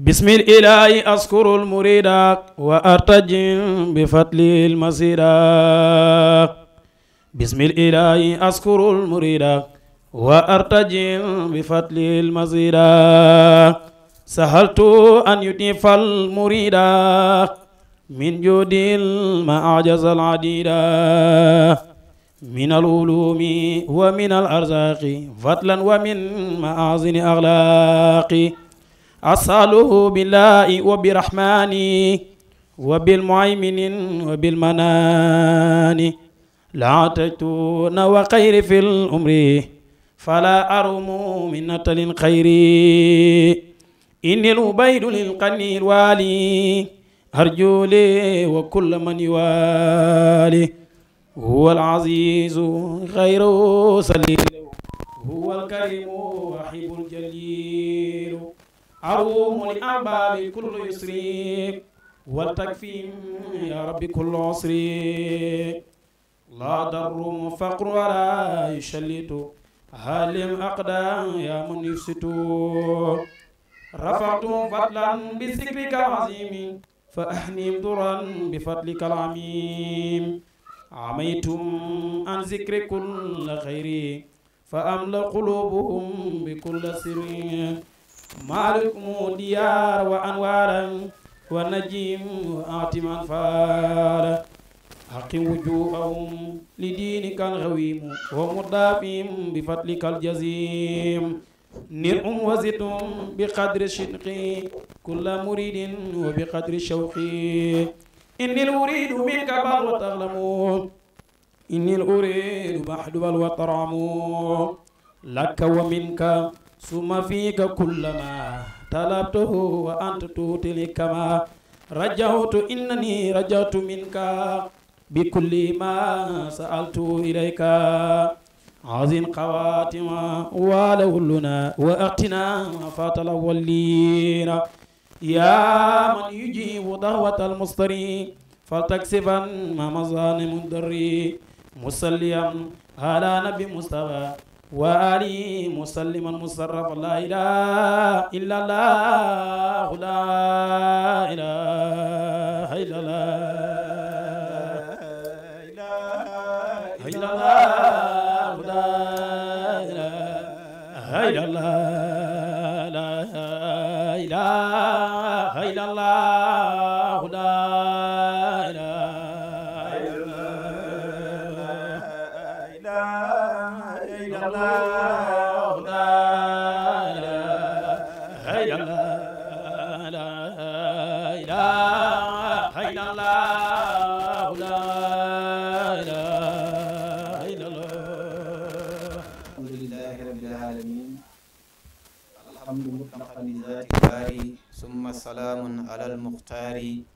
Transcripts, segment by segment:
bismil ilaahi askurul murida wa artajim bi fatlil masida bismil ilaahi askurul murida wa artajim bi fatlil masida sahaltu an yutifal murida min judil ma ajazal adida min al ulumi wa min al arzaqi fatlan wa min maazini axlaaqi أسأله بالله وبرحمن وبالمؤمن وبالمنان لا تجتون وخير في الأمر فلا أرم منة للخير إني الأبيد للقني الوالي أرجو لي وكل من يوالي هو العزيز غير سليل هو الكريم وحيب الجليل أروم لأعباب كل يسر والتكفي يا رب كل عسر لا ضر فقر ولا يشلت هالم أقدام يا من يفسد رفعت فضلا بذكرك العظيم فأحنم ضرا بفضلك العميم عميتم عن ذكر كل خير فأملأ قلوبهم بكل سر مالك ديار وأنوارا ونجيم آتما فارا أقم وجوههم لدينك الغويم ومردافهم بفضلك الجزيم نرهم وزدهم بقدر الشنق كل مريد وبقدر الشوق إني الأريد منك بل وتغلمون إني الأريد محدب الوطرام لك ومنك suma fiika kullama talabtuhu wa anta tuutili kama rajawtu innani rajawtu minka bi kulli ma sa'altu ilayka azim qawatima wala hulluna wa aqtina fatala wallina ya man yujibu dahwata almustari faltaksiban ma mazani mudari musalliyan ala nabi mustafa وآله مسلما مصرفا لا إله إلا الله لا إله إلا الله إلا الله لا إله إلا الله لا إله إلا الله salaamun alal muxtaari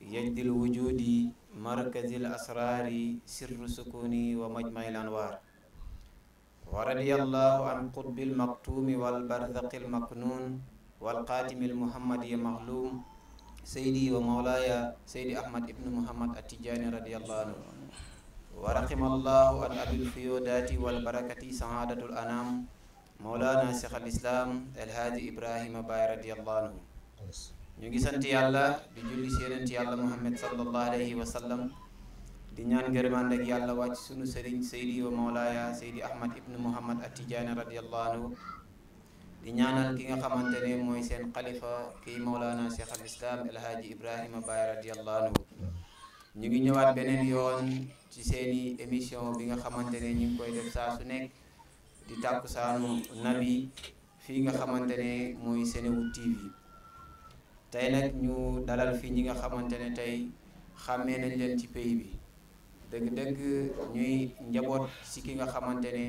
yajdil wujudi markazil asraari sirru sukuni wa majmail anwaar wa radiyallahu an qutbil maktuumi wal barzaqil maknuun wal qaatimil muhammadi maxluum saydi wa mawlaaya saydi ahmad ibnu muhammad attijaani radiyallahu anhu wa raximallahu an abil fiyoodaati wal barakati sahaadatul anaam mawlaana seex al islaam alhaaji ibrahima baay radiyallahu anhu ñu ngi sant yàlla di julli si yonent yàlla muhammad sallallahu di ñaan ngërmande yàlla wàcc sunu sëriñ seydi wa mawlaaya seydi ahmad ibnu muhammad attijaani radiallahu di ñaanal ki nga xamante ne mooy seen xalifa kii mawlaana cheikh al islam El Hadji ibrahima baay radiallahu anhu ñu ngi ñëwaat beneen yoon ci seeni émission bi nga xamante ne ñu ngi koy def saa su nekk di tàkkusaanu nabi fii nga xamante ne mooy Senewood TV tey nag ñu dalal fi ñi nga xamante ne tey xàmmee nañ leen ci pays bi dëgg-dëgg ñuy njaboot si ki nga xamante ne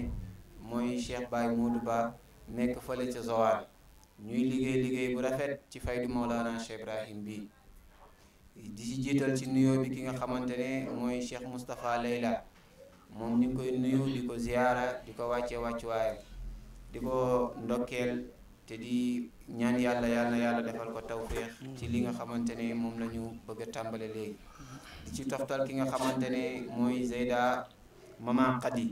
mooy Cheikh Baye Modou Ba nekk fële ca Joal ñuy liggéey liggéey bu rafet ci faydu Mawlana Cheikh Ibrahim bi di ci jiital ci nuyoo bi ki nga xamante ne mooy Cheikh Moustapha Leyla moom ñu koy nuyu di ko ziyaara di ko wàccee wàccuwaayam di ko ndokkeel te di ñaan yàlla yàlla yàlla defal ko tawféex ci li nga xamante ne moom la ñu bëgg a tàmbale léegi di ci toftal ki nga xamante ne mooy Zeyda Mama Khady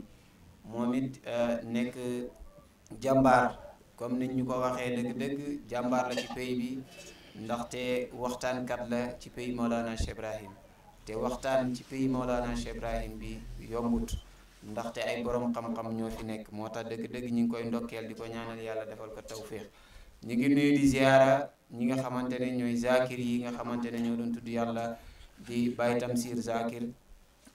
moom it euh, nekk jàmbaar comme niñ ñu ko waxee dëgg-dëgg jàmbaar la ci pays bi ndaxte waxtaankat la ci pays Maulana Cheikh Ibrahim te waxtaan ci pays Maulana Cheikh Ibrahim bi yombut ndaxte ay borom xam-xam ñoo fi nekk moo tax dëgg-dëgg ñu ngi koy ndokkeel di ko ñaanal yàlla defal ko tawféex ñu ngi nuyu di ziyaara ñi nga xamante ne ñooy zakir yi nga xamante ne ñoo doon tudd yàlla di Baye Tamsir zakir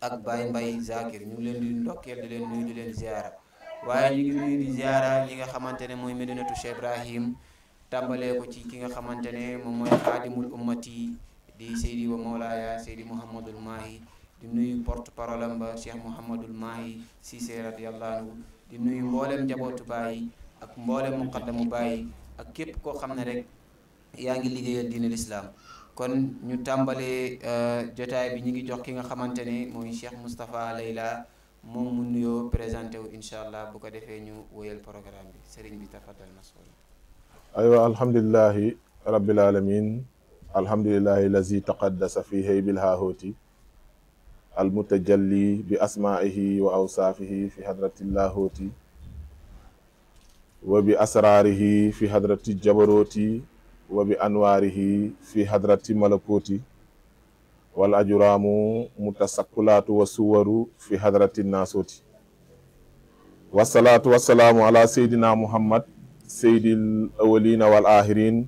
ak Baye Mbaye zakir ñu leen di ndokkeel di leen nuyu di leen ziyaara waaye ñu ngi di ziyaara li nga xamante ne mooy Medinatu Cheikh Ibrahim tàmbalee ko ci ki nga xamante ne moom mooy xaadimul ummati di Seydi wa Mawlaaya Seydi Mouhamadul Mahi di nuyu porte parole am ba Cheikh Mouhamadul Mahi Cissé radiyallahu anhu di nuyu mboolem njabootu Baye ak mboolem muqaddamu Baye ak képp koo xam ne rek yaa ngi liggéeyal diine lislaam kon ñu tàmbalee euh, jotaay bi ñu ngi jox ki nga xamante ne mooy Cheikh Moustapha Layla moom mu nuyoo présenté wu incha allah bu ko defee ñu woyal programme bi sëriñ bi tafadal masool aywa alhamdulilahi rabbil alamin alhamdulilahi lazi taqaddasa fi haybil haahooti almutajalli bi asmaihi wa awsaafihi fi hadrati llaahooti wa bi asraarihi fi hadrati jabarooti wa bi anwaarihi fi hadrati malakooti wal ajuraamu mutasakkulaatu wa suwaru fi hadrati naasooti wasalaatu wasalaamu ala seydina muhammad seydil awalina wal ahirin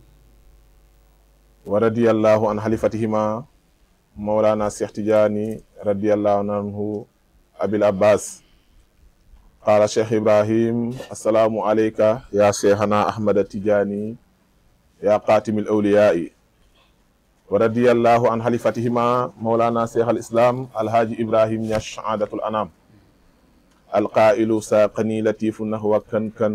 wa radiyallahu an xalifatihima mawlaana seex tijaani radiallahu anhu abil abbas qaala cheikh ibrahim assalaamu aleyka ya cheikhana ahmada tijaani ya qaatimi l awliyaai wa radiallahu an xalifatihima mawlana cheikh al islam alhaaji ibrahim ñas aadatul anam alqaa'ilu saaqani latifu nahwa kan kan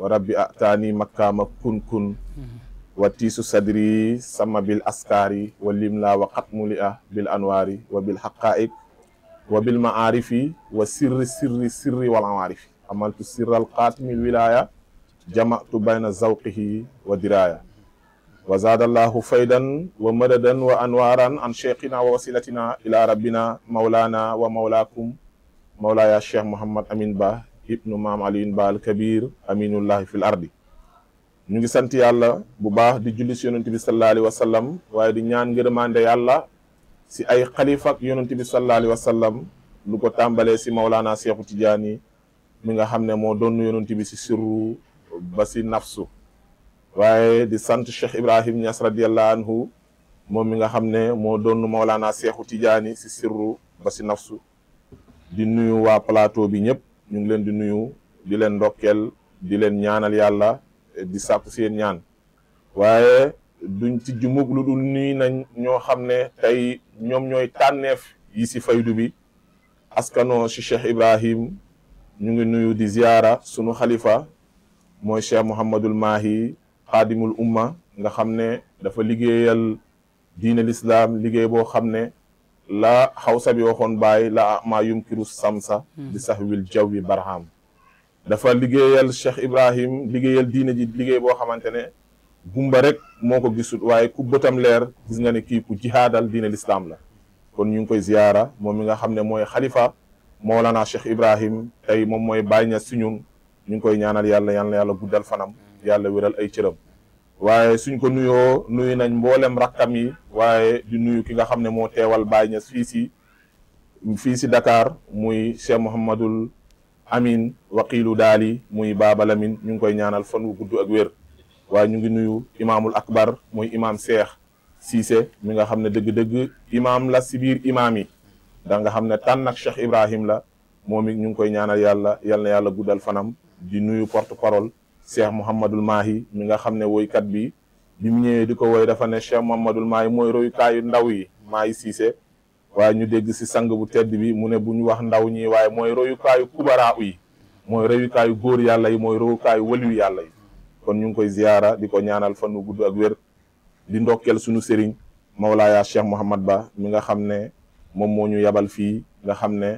wa rabbi ataani makkaama kun kun mm-hmm. wa tiisu sadri sama bil askaari wa limla wa xatmuli ah bil anwaari wa bil xaqaaiq wa bil maarifi wa sirri sirri sirri wal amaarifi amaltu sirral xaatimil wilaaya jamatu bayna zawqihi wa diraaya wa zaadallahu faydan wa madadan wa anwaaran an cheikhina wa wasilatina ila rabbina maulana wa maulakum maulaya cheikh mouhamad amin ba ibnu maam aliyin ba al kabir aminullahi fi l ardi ñu ngi sant yàlla bu baax di julli si yonent bi sallallahu alayhi wa waaye di ñaan ngërëmande yàlla si ay xalifa ak yonent bi sallallahu wa sallam lu ko tàmbalee si Maulana Seexu Tijaani mi nga xam ne moo doon yonent bi si sirru ba si nafsu di sant Cheikh Ibrahim Niass radiyallahu anhu moom mi nga xam ne moo doon Maulana Seexu Tijaani si sirru ba si nafsu di nuyu waa plateau bi ñëpp ñu ngi leen di nuyu di leen ndokkeel di leen ñaanal yàlla. di sàkku seen ñaan waaye duñ ci jumug lu dul nii na ñoo xam ne tey ñoom ñooy tànneef yi si faydu bi askano si cheikh ibrahim ñu ngi nuyu di ziyaara sunu xalifa mooy cheikh mouhamadul maahi xaadimul umma nga xam ne dafa liggéeyal diine lislaam liggéey boo xam ne la xaw bi waxoon bàyyi la ma yumkiru samsa di sax wil jaw bi dafa liggéeyal Cheikh Ibrahim liggéeyal diine ji liggéey boo xamante ne gumba rek moo ko gisut waaye ku bëtam leer gis nga ne kii ku jihaadal diine lislaam la kon ñu ngi koy ziyaara moom mi nga xam ne mooy xalifa Mawlana Cheikh Ibrahim tey moom mooy bàyyi si ñun ñu ngi koy ñaanal yàlla yàlla yàlla guddal fanam yàlla wéral ay cëram waaye suñ ko nuyoo nuyu nañ mboolem rakkam yi waaye di nuyu ki nga xam ne moo teewal bàyyi ña si fii si Dakar muy Cheikh Mouhamadul amin waqiilu daali muy baaba lamin ñu ngi koy ñaanal fan wu gudd ak wér waaye ñu ngi nuyu imaamul akbar muy imaam Cheikh Cissé mi nga xam ne dëgg-dëgg imaam la si biir imaam yi da nga xam ne tànn ak Cheikh Ibrahim la moom it ñu ngi koy ñaanal yàlla yalla yàlla guddal fanam di nuyu porte parole Cheikh Mouhamadul Mahi mi nga xam ne woykat bi bi mu ñëwee di ko woy dafa ne Cheikh Mouhamadul Mahi mooy royukaayu ndaw yi Mahi Cissé waaye ñu dégg si sang bu tedd bi mu ne bu ñu wax ndaw ñi waaye mooy royukaayu kubaraa yi mooy royukaayu góor yàlla yi mooy royukaayu waliyu yàlla yi kon ñu ngi koy ziyaara di ko ñaanal fan wu gudd ak wér di ndokkeel suñu sëriñ Mawlaaya Cheikh Mouhamad Ba mi nga xam ne moom moo ñu yabal fii nga xam ne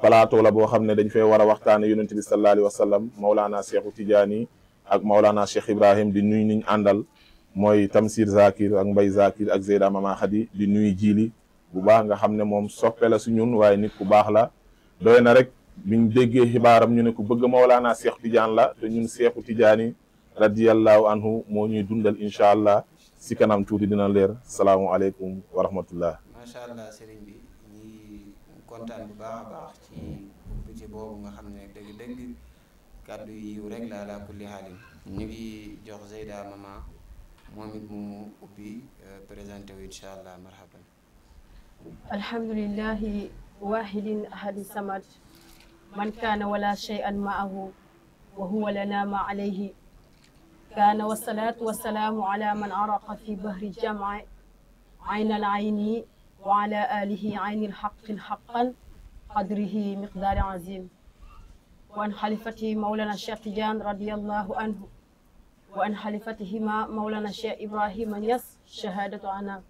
plateau la boo xam ne dañ fay war a waxtaane yonent bi sallallahu alayhi wa sallam Mawlaana Cheikhu Tidiane ak Mawlaana Cheikh Ibrahim di nuy niñ àndal mooy Tamsir Zakir ak Mbay Zakir ak Zeyda Mama Khady di nuy jiili bu baax nga xam ne moom soppe la su ñun waaye nit ku baax la doy na rek biñ déggee xibaaram ñu ne ku bëgg Mawlaana Cheikh Tidiane la te ñun Cheikhu Tidiane radiyallahu anhu moo ñuy dundal incha allah si kanam tuuti dina leer salaamualeykum wa rahmatullah. macha allah sëriñ bi kontaan bu baax a nga xam ne dëgg-dëgg kàddu yiw ñu ngi jox Zeyda mama moom it alhamdulillahi wahidin ahadi samad man kaana wala shay'an ma'ahu wa huwa lana ma alayhi kaana wasalaatu wasalaamu ala man araqa fi bahri jam'i ayna al ayni wa ala alihi ayni al haqqi haqqan qadrihi miqdaari azim wa an xalifatihi mawlana Cheikh Tidiane radiyallahu anhu wa an xalifatihima mawlana Cheikh Ibrahima Niass shahadatu anam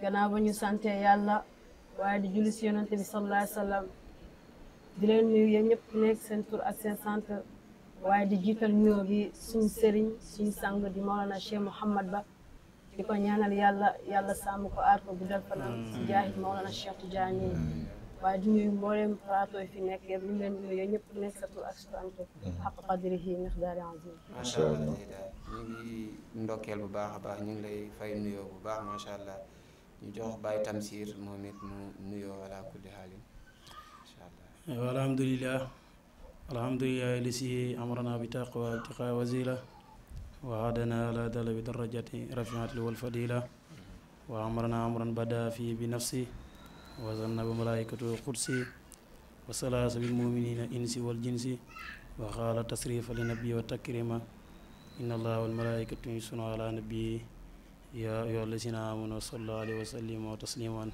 gannaaw ba ñu sante yàlla waaye di julli si yonante bi sallallahu wa sallam di leen nuyu yéen ñëpp nekk seen tur ak seen sant waaye di jiital nuyoo bi suñ sëriñ suñ sang di Mawlana Cheikh Mouhamad Ba di ko ñaanal yàlla yàlla sàmm ko aar ko guddal fanaan si jaahid Mawlana Cheikh Tidiane waaye di nuyu mbooleem plateau fi nekk yëpp ñu leen ñëpp nekk sa tur ak sa sant xaq qadrihi miqdaari azim macha allah ñu ngi baax a baax ñu ngi lay fay nuyoo bu baax macha allah ñu jox Baye Tamsir moom it mu nuyoo wala kulli xaalin incha allah. Eh, alhamdulilah alhamdulilah amrana bi taqwa tiqa wasila wa hadana ala dalabi darajati rafiati wal fadila wa amrana amran bada fi bi nafsi wa zanna bi malaikatu qudsi wa salaasa bil muminina insi wal jinsi wa xaala tasrifa li nabi wa takrima inna allaha wal malaikatu yusuna ala nabii يا أيها الذين آمنوا صلى الله عليه وسلم تسليما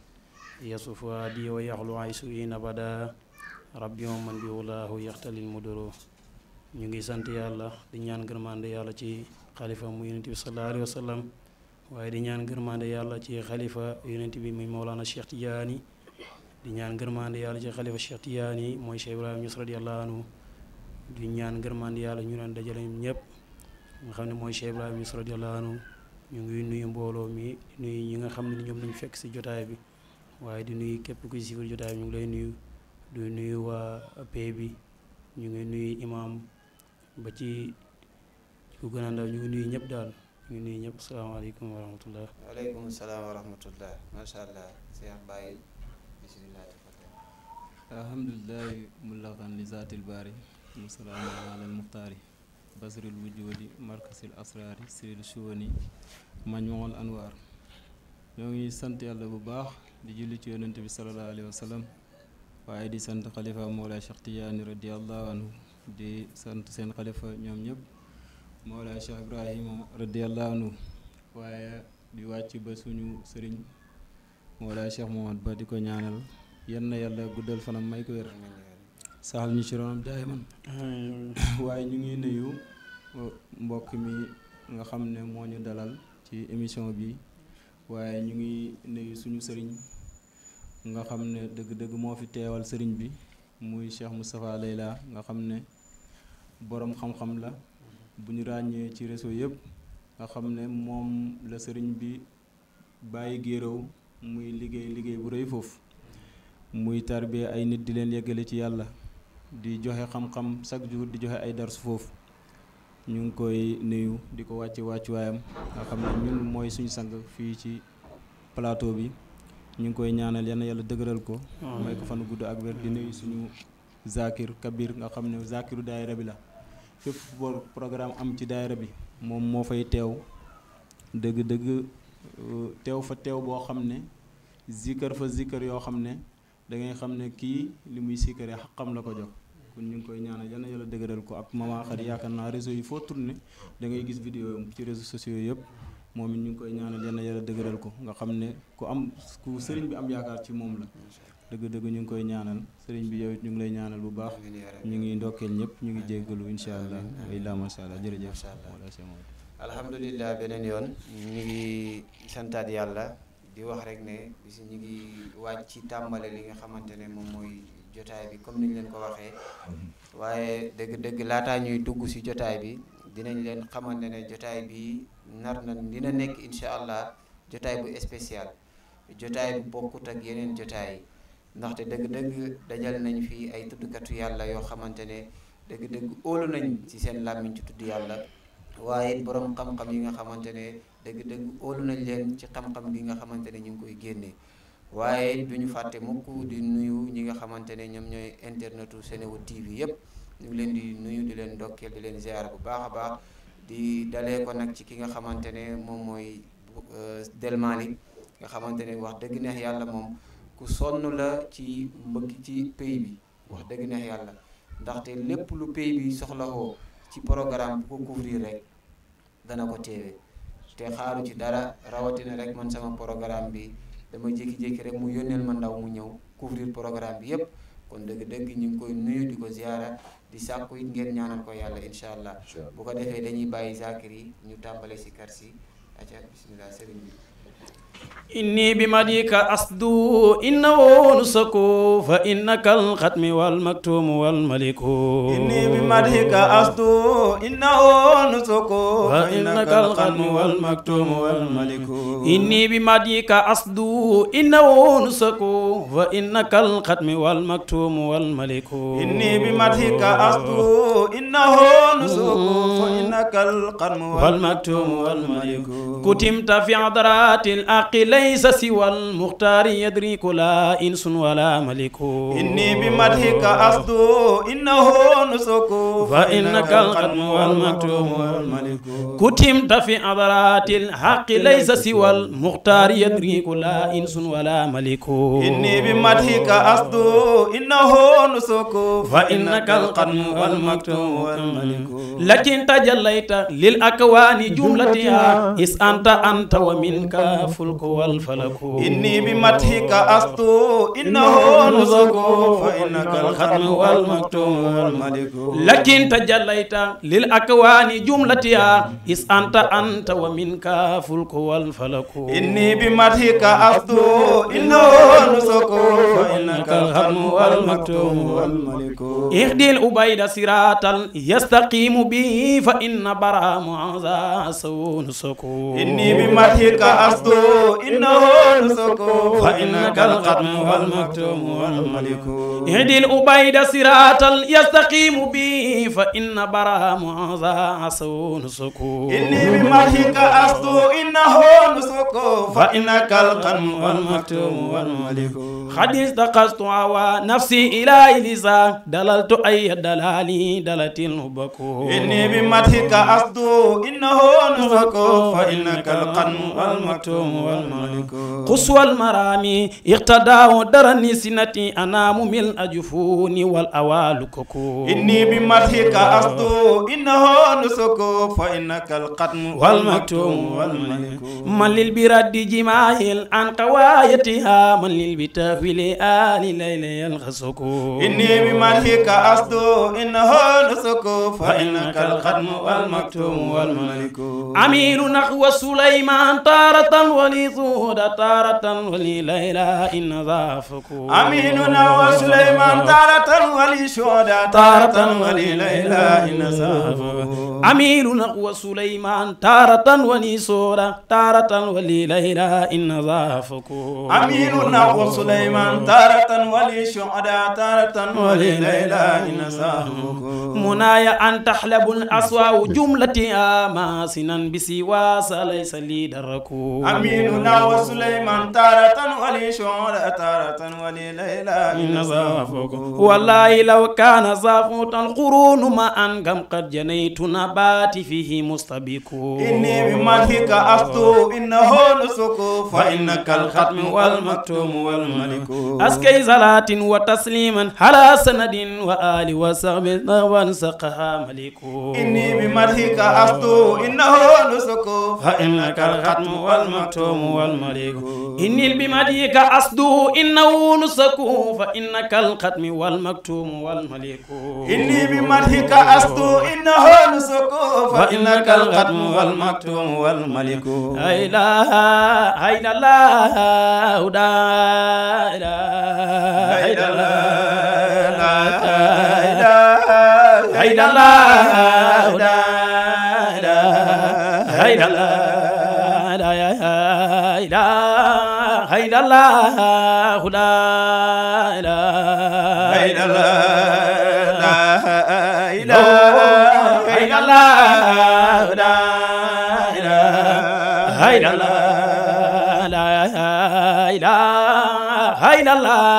يصف وادي ويخلو عيسوين بدا ربي من بيولاه يختل المدرو ñu ngi sant yàlla di ñaan gërmande yàlla ci xalifa mu yonent bi sallallahu alayhi wa di ñaan gërmande yàlla ci xalifa yonent bi muy Mawlana Cheikh Tidiane di ñaan gërmande yàlla ci xalifa Cheikh Tidiane mooy Cheikh Ibrahima Niass radiyallahu anhu di ñaan gërmande yàlla ñu leen dajale ñëpp nga xam ne mooy Cheikh Ibrahima Niass radiyallahu anhu ñu ngi nuyu mbooloo mi nuyu ñi nga xam ne ñoom lañu fekk si jotaay bi waaye di nuyu képp kuy siifal jotaay bi ñu ngi lay nuyu du nuyu waa pay bi ñu ngi nuyu imaam ba ci ku gën ndaw ñu ngi nuyu ñëpp daal ñu ngi nuyu ñëpp asalaamaaleykum wa rahmatullah waaleykum salaam wa macha allah Cheikh Baye bismillah li zaatil baari wa salaamu basril wujudi markasil asraari siril shuwani majmuul anwaar ñoo ngi sant yàlla bu baax di julli ci yonent bi salallaahu alayhi wa waaye di sant xalifa Mawlaay Cheikh Tidiane radiallahu anhu di sant seen xalifa ñoom ñëpp Mawlaay Cheikh Ibrahima radiallahu anhu waaye di wàcc ba suñu sëriñ Mawlaay Cheikh Mohamad ba di ko ñaanal yenn na yàlla guddal fanam may ko wér saxal ñu ci ronam daay man waaye ñu ngi nuyu mbokk mi nga xam ne moo ñu dalal ci émission bi waaye ñu ngi nuyu suñu sëriñ nga xam ne dëgg-dëgg moo fi teewal sëriñ bi muy Cheikh Moustapha Leyla nga xam ne boroom xam-xam la bu ñu ràññee ci réseau yëpp nga xam ne moom la sëriñ bi bàyyi géeréw muy liggéey liggéey bu rëy foofu muy tarbiya ay nit di leen yeggale ci yàlla di joxe xam-xam chaque jour di joxe ay darsu foofu ñu ngi koy nuyu di ko wàcc wàccuwaayam nga xam ne ñun mooy suñu sang fii ci plateau bi ñu ngi koy ñaanal yal yàlla dëgëral ko. may ko fan gudd ak wér di nuyu suñu Zakir Kabir nga xam ne Zakiru daayira bi la. fépp programme am ci daayira bi moom moo fay teew dëgg-dëgg euh, teew fa teew boo xam ne zikar fa zikar yoo xam ne da ngay xam ne kii li muy sikare xaqam la ko jox. kon ñu ngi koy ñaanal yal na yàlla dëgëral ko ak Mama Khady yaakaar naa réseau yi foo tourné da ngay gis vidéo ci réseaux sociaux yëpp moom it ñu ngi koy ñaanal yal na yàlla dëgëral ko nga xam ne ku am ku sëriñ bi am yaakaar ci moom la dëgg-dëgg ñu ngi koy ñaanal sëriñ bi yow ñu ngi lay ñaanal bu baax ñu ngi ndokkeel ñëpp ñu ngi jéggalu incha allah ilaa macha allah jërëjëf alhamdulilah beneen yoon ñu ngi santaat yàlla di wax rek ne bisi ñu ngi waaj ci tàmbale li nga xamante ne moom mooy jotaay bi comme ni ñu leen ko waxee waaye dëgg dëgg laataa ñuy dugg ci jotaay bi dinañ leen xamal ne ne jotaay bi nar na dina nekk incha allah jotaay bu spécial jotaay bu bokkut ak yeneen jotaay yi ndaxte dëgg-dëgg dajal nañ fii ay tuddkatu yàlla yoo xamante ne dëgg-dëgg óolu nañ ci seen làmmiñ ci tudd yàlla waaye borom xam-xam yi nga xamante ne dëgg-dëgg óolu nañ leen ci xam-xam gi nga xamante ne ñu ngi koy génnee waaye duñu fàtte mukk di nuyu ñi nga xamante ne ñoom ñooy internetu Senewood TV yëpp ñu leen di nuyu di leen ndokkeel di leen ziar bu baax a baax di dalee ko nag ci ki nga xamante ne moom mooy euh, Delmali nga xamante ne wax dëgg neex yàlla moom ku sonn la ci mbëkk ci pays bi wax dëgg neex yàlla ndaxte lépp lu pays bi soxlawoo ci programme bu ko couvrir rek dana ko teewee te xaaru ci dara rawatina rek man sama programme bi. dama jékki-jékki rek mu yónneel ma ndaw mu ñëw couvrir programme bi yépp kon dëgg-dëgg ñu ngi koy nuyu di ko ziyaara di sàkku it ngeen ñaanal ko yàlla incha allah bu ko defee dañuy bàyyi zaakir yi ñu tàmbalee si kar si aca bismillah sëriñ bi inni bi madika asdu inna woonu sako fa innaka alxatmi walmaktumu walmaliku inni bi madika asdu inna woonu sako fa innaka alxatmi walmaktumu walmaliku inni bi madika asdu inna woonu sako fa innaka alxatmi walmaktumu walmaliku inni bi madika asdu inna woonu sako fa innaka alxatmi walmaktumu walmaliku kutimta fi adratil aq الحق ليس سوى المختار يدريك لا إنس ولا ملك إني بمدحك أصدو إنه نسك فإنك القدم والمكتوم والملك كتمت في عضلات الحق ليس سوى المختار يدريك لا إنس ولا ملك إني بمدحك أصدو إنه نسك فإنك القدم والمكتوم والملك لكن تجليت للأكوان جملتها إس أنت أنت ومنك فلك والفلك إني بمدحك أسطو إنه نزق فإنك الختم والمكتوم والملك لكن تجليت للأكوان جملتها إس أنت أنت ومنك فلك والفلك إني بمدحك أسطو إنه نزق فإنك الختم والمكتوم والملك اهدي الأبيد صراطا يستقيم به فإن برا معزى سون سكون إني بمدحك أسطو إنه نسك فإنك القدم والمكتوم والملك اهدي الأبيد صراطا يستقيم به فإن برا معظى عصو نسك إني بمرحك أصدو إنه نسك فإنك القدم والمكتوم والملك قد استقصت عوى نفسي إلى لسا دللت أي دلالي دلت النبك إني بمرحك أصدو إنه نسك فإنك القدم والمكتوم قصوى المرامي اقتداه درني سنتي أنام من أجفوني والأوال كوكو إني بمدحك أصدو إنه نسكو فإنك القتم والمكتوم والملك من للبرد جماهل عن قوايتها من للبتافل آل ليل يلخسكو إني بمدحك أصدو إنه نسكو فإنك القتم والمكتوم والملك أمير نحو سليمان تارة ولي لي صهود تارة ولي ليلى إن ضافكو أميننا وسليمان تارة ولي شهداء تارة ولي ليلى إن ضافكو أميننا وسليمان تارة ولي شهداء تارة ولي ليلى إن ضافكو أميننا وسليمان تارة ولي شهداء تارة ولي ليلى إن ضافكو منايا أن تحلب الأسوى جملتي آما سنا بسوى ليس لي دركو أمين يهنا وسليمان تارة ولي شعر تارة ولي ليلى من زافوك والله لو كان زافوت القرون ما أنقم قد جنيت نباتي فيه مستبيك إني بمدحك أفتو إنه نسك فإنك الختم والمكتوم والملك أسكي صلاة وتسليما على سند وآل وصحب وانسقها ملك إني بمدحك أفتو إنه نسك فإنك الختم والمكتوم والمليك إني بمديك أصده إنه نسك فإنك الختم والمكتوم والمليك إني بمديك أصده إنه نسك فإنك الختم والمكتوم والمليك لا إله إلا الله لا إله إلا الله لا إله إلا الله ilaha illallah la ilaha la ilaha la ilaha la ilaha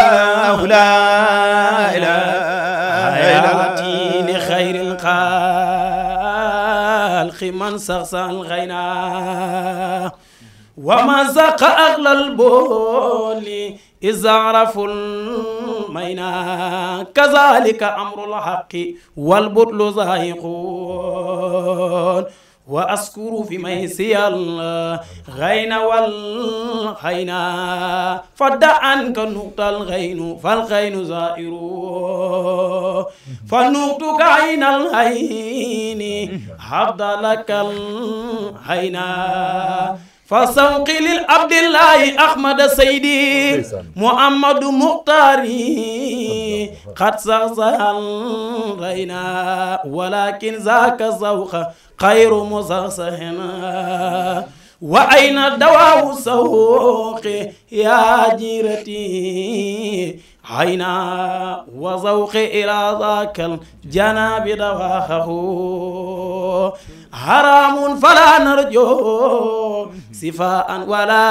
من سخسا الغينا وما زق أغلى البول إذا عرفوا المينا كذلك أمر الحق والبطل زاهقون وأذكر في ميسي الله غين والغينا فدع عنك النقطة الغين فالغين زائر فالنقطة عين الغين عبد لك الغينا فسوقي للعبد الله أحمد سيدي محمد مختاري قد سغزها الغينا ولكن ذاك الزوخ خير مصاصحنا وأين دواء السوق يا جيرتي عينا وذوق إلى ذاك الجناب دواخه حرام فلا نرجو صفاء ولا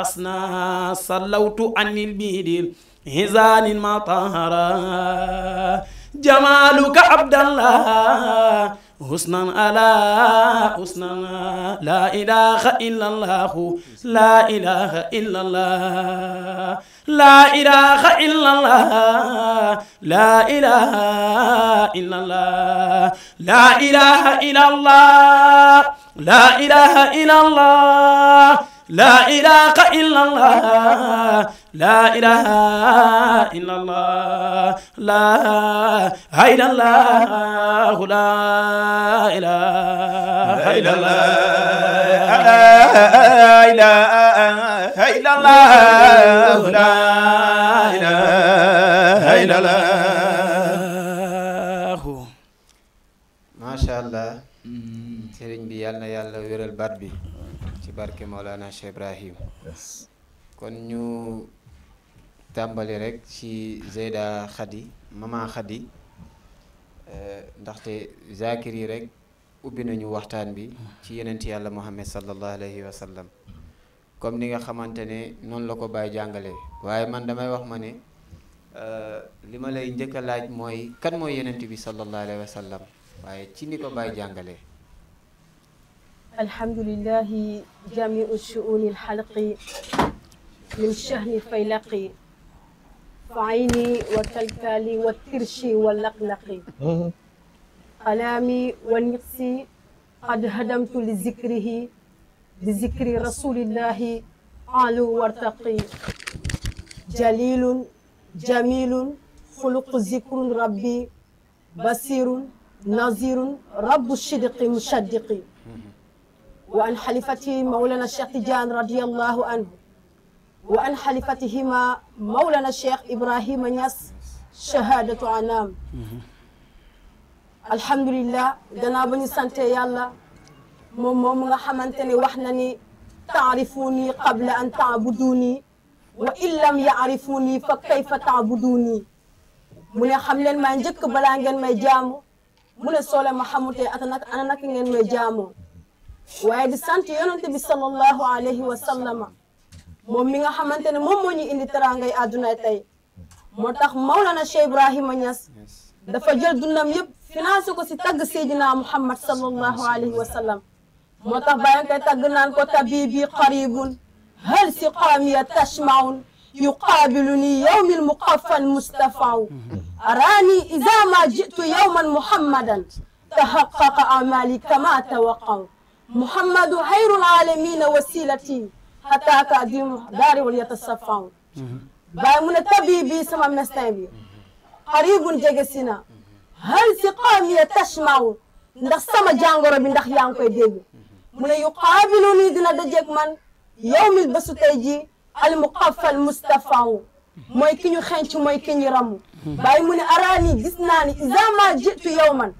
أصنا صلوت عن البيد هزان ما طهر جمالك عبد الله حسنا على حسنا لا إله إلا الله لا إله إلا الله لا إله إلا الله لا إله إلا الله لا إله إلا الله لا إله إلا الله لا إله إلا الله لا إله إلا الله لا إله الله لا إله إلا الله لا إله إلا الله لا إله إلا الله ما شاء الله sëriñ bi yàlla na yàlla wéral baat bi ci barke Maolana Cheikh Ibrahim kon ñu tàmbali rek ci Zeyda Khady Mama Khady euh, ndaxte zakir yi rek ubbi nañu waxtaan bi ci yenent yàlla Muhammad sallallahu alayhi wa comme ni nga xamante ne noonu la ko bàyyi jàngale waaye man damay wax ma ne euh, li ma lay njëkk laaj mooy kan mooy yenent bi sallallahu alayhi waaye ci ni ko bàyyi jàngale alhamdulilahi jamiu shuuni alxalqi min shahni faylaqi فعيني وكلكالي والترش واللقلق قلامي والنقس قد هدمت لذكره بذكر رسول الله قالوا وارتقي جليل جميل خلق ذكر ربي بصير نظير رب الشدق مشدق وعن حليفتي مولانا الشيخ تجان رضي الله عنه wa an xalifatihima mawlana cheikh Ibrahima Niass shahadatu anam alhamdulillah gannaaw ba ñu sante yàlla moom moom nga xamante ne wax na ni taarifuuni qabla an taabuduuni wa in lam yaarifuuni fa kayfa taabuduuni mu ne xam leen may njëkk balaa ngeen may jaamu mu ne soole ma xamutee ata ana naka ngeen may jaamoo waaye di sant yonante bi sallallahu alayhi wa moom mi nga xamante ne moom moo ñu indi teraangay àdduna tey tax Maulana Cheikh Ibrahima Niass dafa jël dundam yëpp financé ko si tagg Seydina Muhammad sallallahu alayhi wa sallam moo tax bàyyi koy tagg naan ko tabibi qaribun hal si qaamiya tashmaun yuqaabiluni yawmil muqaffan mustafaaw araani iza ma jitu yawman muhammadan tahaqqaqa amali kama tawaqaw muhammadu xayrul alamina wasilati xataa ka dimu daariwul yata safan bàyyi mu ne tabi bi sama mestin bi xaribun jege si na hal si ya tashmaw ndax sama jàngoro bi ndax yaa ngi koy dégg mu dina dajeeg man yowmil bésu tey ji al muqafal mustafawu mooy ki ñu xenc mooy ki mu ne araani gis naa ni isa ma jitu yowman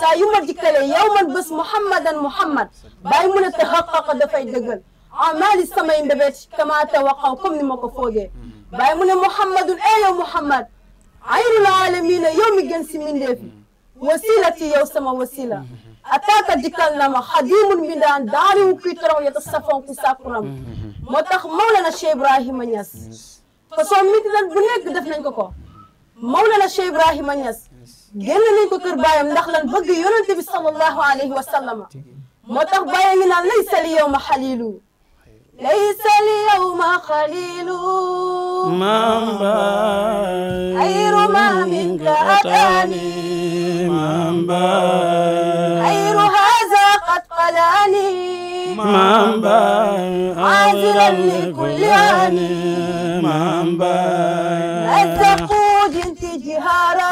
saa yu ma dikkalee yowman bés muhammadan muhammad bàyyi mu ne taxaqaqa dafay dëggal amali samay mbébét kama tawaqaw comme ni ma ko foogee waaye mu ne Muhammadun e yow Muhammad ayrul alamina yow mi gën si mindeef wasilati yow sama wasila ataaka dikkal na ma xadimul mindaan daariwu kuy torow yata safon ku sàkkuram moo tax Mawlana Cheikh Ibrahima Niass façon miti lan bu nekk def nañ ko ko Mawlana Cheikh Ibrahima Niass génn nañ ko kër baayam ndax lan bëgg yonente bi sallallahu alayhi wa sallama moo tax bàyyi ngi naan lay sali yow ma xalilu ليس اليوم خليل مامباي خير ما منك أتاني مامباي خير هذا قد قلاني مامباي عازلا لكل آني مامباي الزقود انت جهارا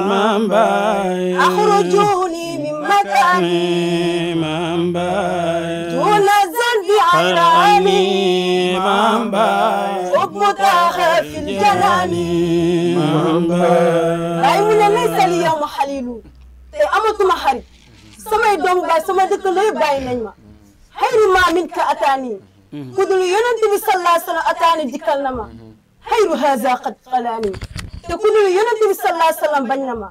مامباي أخرجوني من مكاني مامباي حراني مامباي حكم تاخر في الجنان مامباي أيوة ليس لي يوم حليل أمتما حري samay doomu baay sama dëkkandoo yëpp bàyyi nañ ma xayru maa min ka ataani ku dul yonent bi sallallahu bañ na ma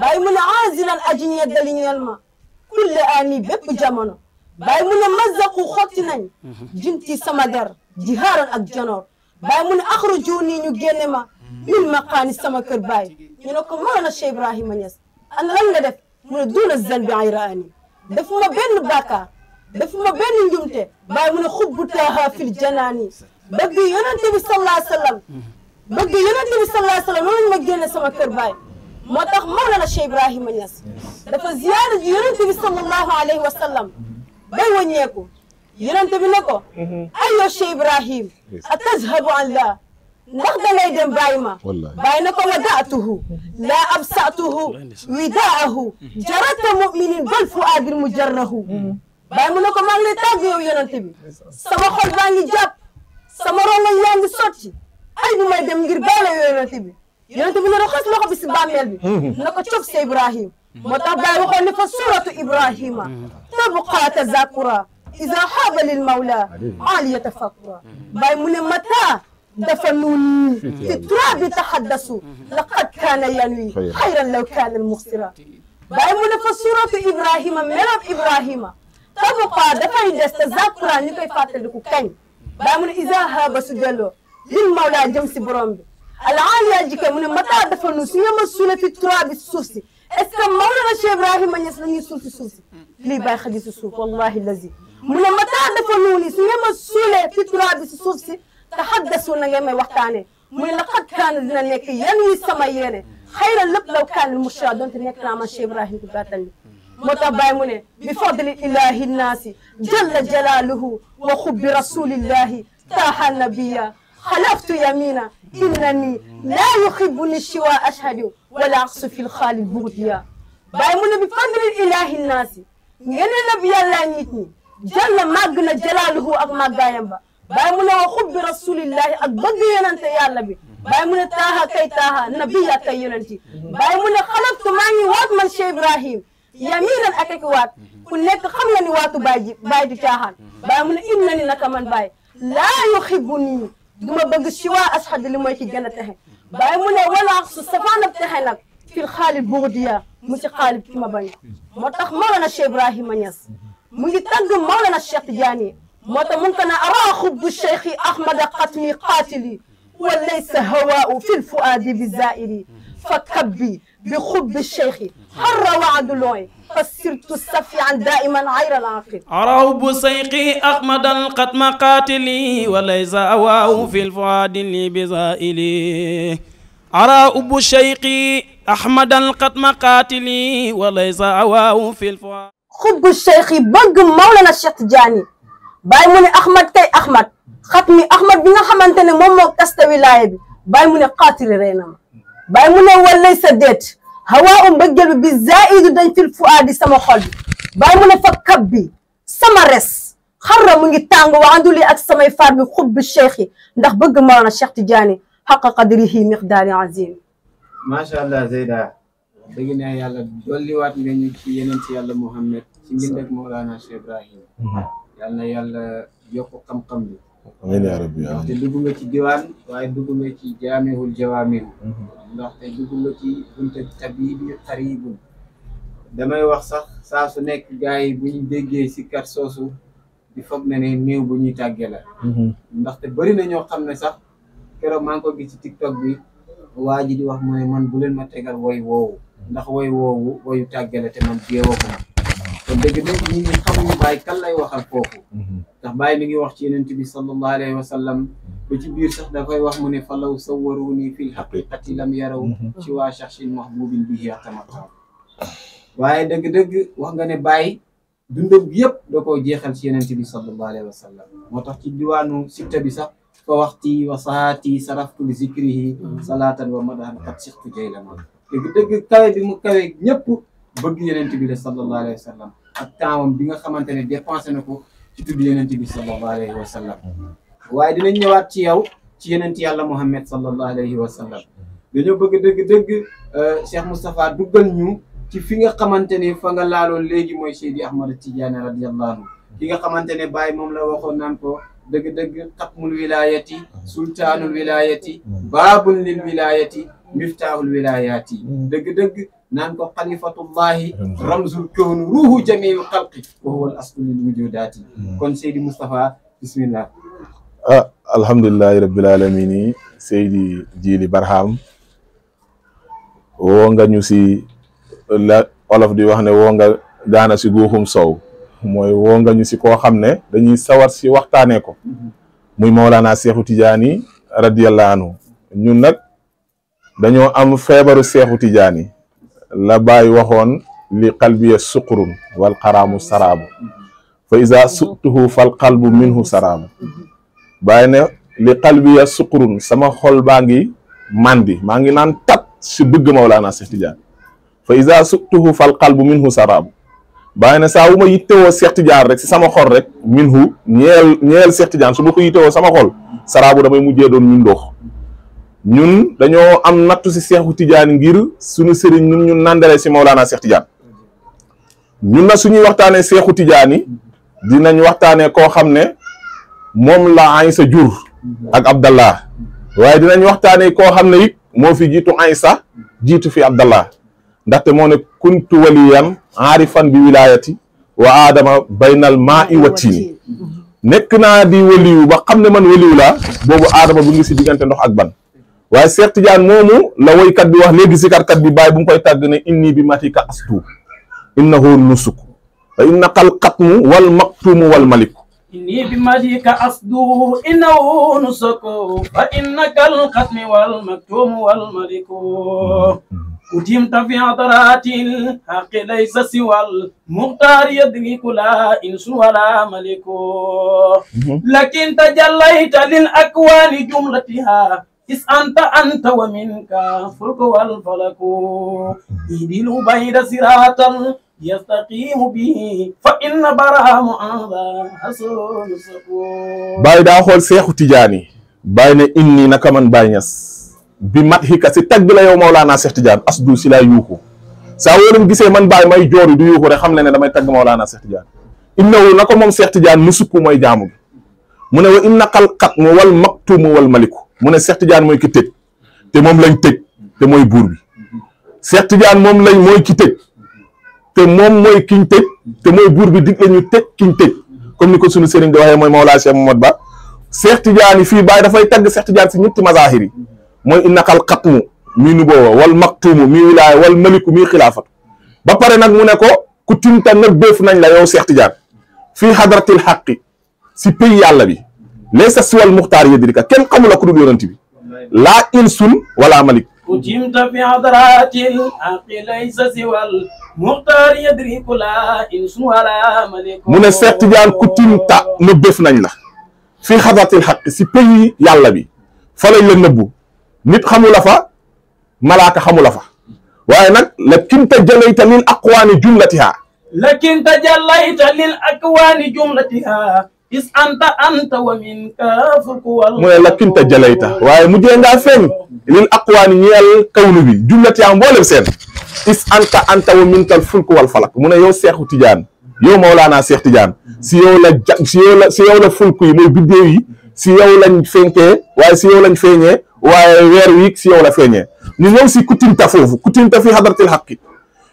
bàyyi mu ne azilan aji ñeddali ñeel ma kulle aani bépp jamono baay mu ne mazaqu xotti nañ jumti sama der jihaaran ak janoor baay mu ne axrujuni ñu génne ma min maqaani sama kër baay ñu ne ko a Cheikh Ibrahima Niass ana lan nga def mu ne duuna zanbi ayraani dafa ma benn bàkkaar dafa ma benn njumte baay mu ne xubbu taaha fil janaani bëgg yonente bi sallallahu sallam bëgg yonente bi ma génne sama kër baay moo tax Mawlana Cheikh Ibrahima Niass dafa ziyaara ji yonente bi sallallahu alayhi wa sallam bay wàññeeku yonente bi ne ko mhm. ayyo Cheikh Ibrahim a tazhabu an la ndax da ngay dem bàyyi ma bàyyi na ko wada'tuhu la absa'tuhu wida'ahu jarata muminin bal fu'adin mujarrahu mhm. bàyyi mu ne ko maa ngi lay tàgg yow yonente bi sama xol baa ngi jàpp sama rongoñ yaa sotti ay bu may dem ngir baale yow yonente bi yonente bi ne ko xas loxo bi si bàmmeel bi mhm. na ko Ibrahim moo tax baay waxoon ne fa suratu ibrahima tabqa tazakura isa xaaba lil mawla aliyata fakura baay mu ne mata دفنوني في التراب تحدثوا لقد كان ينوي خيرا لو كان مخسرا بايمون في سورة إبراهيم ملاب إبراهيم تبقى دفعين دستذكرا نكي فاتلكو كين بايمون إذا هاب سجلو للمولى جمس برامبي العالية جيكي من متى دفنوا سيما السولة في التراب السوسي est-ce que Mawlana Cheikh Ibrahima Niass la ñuy suul si suuf si lii bàyyi xadi si suuf wallahi lazi mu ne ma taa dafa nuuni su ngeen ma suulee fi turaa bi si suuf si te xaddasu na ngeen may waxtaanee mu ne la xat kaana dina nekk yan yi sama yéene xayra lépp law kaan li mushra donte nekk naa man Cheikh Ibrahima di gàttal li moo tax bàyyi mu ne bi fadli ilahi nnaasi jalla jalaaluhu wa xubbi rasulillahi taaha nabiya xalaftu yamina innani laa yuhibuni siwa ashhadu wala sufil xaalil buxutiya bàyyi mu ne bi fadlil ilaahi naasi ngeen la bi yàllaa nit ñi jalla màgg na jalaaluhu ak màggaayam ba bàyyi mu ne wa xubbi rasulillahi ak bëgg yonante yàlla bi bàyyi mu ne taaha kay taaha nabiya kay yonanti bàyyi mu ne xalaftu maa ngi waat man Cheikh Ibrahim yaminan ak ak waat ku nekk xam nga ni waatu baay ji baay du caaxaan bàyyi mu ne inna ni naka man baay laa yuhibbu nii du ma bëgg siwaa ashad li mooy ci gën a texe bàyyi mu ne wala su safaanab texe nag fil xaalib buudiya mu ci xaalib ki ma bañ moo tax Mawlana Cheikh Ibrahima Niass mu ngi tagg Mawlana Cheikh Tidiane moo tax mu ngi ko ne araa xubbu Cheikhi Ahmada xatmi qaatili wa laysa hawaa fi lfuaadi bi zaa'ili fa kabbi بحب الشيخ حر وعدلوي فسرت السفيعا دائما غير العاقل عرب سيقي أحمد القتم قاتلي وليس أواه في الفؤاد لي بزائلي عرب شيقي أحمد القتم قاتلي وليس أواه في الفؤاد حب الشيخ بق مولانا الشيخ جاني باي من أحمد كي أحمد ختمي أحمد بن حمانتني مومو كاست ولاية باي من قاتل رينما bàyyi mu ne wallay sa déet xawaa um mbëggeel bi bi zaidu dañ fil sama xol bi bàyyi mu ne fa kab bi sama res xarra mu ngi tàng waanduli ak samay faar bi xub bi cheikh yi ndax bëgg maana cheikh Tidiane xaqa qadrihi miqdaari azim macha allah Zeyda dëgg ne yàlla dolliwaat nga ñu ci yeneen ci yàlla Mouhamed ci mbindeg Mawlana Cheikh Ibrahim mm-hmm. yàlla na yàlla yokk xam-xam bi amiin yaa rabbi ndaxte dugg ci diwaan waaye dugg ci jaamihul jawaamir mhm. ndaxte dugg nga ci bunte tabiib xariibun damay wax sax saa su nekk gars yi bu déggee si kar soosu di foog na ne néew bu ñuy tàggee la mhm. ndaxte bëri na ñoo xam ne sax keroog maa ngi ko gis ci bi waa ji di wax mu ne man bu leen ma tegal woy woowu ndax woy woowu woyu tàggee te man jéewoo ko kon dëgg-dëgg ñi ngi xamuñu Baay kan lay waxal foofu mhm. ndax Baay mi ngi wax ci Yonent bi sallallahu alayhi wa ci biir sax da koy wax mu ne falaw sawwaruni fil haqiqati lam yaraw ci mhm. waa shakhsin mahbubin bihi yatamattaa waaye dëgg-dëgg wax nga ne Baay dundam bi yëpp da koo jeexal ci bi sallallahu alayhi wa sallam moo tax ci diwaanu sitta bi sax fa waxti wa saati saraftu bi zikrihi mhm. salaatan wa daan qad sixtu jaylama dëgg-dëgg kawe bi mu kawe ñëpp bëgg Yonent bi la sallallahu alayhi wa ak taawam bi nga xamante ne dépensé na ko ci tudd yenent bi sallallahu alayhi wa sallam waaye dinañ ñëwaat ci yow ci yenent yàlla Muhammad sallallahu alayhi wa sallam dañoo bëgg dëgg-dëgg euh, Cheikh Moustapha duggal ñu ci fi nga xamante ne fa nga laaloon léegi mooy Seydi Ahmad Tidiane radiyallahu ki nga xamante ne Baye moom la waxoon naan ko dëgg-dëgg xatmul wilayati sultaanul wilayati baabul lil wilayati miftaahul wilayati dëgg-dëgg mm. naan ko xalifatullahi ramzul kawni ruuhu hmm. kon Seydi Moustapha bismillah ah alhamdulilahi rabbil alamin Seydi Djily Barham woo nga ñu si la olof di wax ne wo nga gaana si guuxum sow mooy wo nga ñu si koo xam ne dañuy sawar si waxtaanee ko muy Mawlana Seexu Tijaani radiyallahu anhu ñun nag dañoo am feebaru Seexu Tijaani la baay waxoon li qalbiya suqrun wal xaraamu saraabu fa isa suqtuhu fal qalbu minhu saraabu baay ne li qalbiya suqrun sama xol baa ngi mandi maa ngi naan tat si bëgg Mawlaana Seex Tijaan fa isa suqtuhu fal qalbu minhu saraabu baay ne saa wu ma yittewoo Seex Tijaan rek si sama xol rek minhu ñeel ñeel Seex Tijaan su ma ko sama xol saraabu damay mujjee doon ñu ñun dañoo am nattu si seexu tijaan ngir suñu sëriñ ñun ñu nandalee si Maulana Seex Tijaan ñun na suñuy waxtaanee seexu tijaan yi dinañ waxtaanee koo xam ne moom la Aïssa jur ak Abdallah waaye dinañ waxtaanee koo xam ne it moo fi jiitu Aïssa jiitu fi Abdallah ndaxte moo ne kuntu waliyan aarifan bi wilaayati wa aadama baynal maa i wa tiini nekk naa di waliyu ba xam ne man waliyu laa boobu aadama bu ngi si diggante ndox ak ban waaye Cheikh Tidiane moomu la woykat bi wax léegi sikarkat bi bàyyi bu mu koy tàgg ne inni bi matika astu innahu nusuk fa innaqal xatmu wal maktumu wal maliku inni bi matika astu innahu nusuk fa innaqal xatmi wal maktumu wal maliku أتمت في عطرات الحق ليس سوى المختار يدرك لا إنس ولا ملك لكن تجليت للأكوان جملتها is anta anta wa minka fulku wal falaku idil bayda siratan yastaqimu bihi fa inna barahamu anda hasul saku daa xool seexu tijaani bàyyi ne inni naka man bàyyi ñas bi mat xika si tagg la yow Mawlaana Seex Tijaan asdu si laa yuuxu saa wóorum gisee man bàyyi may jooru du yuuxu rek xam ne ne damay tagg Mawlaana Seex Tijaan innahu na ko moom Seex Tijaan nu sukku mooy jaamu mu ne wa inna xalxat mu wal maktumu wal maliku mu ne Cheikh Tidiane mooy ki tëj te moom lañ tëj te mooy buur bi Cheikh Tidiane moom lañ mooy ki tëj te moom mooy kiñ tëj te mooy buur bi dig la ñu tëj kiñ tëj comme ni ko sunu sëriñ di waxee mooy Mawlaa Cheikh Mamadou Ba Cheikh Tidiane fii Baay dafay tagg Cheikh Tidiane si ñetti mazahir yi mooy innaqal xatmu mii nuboowa wa maktuumu mii wilaaya wa maliku mii xilaafatu ba pare nag mu ne ko ku tinta nag béef nañ la yow Cheikh Tidiane fii xadratil xaqi si pays yàlla bi laysa siwal muxtaar yadrika kenn xamula ku dul yonent bi laa insun wala malik ujimta fi hadratil aqi laysa siwal muxtaar yadriku laa insun wala malik mu ne Seex Tijaan ku timta nu def nañ la fi hadratil xaq si pays yàlla bi fa lañ la nëbbu nit xamula fa malaaka xamula fa waaye nag lakin tajallayta lil aqwaani jumlatiha lakin tajallayta lil aqwaani jumlatiha anta anta wa minka fulku wal mu ne lakkinta jalayta waaye mu jee ngaa feeñ lil aqwaani ñeel kawlu bi jumlat yaa mboolem seen is anta anta wa minkal fulku wal falak mu ne yow seexu tijaan yow Mawlaana Seex Tijaan si yow la ja si yow la si yow la fulku yi mooy biddéew yi si yow lañ fenkee waaye si yow lañ feeñee waaye weer wi si yow la feeñee ñu ñëw si kutinta foofu kutinta fi hadratil haqqi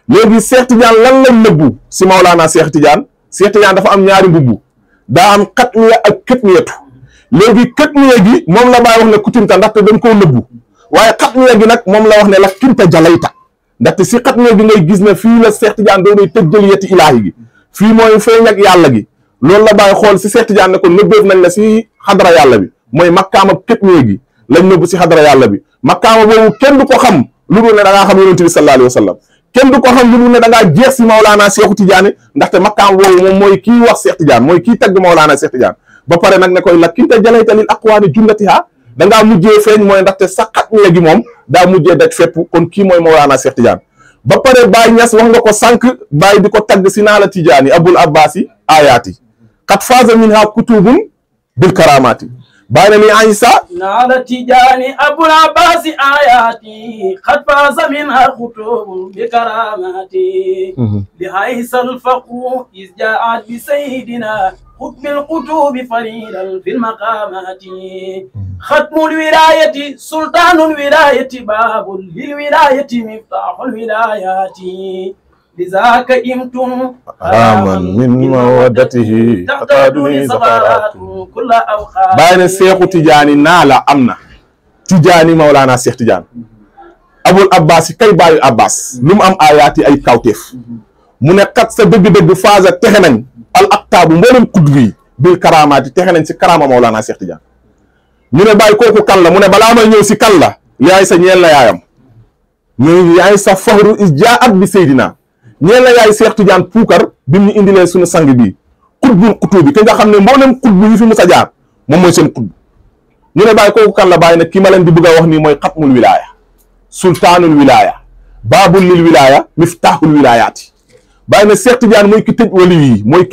léegi Seex Tijaan lan nëbbu si Mawlaana Seex Tijaan Seex Tijaan dafa am ñaari mbubb daa am xatmiya ak këtmiyatu léegi këtmiya gi moom la bàyyi wax ne kutinta ndaxte dañ koo nëbbu waaye xatmiya gi nag moom la wax ne la kinta jalayta ndaxte si xatmiya gi ngay gis ne fi la Seex Tijaan doonay tëjjal yetti ilaahi gi fii mooy feeñ ak yàlla gi loolu la bàyyi xool si Seex Tijaan ne ko nëbbeef nañ la si xadara yàlla bi mooy makkaama këtmiya gi lañ nëbbu si xadara yàlla bi makkaama boobu kenn du ko xam lu dul ne xam yonente bi sallallahu alayhi wa sallam kenn du ko xam lu dul da ngaa jeex si Maolana Seexu Tidiane ndaxte makkaam woowu moom mooy kii wax Seex Tidiane mooy kii tagg Maolana Seex Tidiane ba pare nag ne koy lakkinta jalayta lil aqwaani jumlatiha da ngaa mujjee feeñ mooy ndaxte sa xat mi gi moom daa mujjee daj fépp kon kii mooy Maolana Seex Tidiane ba pare Baay Ñas wax ko sànq Baay di ko tagg si naa la Tidiane yi abul abbas yi ayaati qad faaza minha kutubun bil karaamaati bana min ansa nala tijani abul abbas ayati qad faza minha khutub bi karamati li mhm. haysal faqru iz ja'at bi sayyidina خطب القطوب فريدا في المقامات ختم الولاية سلطان الولاية باب للولاية مفتاح الولايات لذاك إمتم حراما من مودته تقادني زفرات كل أوقات باين الشيخ تجاني نالا أمنا تجاني مولانا الشيخ تجاني abul abbas kay bàyyi abbas lu mu am ayaat ay kawteef mu ne kat sa dëgg-dëgg phase texe nañ al aktaabu mboolem kudd yi biir karaamaat texe nañ si karaama Mawlaana Cheikh Tidiane ñu ne bàyyi kooku kan mu ne balaa may ñëw si kan yaay sa ñeel na yaayam ñu yaay sa faxru is jaa at bi ñee la yaay Seex Tijaan puukar bi mu indilee suñu sang bi xutbul xutu bi ki nga xam ne mboolem xutbu yi fi mu jaar moom mooy seen xutbu ñu ne bàyyi kooku kan la bàyyi nag ki ma leen di bëgg a wax nii mooy xatmul wilaaya sultaanul wilaaya baabul lil wilaaya miftaahul wilaayaati bàyyi na Seex Tijaan mooy ki tëj waliw yi mooy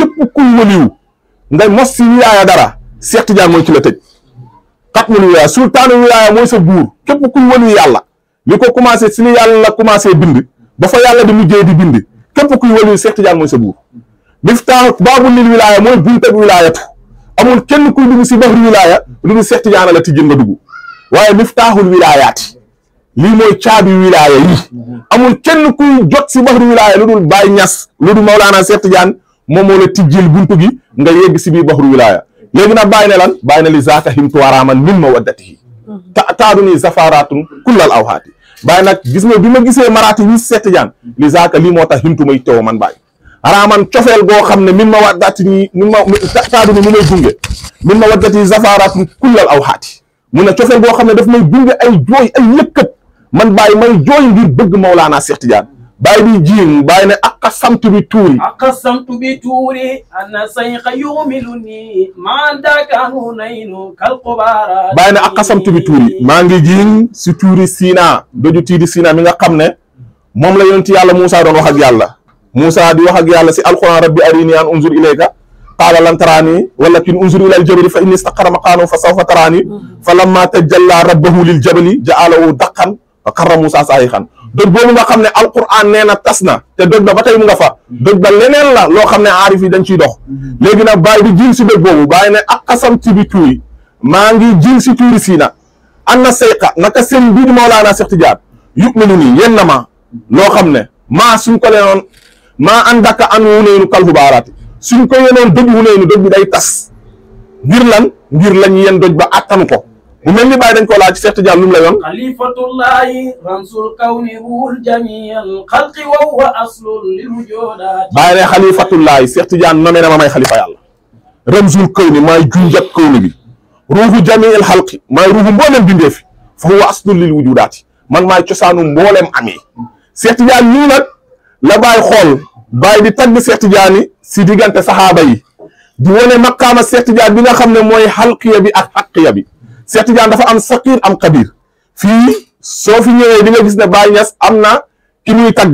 dara Seex mooy ki la tëj xatmul wilaaya sultaanul wilaaya mooy sa buur képp kuy waliw yàlla li ko commencé si ni yàlla commencé bind ba fa yàlla di mujjee di bind képp kuy wëliyu Seex Tijaan mooy sa buur miftaax baabul lil wilaaya mooy buntab wilaayatu amul kenn kuy dugg si bahru wilaaya lu dul Seex Tijaan la tijjin nga dugg waaye miftaaxul wilaayaati lii mooy caabi wilaaya yi amul kenn kuy jot si bahru wilaaya lu dul Baay Ñas lu dul Mawlaana Seex Tijaan moom moo la tijjil buntu gi nga yegg si biir bahru wilaaya léegi nag bàyyi ne lan bàyyi ne li zaaka himtu waraaman min mawaddatihi taataaduni zafaaraatun kullal awhaati Baye nag gis nga bi ma gisee maraati wi seeti jaan li zaaka lii moo tax himtu may teew man Baye xanaa man cofeel goo xam ne min ma waddati ni min ma taadu ni mu may gunge min ma waddati zafaaraatu kullal aw xaati mu ne cofeel goo xam ne daf may gunge ay jooy ay yëkkat man Baye may jooy ngir bëgg Mawlaana Seex Tijaan bàyyi bi jiim bàyyi ne ak samtu bi tuuri ak samtu bi tuuri ana sayqa yumilu ni ne ak samtu bi tuuri maa ngi jiim si tuuri Sina doju tiidi Sina mi nga xam ne moom la yonent yàlla Moussa doon wax ak yàlla Moussa di wax ak yàlla si alquran rabbi arini an unzur ilayka qaala lan taraani walakin unzur ila aljabali fa inni staqara maqaanahu fa sawfa taraani mm. fa lamma tajalla rabbahu liljabali ja'alahu daqan fa karra Moussa saayiqan doj boobu nga xam ne alquran nee na tas na te doj ba ba tey mu nga fa doj ba leneen la loo xam ne aarif yi dañ ciy dox léegi nag bàyyi di jiil si doj boobu bàyyi ne ak xasam ci bi tuuy maa ngi jiil si tuuri sii na an na sayqa naka seen bii di Mawlaana Seex Tijaan yuminu ni yenn ma loo xam ne maa suñ ko leenoon maa an daka an wuneenu kalfu baaraati suñ ko yenoon doj wuneenu doj bi day tas ngir lan ngir lañ yen doj ba attanu ko mu mel ni bàyyi dañ ko laaj Cheikh Tidiane lu mu lay yoon xalifatullahi ramsul kawni wul jamiil xalqi wa huwa aslun lil wujudaat bàyyi ne xalifatullahi Cheikh Tidiane nommé na ma may xalifa yàlla ramsul kawni maay junjab kawni bi ruuhu jamiil xalqi maay ruuhu mbooleem bindee fi fa huwa aslun lil wujudaat man maay cosaanu mbooleem amee Cheikh Tidiane nii nag la bàyyi xool bàyyi di tagg Cheikh Tidiane si diggante saxaaba yi di wane maqaama Cheikh Tidiane bi nga xam ne mooy xalqiya bi ak xaqiya bi Cheikh Tidiane dafa am saqiir am xabiir fii soo fi ñëwee di nga gis ne Baye Niass am na ki muy tagg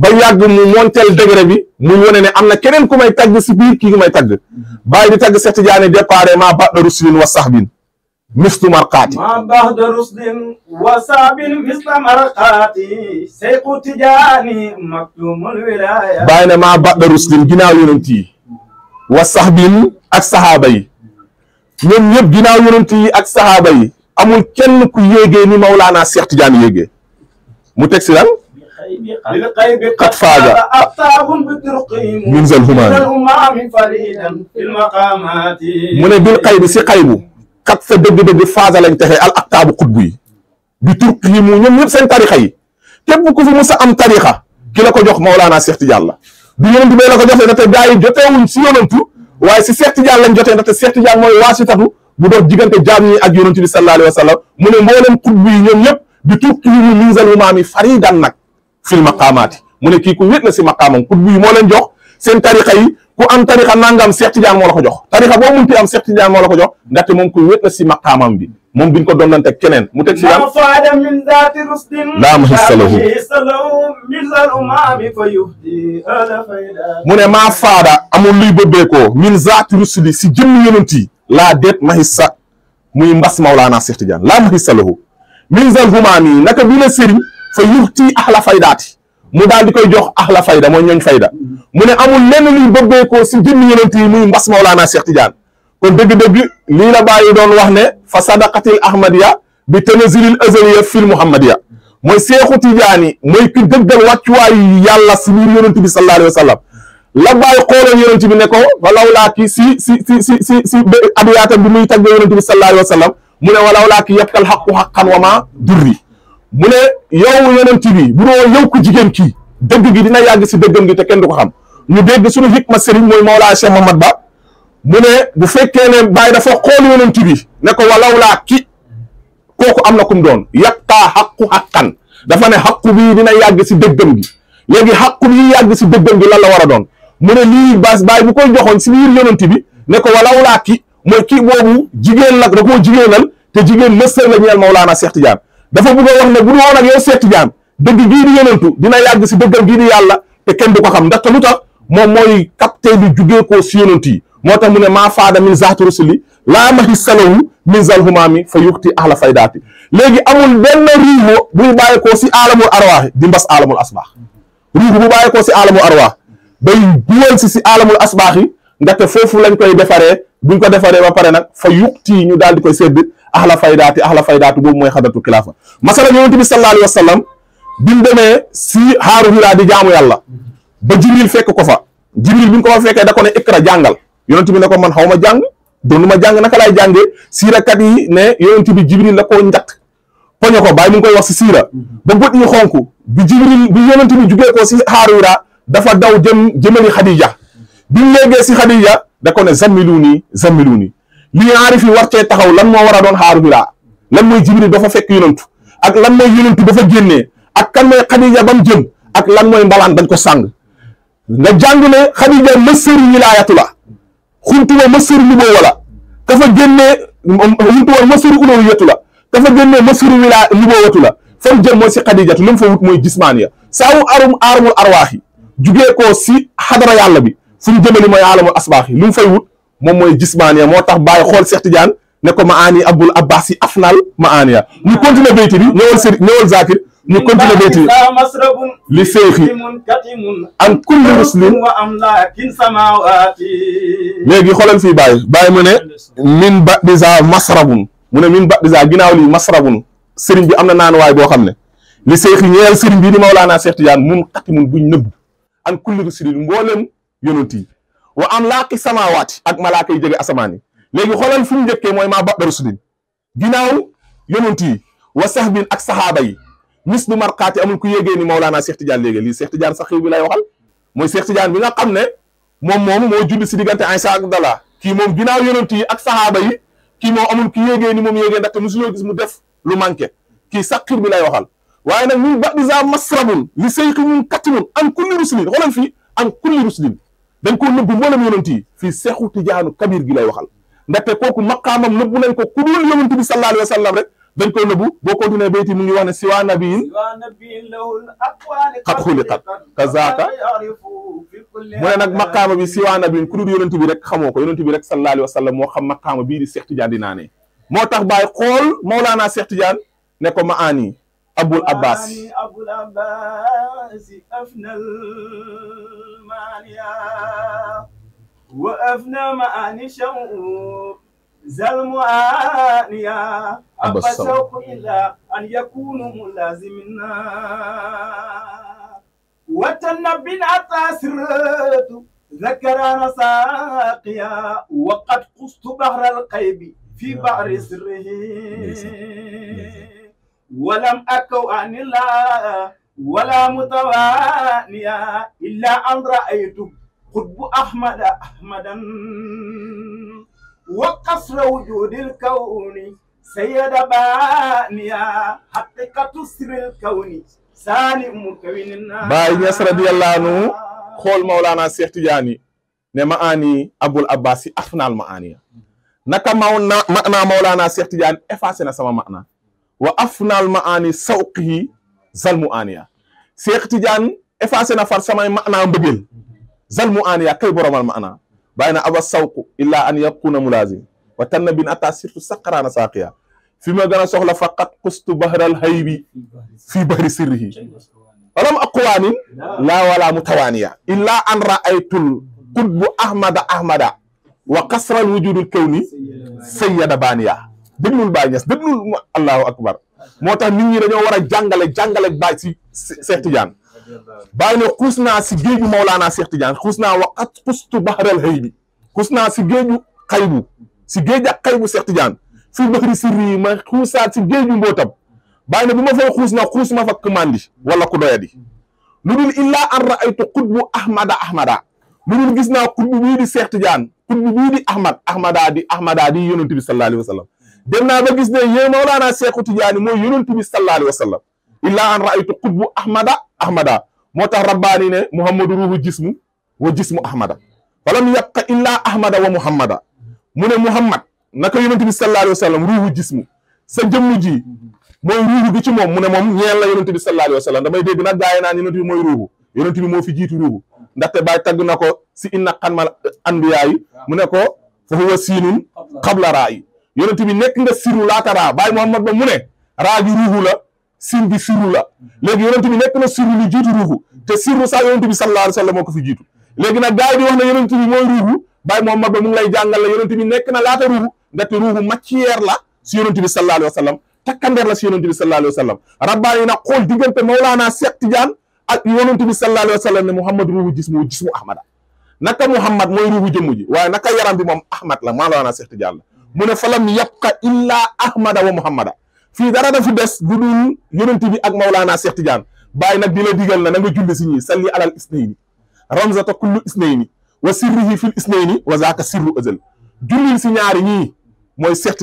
ba yàgg mu monteel degré bi muy wane ne am na keneen ku may tagg si biir kii ku may tagg Baye di tagg Cheikh Tidiane déparé maa ba'da ruslin wa sahbin mislu marqaati maa ba'da ruslin wa sahbin mislu marqaati seyku Tidiane maktumul wilaya Baye ne maa ba'da ruslin ginnaaw yonent yi wa sahbin ak sahaaba yi ñoom ñëpp ginnaaw yonent yi ak saxaaba yi amul kenn ku yéegee ni Mawlaana Seex Tijaan yéegee mu teg si lan qad mu ne bil xaybi si xaybu kat sa dëgg-dëgg faaga lañ texee al aktaabu xutbu yi bi turk yi ñoom ñëpp seen tarixa yi képp ku fi musa am tarixa ki ko jox Mawlaana Seex Tijaan la du yonent bi la ko joxee na te gaa yi joteewuñ si yonentu waaye si Seex Tijaan lañ jotee ndaxte Seex Tijaan mooy waasitatu bu doon diggante jaam ñi ak yonent bi sallallahu alayhi wa sallam mu ne mbooleem xutbu yi bi tuub kii ñu liisal humaam yi faridan nag fil maqaamaati mu ne kii ku wét la si maqaamam xutbu yi moo leen jox seen tarixa yi ku am tarixa nangam Seex Tijaan moo la ko jox tarixa boo munti am Seex Tijaan moo la ko jox ndaxte moom ku wét la si maqaamam bi moom duñ ko doonante ak keneen mu teg si daan laa ma hisalahu mu ne maa faada amul luy bëbbeekoo min zaati rusuli si jëmm yonent yi laa deet ma hissa muy mbas mawlaana Seex Tijaan laa ma hisalahu min zal humaami naka bi la sëriñ fa yuxti axla faydaati mu daal di koy jox axla fayda mooy ñooñ fayda mu ne amul lenn luy bëbbeekoo si jëmm yonent yi muy mbas mawlaana Seex Tijaan kon dëgg-dëgg lii la bàyyi doon wax ne fa sadaqatil ahmadiya bi tanazilil azaliya fil muhammadiya mooy seexu tijaani mooy ki dëggal wàccuwaayu yàlla si biir yonent bi sallallahu alayhi wa sallam la bàyyi xooloon yonent bi ne ko walawlaa ki si si si si si si abiyaatam bi muy tagge yonent bi sallallahu alayhi wa sallam wala ne walawlaa ki yabkal xaqu xaqan wa ma durri mu ne yow yonent bi bu doo yow ko jigéen kii dëgg gi dina yàgg si dëggam gi te kenn du ko xam ñu dégg suñu hikma sëriñ mooy Mawlaa Ba mu bu fekkee ne Baye dafa xool yonent bi ne ko walaw laa ki kooku am na kum doon yaqtaa xaqu xaqan dafa ne xaqu bii dina yàgg si dëggam gi léegi xaqu bii yàgg si dëggam gi lan la war a doon mu ne lii bas Baye bu koy joxoon si biir yonent bi ne ko walaw laa ki mooy ki boobu jigéen nag da koo jigéenal te jigéen lëssër la ñeel Mawlaana Seex Tijaan dafa bëgg a wax ne bu dul woon ak yow Seex Tijaan dëgg gii di yonentu dina yàgg si dëggam gii di yàlla te kenn du ko xam ndaxte lu tax moom mooy capté lu jugee koo si yonent yi moo tax mu ne maa faada min zaatu rusuli laa maxi salawu min zal humaami fa yuxti ahla faydaati léegi amul benn ruuxu buy ko si aalamul arwaax di mbas aalamul asbaax ruuxu bu bàyyeekoo si aalamul arwaax day duwal si si aalamul asbaax yi ndaxte foofu lañ koy defaree buñ ko defaree ba pare nag fa yuxti ñu daal di koy sédd ahla faydaati ahla faydaati boobu mooy xadatu kilaafa masala yonent bi sallallahu alayhi wa sallam bi mu demee si xaaru Hiraa di jaamu yàlla ba jibril fekk ko fa jibril bi mu ko fa fekkee da ko ne ikra jàngal yonent bi ne ko man xaw ma jàng doonu ma jàng naka laay jàngee siirakat yi ne yonent bi jibril la koo njàkk poñe ko bàyyi mu ngi koy wax si siira ba bët yi xonk bi jibril bi yonent bi jugee ko si xaaruura dafa daw jëm jëmali xadija bi mu léegee si xadija da ko ne zammilu nii zammilu ni li aarif fi war cee taxaw lan moo war a doon xaaruura lan mooy jibril dafa fekk yonentu ak lan mooy yonentu dafa génnee ak kan mooy xadija ba mu jëm ak lan mooy mbalaan dañ ko sàng nga jàng ne xadija mësëri la huntuwa masiru luɓo wala kafa genne huntuwa masiru ulowu yettula kafa genne masiru wila luɓo wettula fon jem moy si khadijatu lim fa wut mooy jismaniya saawu arum armul arwaaxi jugee ko si xadara yàlla bi fu mu jëmali mooy alamul asbaax yi lu mu fay wut moom mooy jismaniya moo tax bàyyi xool Cheikh Tidiane ne ko ma aani abul abbas yi afnal ma aaniya ñu continuer bayti bi ñëwal sëri ñëwal zakir ñu continué béykat yi li seexi an kulli muslim léegi xoolal fii bàyyi bàyyi mu ne min ba disa masrabun mu ne min ba disa ginnaaw lii masrabun sëriñ bi am na naanuwaay boo xam ne li seexi ñeel sëriñ bi di Mawlaana Seex Tijaan mun xatimun buñ nëbb an kulli muslim mbooleem yonent yi wa am laaki samaawaati ak malaaka yi jege asamaan yi léegi xoolal fu mu njëkkee mooy maa ba rusulin ginnaaw yonent yi wa sax bin ak saxaaba yi mis du marqaati amul ku yégee ni Maulana Cheikh Tidiane léegi lii Cheikh Tidiane sax waxal mooy Cheikh Tidiane bi nga xam ne moom moomu moo judd si diggante Aïssa ak Abdallah kii moom ginnaaw yonent kii moom amul ku yégee ni moom yégee ndaxte mosuñoo gis mu def lu manqué kii sax xiw bi lay waxal waaye nag ñun ba disa masrabun li seyqi ñun kattunun an kulli rusulin xoolal fii an kulli rusulin dañ koo nëbbu mboolem yonent yi fii Seexu Tidiane kabir gi lay waxal ndaxte kooku maqaamam nëbbu nañ ko ku dul yonent bi sallallahu alayhi dañ koy nëbbu boo continué bayti mu ngi wax ne si waa nabiin xat xuliqat kazaaka mu ne nag maqaama bi si waa nabiin ku dul yonent bi rek xamoo ko yonent bi rek sallallahu alayhi wa sallam moo xam maqaama bii di Cheikh di naanee moo tax bàyyi xool Mawlaana Cheikh Tidiane ne ko ma aani abul abbas wa afna ma aani shaw زلمانيا أبا الشوق إلا أن يكون ملازمنا وتنبي أتى سرت ذكرنا ساقيا وقد قصت بحر القيب في بحر سره ولم أكو عن الله ولا متوانيا إلا أن رأيت قطب أحمد أحمدا وقصر وجود الكون سيد بانيا حقيقة سر الكون سالم كوننا باي ناس رضي xool Maulana Cheikh Tidiane ne ma aani Abul Abbas yi afnaal ma aaniya naka maw na maanaa Maulana Cheikh Tidiane na sama maana wa afnaal ma aani sawqihi zalmu aaniya Cheikh Tidiane effacé na far samay maanaa zalmu aaniya kay boromal maana bàyyi na aba sawku illaa an yakuna mulazim wa tanna bin atta surtout saqaraana saaqiya fi ma gën a soxla faqat kustu bahral haybi fii bahri sirrihi walam aqwaanin laa wala mutawaaniya illaa an raaytul qutbu ahmada ahmada wa kasral wujudul kawni sayyada baaniya déglul Baay Ñas déglul allahu akbar moo tax nit ñi dañoo war a jàngale jàngale Baay si Seex Tijaan bàyyi ne xuus naa si géeju Mawlaana Cheikh Tidiane xuus naa waqat xustu baxaral xëy bi naa si géeju xaybu si géej ak xaybu Cheikh Tidiane fii baxri si rii ma xuusaat si géeju mbootam bàyyi ne bu ma fay xuus na xuus ma fakk mandi wala ku doyadi lu dul illaa an raaytu xutbu ahmada ahmada lu dul gis naa xutbu bii di Cheikh Tidiane xutbu bii di ahmad ahmada di ahmada di yonent bi sallallahu alayhi wa sallam naa ba gis ne yéen Mawlaana Cheikh Tidiane mooy yonent bi an raaytu xutbu ahmada ahmada moo tax rabbaani ne muhammadu ruhu jismu wa jismu ahmada walam yabqa illa ahmada wa muhammada mu ne muhammad naka yonent bi sallallahu alayhi wa sallam ruuhu jismu sa jëmm ji mooy ruuhu gi ci moom mu ne moom ñeel la yonent bi sallallahu alayhi wa sallam damay dégg nag gaay naan yonent bi mooy ruuhu yonent bi moo fi jiitu ruuhu ndaxte baay tagg na ko si inna xanmal anbiyaa yi mu ne ko fa huwa siinun xabla raa yi bi nekk nga siru laata raa baay muhammad ba mu ne sin bi sirru la léegi yonent bi nekk na sirru lu jiitu ruuxu te sirru saa yonent bi sallallahu alayhi wa sallam moo ko fi jiitu léegi nag gars yi di wax ne yonent bi mooy ruuxu bàyyi moom mag ba mu ngi lay jàngal la yonent bi nekk na laata ruuxu ndaxte ruuxu matière la si yonent bi sallallahu alayhi wa sallam takkandeer la si yonent bi sallallahu alayhi wa sallam rabbaan yi nag xool diggante Mawlaana Seex Tijaan ak yonent bi sallallahu alayhi wa sallam ne Muhammad ruuxu jismu jismu Ahmada naka Muhammad mooy ruuxu jëmm ji waaye naka yaram bi moom Ahmad la Mawlaana Seex Tijaan la mu ne falam yabqa illa Ahmada wa Muhammada fii dara da fi des du dul yonent bi ak Maulana Cheikh Tidiane bàyyi nag di la digal na na nga julli si ñii salli alal isnayni ramzata kullu isnayni wa sirrihi fil isnayni wa zaaka sirru azal jullil si ñaari ñii mooy Cheikh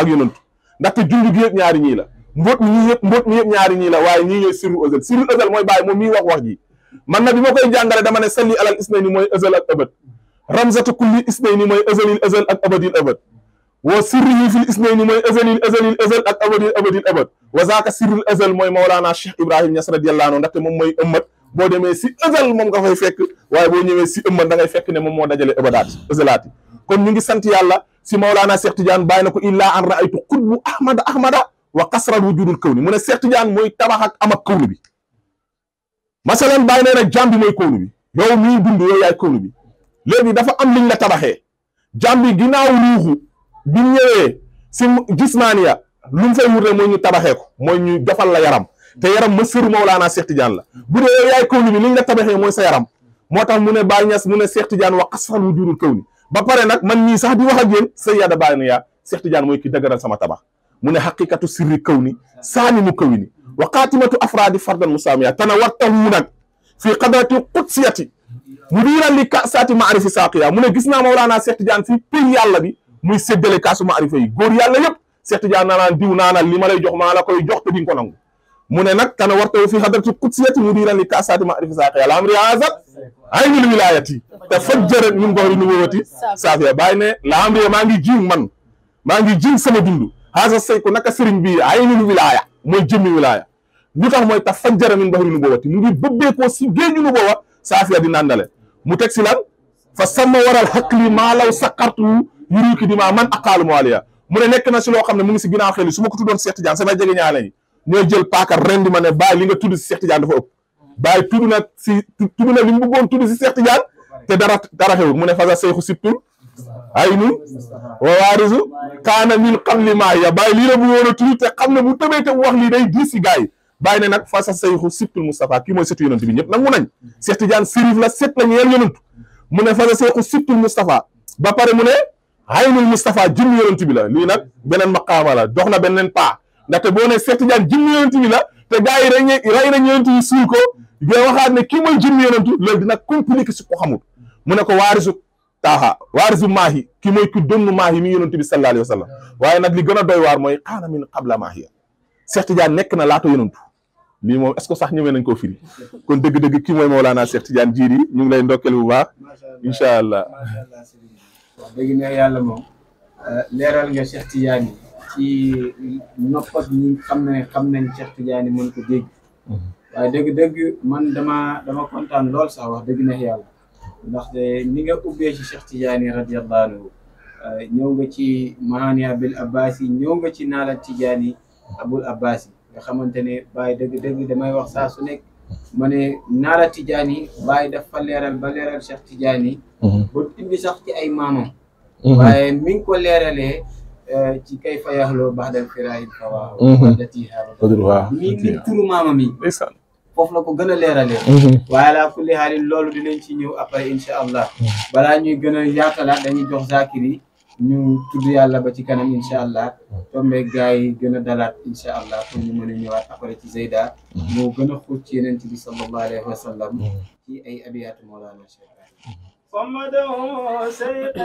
ak yonent ndaxte julli gi yëpp ñaari ñii la boot mi ñii yëpp mbóot mi yëpp la waaye ñii ñooy sirru azal sirru azal mooy bàyyi moom mii wax wax ji man na bi ma koy jàngale dama ne salli alal isnayni mooy azal ak abad ramzata kulli isnayni mooy azalil azal ak abadil wa sirrihi fil isnayni mooy ezelil ezelil ezel ak abadil abadil abad wa zaaka sirril ezel Mawlana Cheikh Ibrahim Niass radiyallahu anhu ndaxte moom mooy ëmmat boo si ezel moom nga fay fekk waaye boo ñëwee si ëmmat da fekk ne moom moo dajale abadaat kon ñu ngi sant yalla si Mawlana Cheikh Tidiane bàyyi na ko illaa an raaytu xutbu ahmada ahmada wa kasral wujudul kawni mu ne Cheikh Tidiane mooy tabax ak am ak kawnu bi masalan bàyyi nee na jàmm bi mooy kawnu bi yow miy dund yow yaay kawnu bi léegi dafa am liñ la tabaxee jàmm bi mu ñëwee si jismaaniya lu mu fay wute mooy ñu tabaxee ko mooy ñu defal la yaram te yaram ma sëru Mawlaana Cheikh Tidiane la bu dee yow yaay kawni bi li ñu la tabaxee mooy sa yaram moo tax mu ne Baay Ñas mu ne Cheikh Tidiane wa xasfal wu jurul kawni ba pare nag man mii sax di wax ak yéen sa yada bàyyi na yaa Cheikh Tidiane mooy ki dëgëral sama tabax mu ne xaqiqatu sirri kawni saani mu kawni wa xaatimatu afraadi fardan musaamiya tana wartahu nag fii qadrati qudsiyati mu diiral li ka saati maarifi saaqiya mu ne gis naa Mawlaana Cheikh Tidiane fii pay yàlla bi muy séddale kaasuma arifa yi góor yàlla yëpp Seex Tijaan naanaan diw naanal li ma lay jox maa la koy jox te di nga ko nangu mu ne nag kana wartawu fi hadratu kudsiyati mudiran li kaasati maarifa saaqi ala amri la amri maa ngi jiw man maa ngi jiw sama dund haasa say ko naka sëriñ bi aynul wilaya mooy jëmmi wilaya li tax mooy tax min bahri nubuwati mu ngi bëbbeekoo si géeju nubuwa saafiya di nandale mu teg lan fa sama waral xaq maa law saqartu yurul ki dimaa man aqaalu moaliya mu ne nekk na si loo xam ne mu ngi si ginnaaw xel yi su ma ko tuddoon Cheikh Tidiane sama jege ñaale ñi ñooy jël paaka ren ma ne bàyyi li nga si na si tudd na li mu te dara dara xewul mu ne fasa seyxu sibtul ay nun wa waarisu kaana min qabli maa ya bàyyi lii la bu woon a tudd te xam ne bu tëbee te wax lii day diis si gars yi bàyyi ne nag fasa seyxu sibtul Moustapha kii mooy setu yonent bi ñëpp nag mu nañ Cheikh Tidiane sérif la set aynul Moustapha jëmmi yonent bi la lii nag beneen maqaama la dox na beneen paa ndaxte boo ne Seex Tijaan jëmmi yonent bi la te gars yi rey rey nañ yonent yi suul ko nga waxaat ne kii mooy jëmmi yonent loolu dina compliqué si ko xamul mu ne ko waarisu taaha waarisu maahi kii mooy ku donnu maahi mi yonent bi sallallahu alayhi wa sallam waaye nag li gën waar mooy xaana min qabla nekk na laata yonent lii moom est-ce que sax ñëwee ko koo firi kon dëgg-dëgg kii mooy Mawlaana Seex Tijaan jiir yi ñu ngi lay ndokkeel bu baax incha allah wax dëgg na yàlla moom euh, leeral nga Cheikh Tidiane ci noppat ñi xam ne xam nañ Cheikh Tidiane mën ko dégg mm-hmm. dëgg-dëgg man dama dama kontaan lool sax wax dëgg ne yàlla ni nga ubbee si Cheikh Tidiane radiyallahu anhu euh, ñëw nga ci mahania bil abbas yi ñëw nga ci naala Tidiane abul abbas yi nga xamante ne bàyyi dëgg-dëgg damay wax saa su nekk ma ne naara Tidjani waaye dafa leeral ba leeral Cheikh Tidjani. Mhm. ba indi sax ci ay maamam. Mhm. waaye mi ngi ko leeralee euh, ci kay fa yaxloo baxdal firaayil xawaa. Mhm. waaw mi turu maamam yi. foofu la ko gën a leeralee. waaye laa kulli xaalin loolu dinañ ci ñëw après incha allah. balaa ñuy gën a dañu dañuy jox zakir ñu tudd yàlla ba ci kanam incha allah tombé gars yi gën a dalaat incha allah pour ñu mën a ñëwaat ci Zeyda moo gën a xuut ci yeneen bi sallallahu alayhi wa sallam ci ay abiyaatu Mawlana Cheikh صمده سيق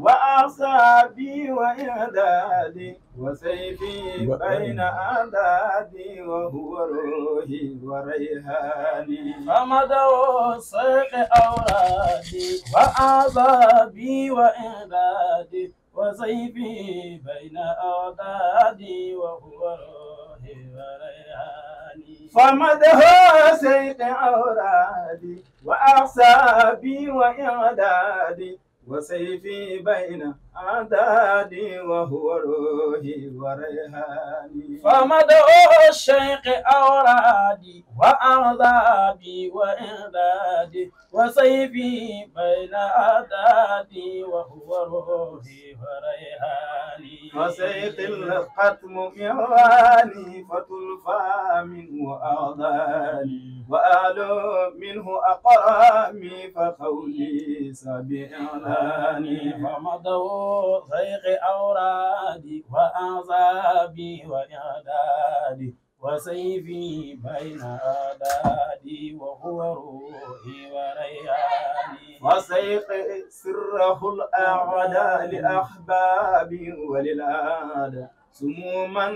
وأعصابي وإعدادي وسيفي بين أعدادي وهو روحي وريحاني فمدعو الصيق أورادي وأعصابي وإعدادي وسيفي بين أعدادي وهو روحي وريحاني فمدعو سيق أورادي وأعصابي وإعدادي وسيفي بين عدادي وهو روحي وريحاني فمدعو الشيخ أورادي وأعذابي وإعدادي وسيفي بين أعدادي وهو روحي وريحاني وسيق القتم إعواني فتلفى منه أعضاني وأعلو منه أقرامي فقولي سبيعلاني فمدعو ضيق أورادي وأعذابي وإعدادي وسيفي بين أعدادي وهو روحي ورياني وسيق سره الأعداء لأحبابي وللأعداء سموما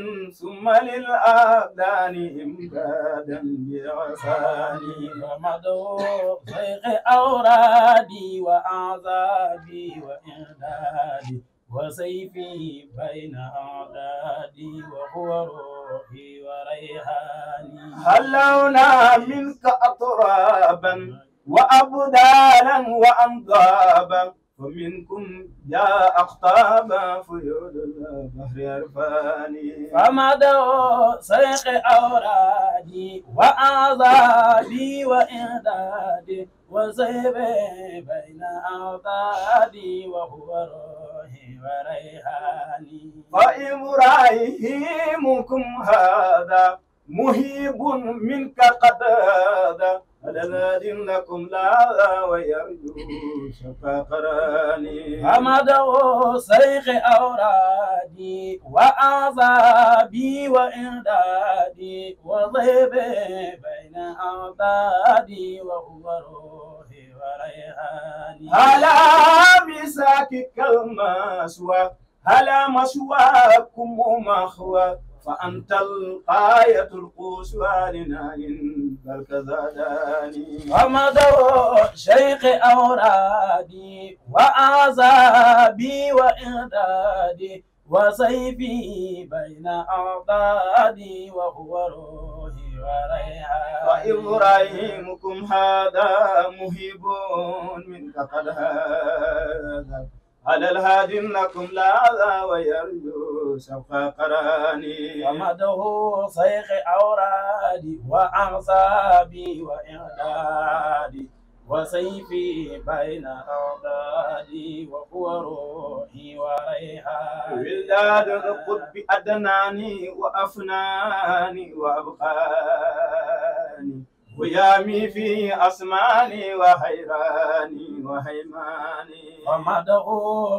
ثم للأبدان إمدادا بعساني ومدعو شيخ أورادي وأعذابي وإعدادي وسيفي بين أعدادي وهو روحي وريحاني هلونا منك أطرابا وأبدالا وأنقابا ومنكم جاء أقطابا فيول البحر يرفاني فمدوا سيق أورادي وأعذابي وإعدادي وزيبي بين أعدادي وهو روحي وريحاني فإبراهيمكم هذا مهيب منك قد هذا لناد لكم لا ويرجو شفاقراني حمده سيخ أورادي وأعصابي وإمدادي وضيبي بين أعدادي وهو روحي وريحاني هلا بساكك المسوى هلا مسواكم مخوى فأنت الآية القوسوى لنال بل كذاني ومدر شيخ أورادي وأعزابي وإعدادي وسيفي بين أعضادي وهو روحي وريحاني وإبراهيمكم هذا مهيب منك قد هذا على الهادي لكم لا ويرجو سبق قراني فمده صيخ أورادي وأعصابي وإعدادي وسيفي بين أعدادي وهو روحي وريحاني ولاد القطب أدناني وأفناني وأبقاني ويامي في أسماني وحيراني وهيماني ومده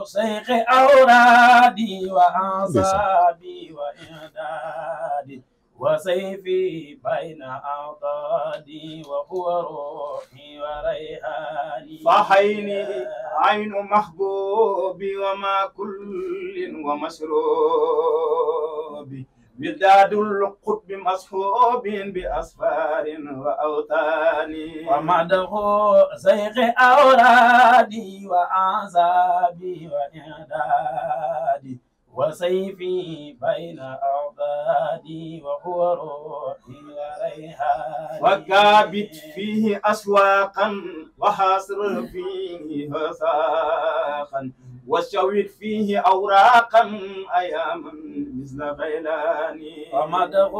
سيخ أورادي وأعصابي وإعدادي وسيفي بين أعضادي وهو روحي وريحاني فحيني عين محبوبي وما كل ومشروبي مداد القطب مصحوب بأسفار وأوطان ومده زيغ أورادي وأعزابي وإعدادي وسيفي بين أعضادي وهو روحي وريحاني وكابت فيه أسواقا وحاصر فيه وساقا وشوت فيه أوراقا أياما مثل غيلاني ومده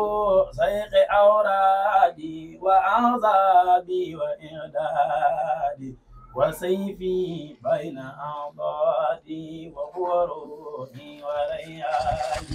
سيق أورادي وأعذابي وإعدادي وسيفي بين أعضادي وهو روحي ورياني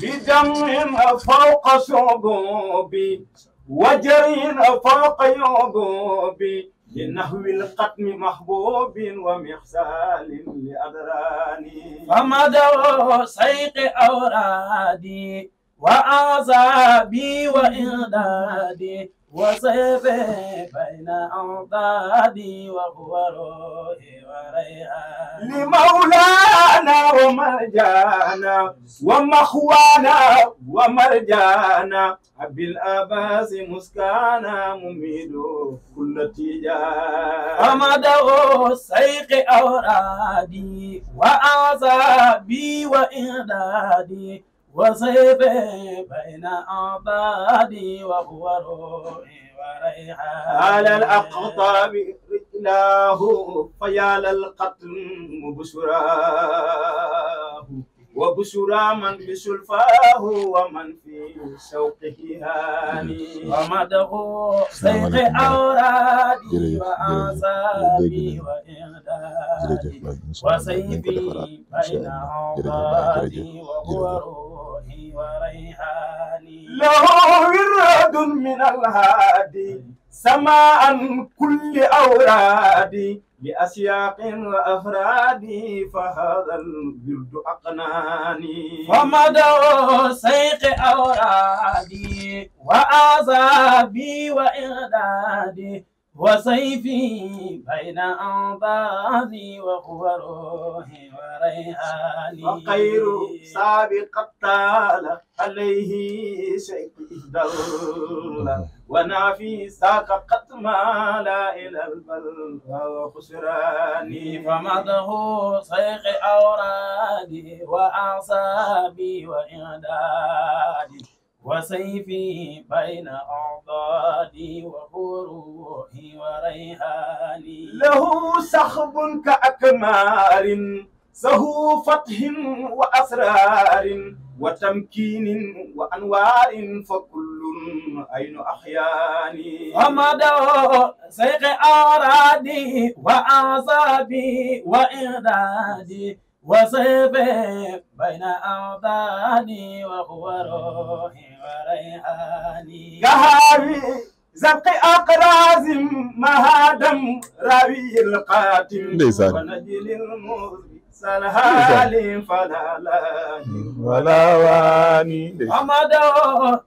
بدم فوق شعبي وجري فوق يعبوبي لنحو القتم محبوب ومحسال لأدراني فمدوا سيق أورادي وأعزابي وإعدادي وصيفي بين أعضابي وهو روحي وريحان لمولانا ومرجانا ومخوانا ومرجانا أبي الأباس مسكانا مميد كل تجاه أمده السيق أورادي وأعصابي وإعدادي وصيبي بين أعضادي وهو روحي وريحان على الأقطاب رجلاه فيال القتل بشراه وبشرى من بسلفاه ومن في شوقه هاني ومده سيق أورادي وأعصابي وإعدادي وسيفي بين أعضادي وهو روحي وصحبه وريحاني له ورد من الهادي سماء كل أورادي لأسياق وأفرادي فهذا الورد أقناني فمدعو سيق أورادي وأعذابي وإعدادي وسيفي بين أنباري وهو روحي وريحاني وخير سابق الطال عليه شيخ الدولة ونافي ساق ما لا إلى البل وخسراني فمضه صيغ أورادي وأعصابي وإعدادي وسيفي بين أعضادي وهو روحي وريحاني له صخب كأكمار سهو فتح وأسرار وتمكين وأنوار فكل أين أحياني حمد سيق أعرادي وأعصابي وإعدادي وصيبه بين أعضاني وهو روحي وريحاني قهاري زبق أقراز مهادم راوي القاتل ونجل المذنب سلهالي فلالاني ولا واني حمد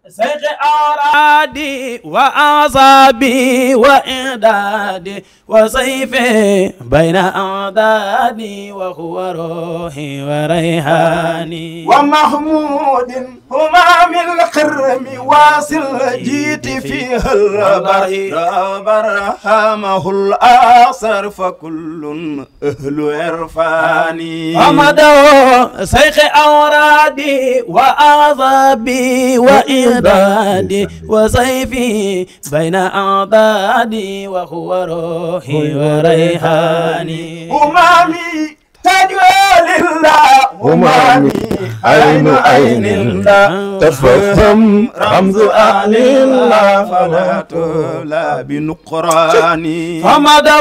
سيخ أرادي وأعصابي وإعدادي وسيفي بين أعدادي وهو روحي وريحاني ومحمود هما من القرم واصل جيت فيها الربر رابر هامه الآصر فكل أهل عرفاني علي أمدو سيخ أورادي وأعظبي وإبادي وسيفي بين أعدادي وهو روحي وريحاني أمامي تجوى للهمام عين عين الله تفهم رمز أهل الله فلا تولى بنقراني فمده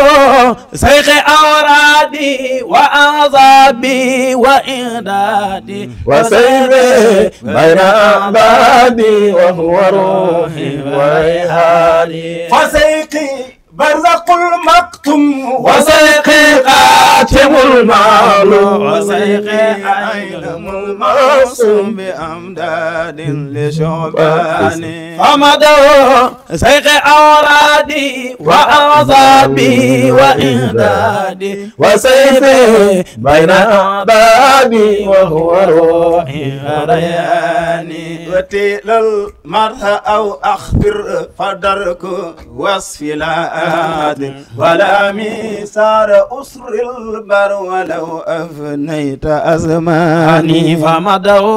سيخ أورادي وأعذابي وإعدادي وسيفي بين أعبادي وهو روحي وريحاني فسيقي برزق المكتم وسيقي قاتم المعلوم وسيقي عينم المعصوم بأمداد لشعباني فمدوا سيقي أورادي وأعصابي وإهدادي وسيفي بين أعبابي وهو روحي غرياني وتيل المرأة أو أخبر فدرك وصفي لا عاد ولا ميسار أسر البر ولو أفنيت أزماني فمدعو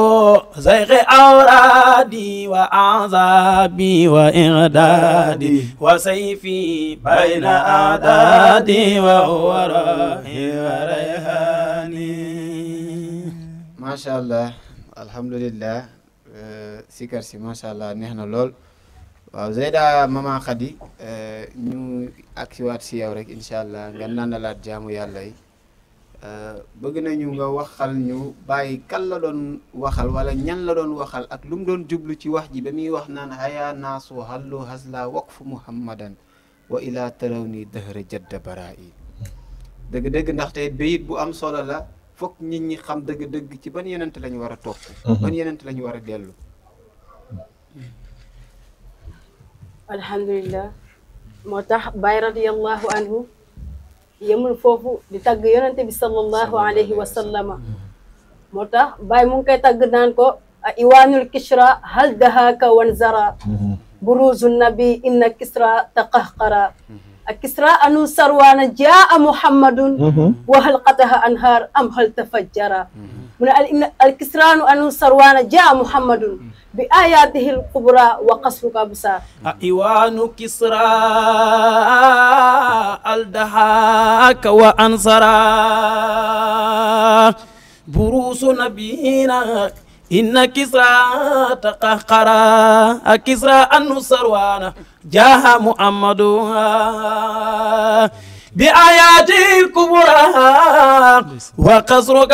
زيغ أورادي وأعذابي وإغدادي وسيفي بين أعدادي وهو راهي وريهاني ما شاء الله الحمد لله سيكرسي ما شاء الله نحن لول waaw Zeyda Mama Khady eh, ñu agsiwaat si yow rek incha allah nga naanalaat jaamu yàlla yi eh, bëgg nañu nga waxal ñu bàyyi kan la doon waxal wala ñan la doon waxal ak lu mu doon jublu ci wax ji ba muy wax naan haya naasu hallu hasla waqfu muhammadan wa ilaa taraw ni dëhëra jadda bara yi dëgg-dëgg ndaxte bayit bu am solo la foog nit ñi xam dëgg-dëgg ci ban yenent lañu war a topp mhm. ban yenent lañu war a dellu alhamdulilah moo tax Baay radiyallahu anhu yemul foofu di tagg yonente bi sallallahu alayhi wa sallama moo tax Baay mu ngi koy tagg naan ko a iwaanul kishra hal dahaka wan zara mhm. buruzu nabi inna kisra taqahqara mhm. كسرى أنو سروان جاء محمد وهل قطها أنهار أم هل تفجر من الكسران أنو سروان جاء محمد بآياته الكبرى وقصرك بسار إيوان كسرى ألدهاك وأنصرا بروس نبينا إن كسرى تقهقرا كسرى أنه سروانا جاه محمد بآيات الكبرى وقصرك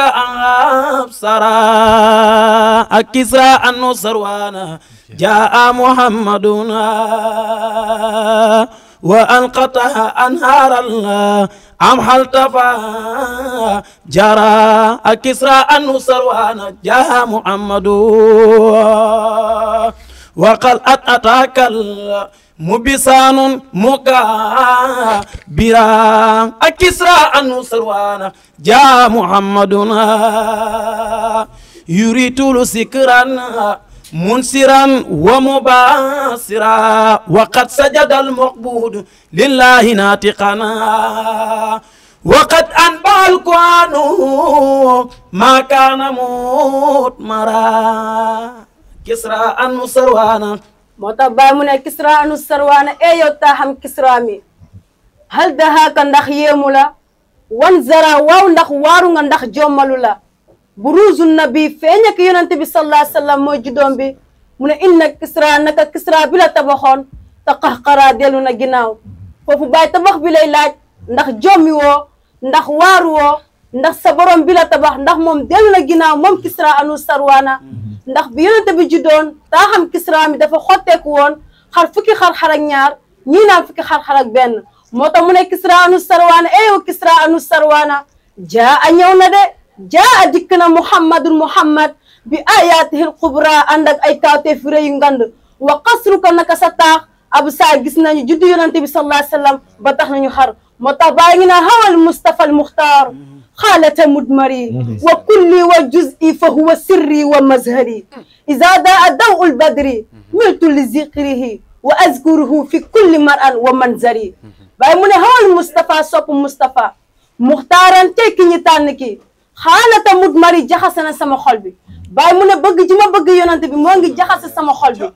أبصرا كسرى أنه سروانا جاء محمد وأنقطها أنهار الله أم هل تفا جرى الكسرى أنه سروان جاها محمد وقال أتاك مبسان مكا برا الكسرى أنه سروان جاء محمد يريد سكرا منسرا ومباسرا وقد سجد المقبود لله ناطقنا وقد أنبع القرآن ما كان مطمرا كسرى أن سروانا مطبع من كسرى أن سروانا أيو تاهم كسرى مي هل دهاك ندخ يمولا وانزرا واو ندخ وارو ندخ جمالولا buruusu nabi feeñ ak yonent bi sallallahu alayhi wa sallam mooy juddoom bi mu ne inna kisra naka kisra bi la tabaxoon te qaxqaraa dellu na ginnaaw foofu bàyyi tabax bi lay laaj ndax jommi woo ndax waaru woo ndax sa borom bi la tabax ndax moom dellu na ginnaaw moom kisra anu sarwaana ndax bi yonent bi juddoon taaxam kisra mi dafa xotteeku woon xar fukki xar-xar ak ñaar ñii naan fukki xar-xar ak benn moo tax mu ne kisra anu sarwaana eyow kisra anu jaa dikk na muhammadun muhammad bi ayaatihil xubra ànd ak ay kawteef yu ngand wa xasruka naka sa taax abu saa gis nañu juddu yonante bi sallallahu alayhi wa sallam ba tax nañu xar moo tax baa ngi naa hawal mustafa al muxtaar xaalata mudmari wa kulli wa juzi fa huwa sirri wa mazhari ida daa daw ul badri miltu li zikrihi wa azkuruhu fi kulli maran wa manzari waaye mu ne hawal mustafa sopp mustafa muxtaaran tekki ñi tànn ki xaalata mut mari jaxase na sama xol bi bàyyi mu ne bëgg ji ma bëgg yonante bi moo ngi jaxase sama xol bi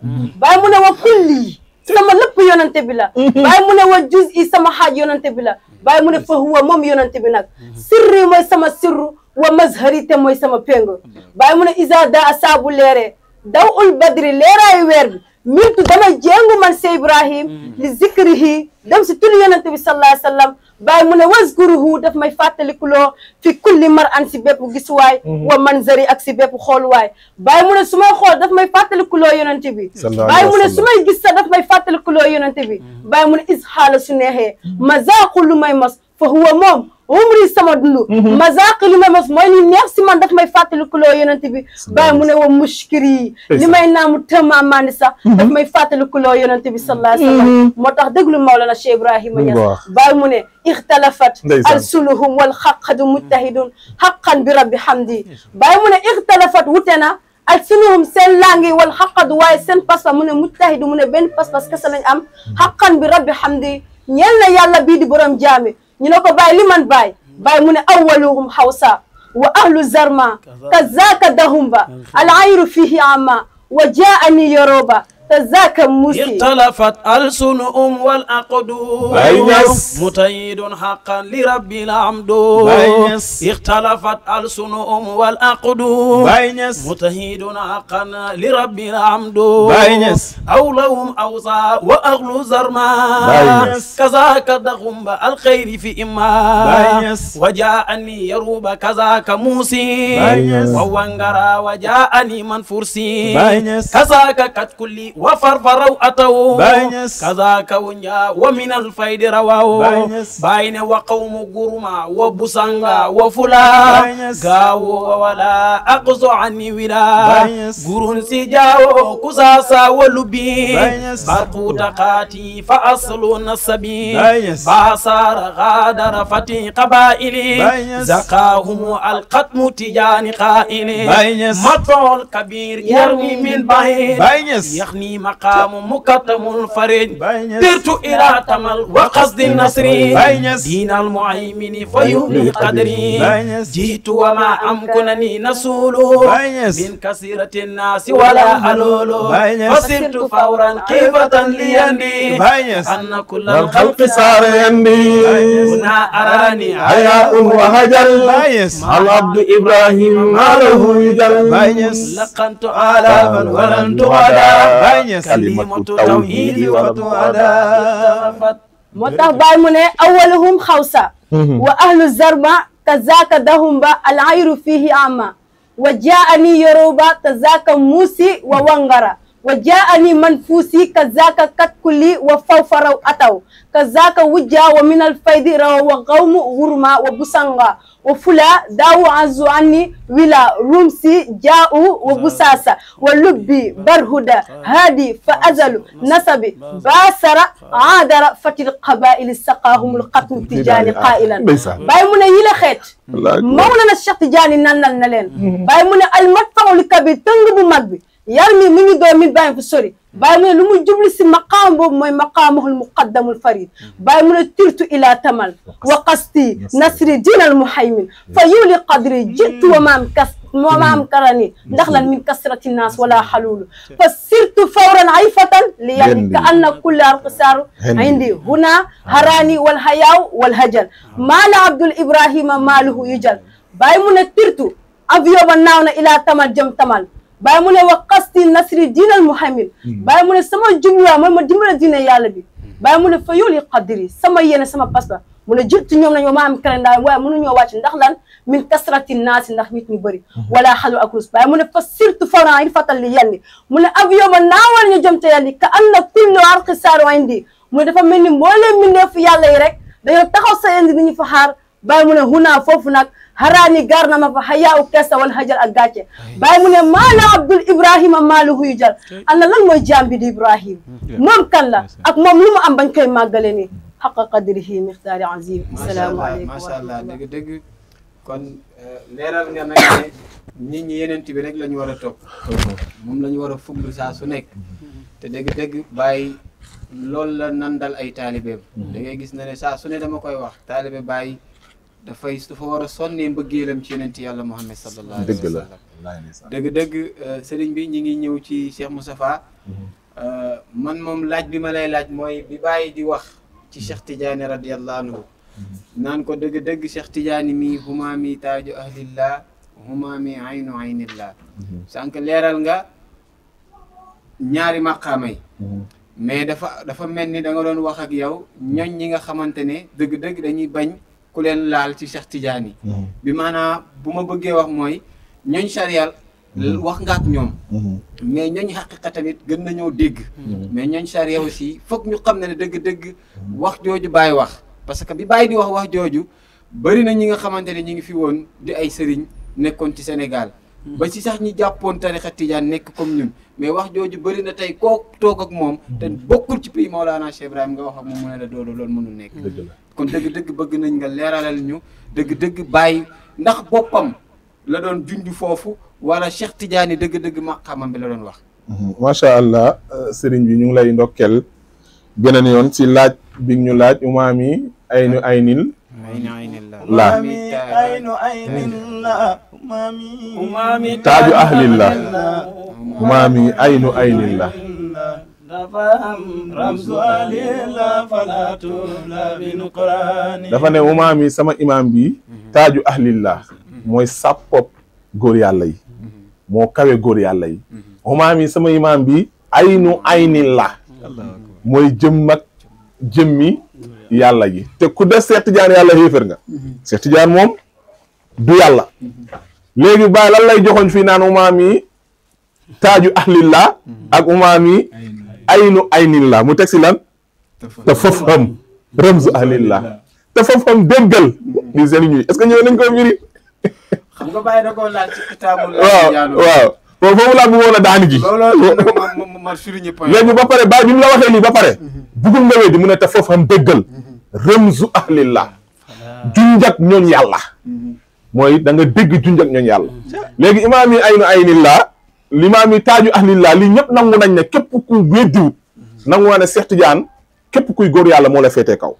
bàyyi mu ne wa kulli sama lépp yonante bi la bàyyi mu ne wa juz sama xaaj yonante bi la bàyyi mu ne fa huwa moom yonante bi nag sirri mooy sama sirru wa mazhari te mooy sama péngo bàyyi mu ne isa daa saabu leere daw ul badri leeraayu weer bi miltu dama jéngu man se ibrahim li zikrihi dem si tul yonante bi sallallahu alayhi wa bàyyi mu ne waa waskuruhu daf may fàttalikuloo fi kulli mar an si bépp gisuwaay mhm. wa manzari ak si bépp xooluwaay bàyyi mu ne su xool daf may fàttalikuloo yonent bi bàyyi mu ne su may gis sa daf may fàttalikuloo yonent bi mhm. bàyyi mu ne isxaala su neexee mhm. mazaaqu lu may mas fa huwa moom umri sama dund mhm. mazaq li may mos mooy li neex si man daf may fàttalikuloo yonent bi bàyyi mu ne wa mushkiri li may naa mu tëmamaani sax mhm. daf may fàttalikuloo yonent bi sallallahu alayhi wa sallam mhm. moo tax déglu Mawlana Cheikh Ibrahima Niass bàyyi mu ne ixtalafat alsuluhum wal xaqadu mujtahidun xaqan bi rabbi hamdi bàyyi mu ne ixtalafat wute na ak sunuhum seen langi wal xaqadu waaye seen paspas mu ne mujtahidu mu ne benn paspas kese lañ am xaqan bi rabbi hamdi ñeel na yàlla bii di borom jaami ñu ne ko baay li man baay baay mu ne awaluhum hawsa wa ahlu zarma kazaka dahumba al ayru fihi ama wa jaani yoroba تزاك موسي اختلفت ألسنهم والأقد متيد حقا لرب العمد اختلفت ألسنهم والأقد متيد حقا لرب العمد أو لهم أوصى وأغلو زرما كذاك دغم الخير في إما وجاءني يروب كذاك موسي ووانغرا وجاءني من فرسي كذاك كت كل وفرفروا أتوا كذاك ونجا ومن الفيد رواو باين وقوم قرما وبسانغا وفلا غاو ولا أقصى عني ولا قرون سجاو كساسا ولبي برقو تقاتي فأصل نصبي باسار غادر فتي قبائلي زقاهم القتم تجاني قائلي مطع الكبير يرمي من بعيد يخني لي مقام مكتم فرج درت إلى تمل وقصد النصر دين المعيمن فيهني قدري جئت وما أمكنني نسول من كثيرة الناس ولا ألول فصرت فورا قيفة ليندي أن كل الخلق صار يندي هنا أراني حياء وهجل العبد إبراهيم ما له يجل لقنت آلافا ولن تغدا feeñee kalimatu tawhidi wala muadafat moo tax baay mu ne awaluhum xawsa mhm. wa ahlu zarba kazaka dahumba al ayru fihi ama wa jaani yoruba kazaka muusi wa wangara wa jaani man fuusi kazaka katkuli wa fawfaraw ataw kazaka wujja wa min alfaydi rawa wa qawmu hurma wa busanga wa fula daawu azu anni wila rumsi jaa'u wa busasa wa lubbi barhuda haadi fa azalu nasabi baasara aadara fatil qabaili saqaahumul xatmu tijaani qailan bàyyi mu ne yi la xeet mawlana Cheikh Tijaani nannal na leen mm-hmm. bàyyi mu ne almatfaru li kabir tëng bu mag bi yar mi mi ngi doon mi bàyyi fu sori bàyyi mu ne lu mu jublu si maqaam boobu mooy maqaamahul muqaddamul farid bàyyi mu ne tirtu ila tamal wa qasti nasri diinal muhaymin fa yuli qadri jitu wa maam kas moo maam karani ndax lan min kasrati naas wala xaluulu fa sirtu fawran ayfatan li yani ka anna kulle arqisaaru indi huna harani wal hayaaw wal hajal ah. maala abdul ibrahima maaluhu yujal bàyyi mu ne tirtu avion ba naaw na ila tamal jëm tamal bàyyi mu ne wa qasdi nasri diinal muhammil hmm. bàyyi mu ne sama jubluwaay mooy ma dimbale diine yàlla bi hmm. bàyyi mu ne fa yooli qadri sama yéene sama pas mu ne jiitu ñoom nañoo ma am calendrier waaye mënuñoo wàcc ndax lan min a naasi ndax nit ñu bëri hmm. wala xalu ak rus bàyyi mu ne fa surtout faran il fatal li yalli mu ne avion ma naawal ñu jëm te yalli ka an na kullu arqi saaru indi mu ne dafa mel ni mbooleem mbindeefu yàlla yi rek dañoo taxaw sa indi ni ñu fa xaar bàyyi mu ne hunaa foofu nag haraami gar na ma fa hayaawu kesta wal hajal ak gàcce bàyyi mu ne maana abdul ibrahima maaluhu yu jal ana lan mooy jaam bi di ibrahim mm, moom kan la ak moom lu mu am bañ koy màggale nii xaqa qadrihi miqdaari azim asalaamu aleykum allah dëgg dëgg kon eh, leeral nga nag ne nit ñi yeneen bi rek la ñu war a topp moom la war a fuglu saa su nekk te dëgg-dëgg bàyyi loolu la nandal ay taalibeem mm. da ngay gis na ne saa su ne dama koy wax taalibe bàyyi dafay dafa war a sonnee mbëggeelam ci yonent yàlla Muhammad sallallahu alayhi wa sallam dëgg dëgg euh, sëriñ bi ñi ngi ñëw ci Cheikh Moustapha mhm. euh, man moom laaj bi ma lay laaj mooy bi bàyyi di wax ci Cheikh Tidiane radiyallahu anhu mhm. naan ko dëgg dëgg Cheikh Tidiane mi huma mi taaju ahlillah huma mi aynu aynillah mhm. sànq leeral nga ñaari maqaama mais dafa dafa mel ni danga doon wax ak yow ñoñ ñi nga xamante ne dëgg-dëgg dañuy bañ ku leen laal ci Cheikh Tidiane yi mhm. bi maanaam bu ma bëggee wax mooy ñooñ sariyal mhm. wax nga ak ñoom mhm. mais ñooñ xaqiqa tamit gën nañoo dégg mais ñooñ sariya aussi foog ñu xam ne ne dëgg-dëgg wax jooju bàyyi wax parce que bi bàyyi di wax wax jooju bëri na ñi nga xamante ne ñi ngi fi woon di ay sëriñ nekkoon ci Sénégal ba ci sax ñi jàppoon tarixa tijaan nekk comme ñun mais wax jooju bëri na tey koo toog ak moom te bokkul ci pays Maolana Cheikh Ibrahim nga wax ak moom mu ne la kon dëgg-dëgg bëgg nañ nga leeralal ñu dëgg-dëgg bàyyi ndax boppam la doon junj foofu wala Cheikh Tidiane dëgg-dëgg maqaamam bi la doon wax. Mhm. macha allah euh, sëriñ bi ñu ngi lay ndokkel beneen yoon ci laaj bi ñu laaj umaami aynu aynil. la umaami taaju ahlillah umaami aynu aynil la dafa ne umaam sama imaam bi taaju ahlillah mooy sàppop góor yàlla moo kawe góor yàlla yi sama imaam bi aynu aynillah mooy jëmm ak jëmmi te ku des Seex Tijaan yàlla xéefér nga Seex Tijaan moom du yàlla léegi bàyyi lan joxoñ fii naan umaam taaju ahlillah ak umaam aynu aynin la mu teg si lan te foofu xam ramzu ahlil la te foofu xam déggal di seen ñuy est ñëw nañ ko mbiri xam nga bàyyi da koo laal ci kitaabul waaw waaw foofu foofu laa bëggoon a daani ji léegi ba pare bàyyi bi mu la waxee lii ba pare mhm. bugul nga weddi mu ne te foofu xam déggal mhm. ramzu ahlillah junjak ñooñ yàlla mhm. mooy danga nga dégg junjak ñooñ yàlla léegi imaam yi aynu aynillah li limaam yi taaju la lii ñëpp nangu nañ ne képp ku weddiwut nangu naa ne Seex Tijaan képp kuy góor yàlla moo la féetee kaw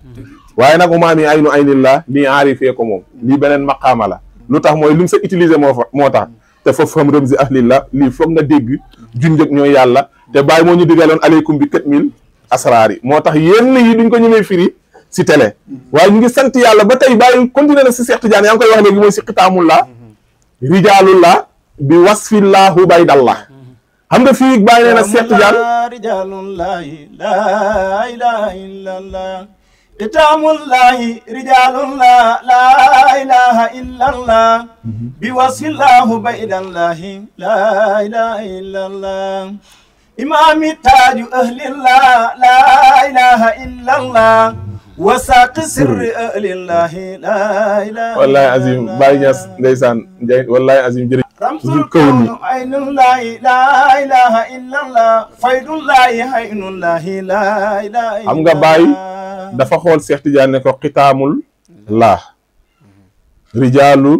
waaye nag umaam yi ay nu ay nillah nii aarifee ko moom lii beneen maqaama la lu tax mooy lim sa utiliser moo fa moo tax te foofu xam rëm si ahlillah lii foog nga dégg junjëg ñooy yàlla te bàyyi moo ñu digaloon aleykum bi quatre mille asraar yi moo tax yenn yi duñ ko ñëmee firi si télé waaye ñu ngi sant yàlla ba tey bàyyi continuer na si Seex Tijaan yaa ngi koy bi wasfillaahu baydallah xam nga fii bàyyi nee na Seex Tijaan kitaamullahi rijalun la la ilaha illallah bi wasillahu baidallahi la ilaha illallah imami taaju ahlillah la ilaha illallah wasaaqi sirri ahlillahi la ilaha wallahi azim Baye Niass ndeysaan wallahi azim jërëjëf رمز الكون عين الله لا إله إلا الله nga Baye dafa xool Cheikh Tidiane ko xitaamul laa rijaalu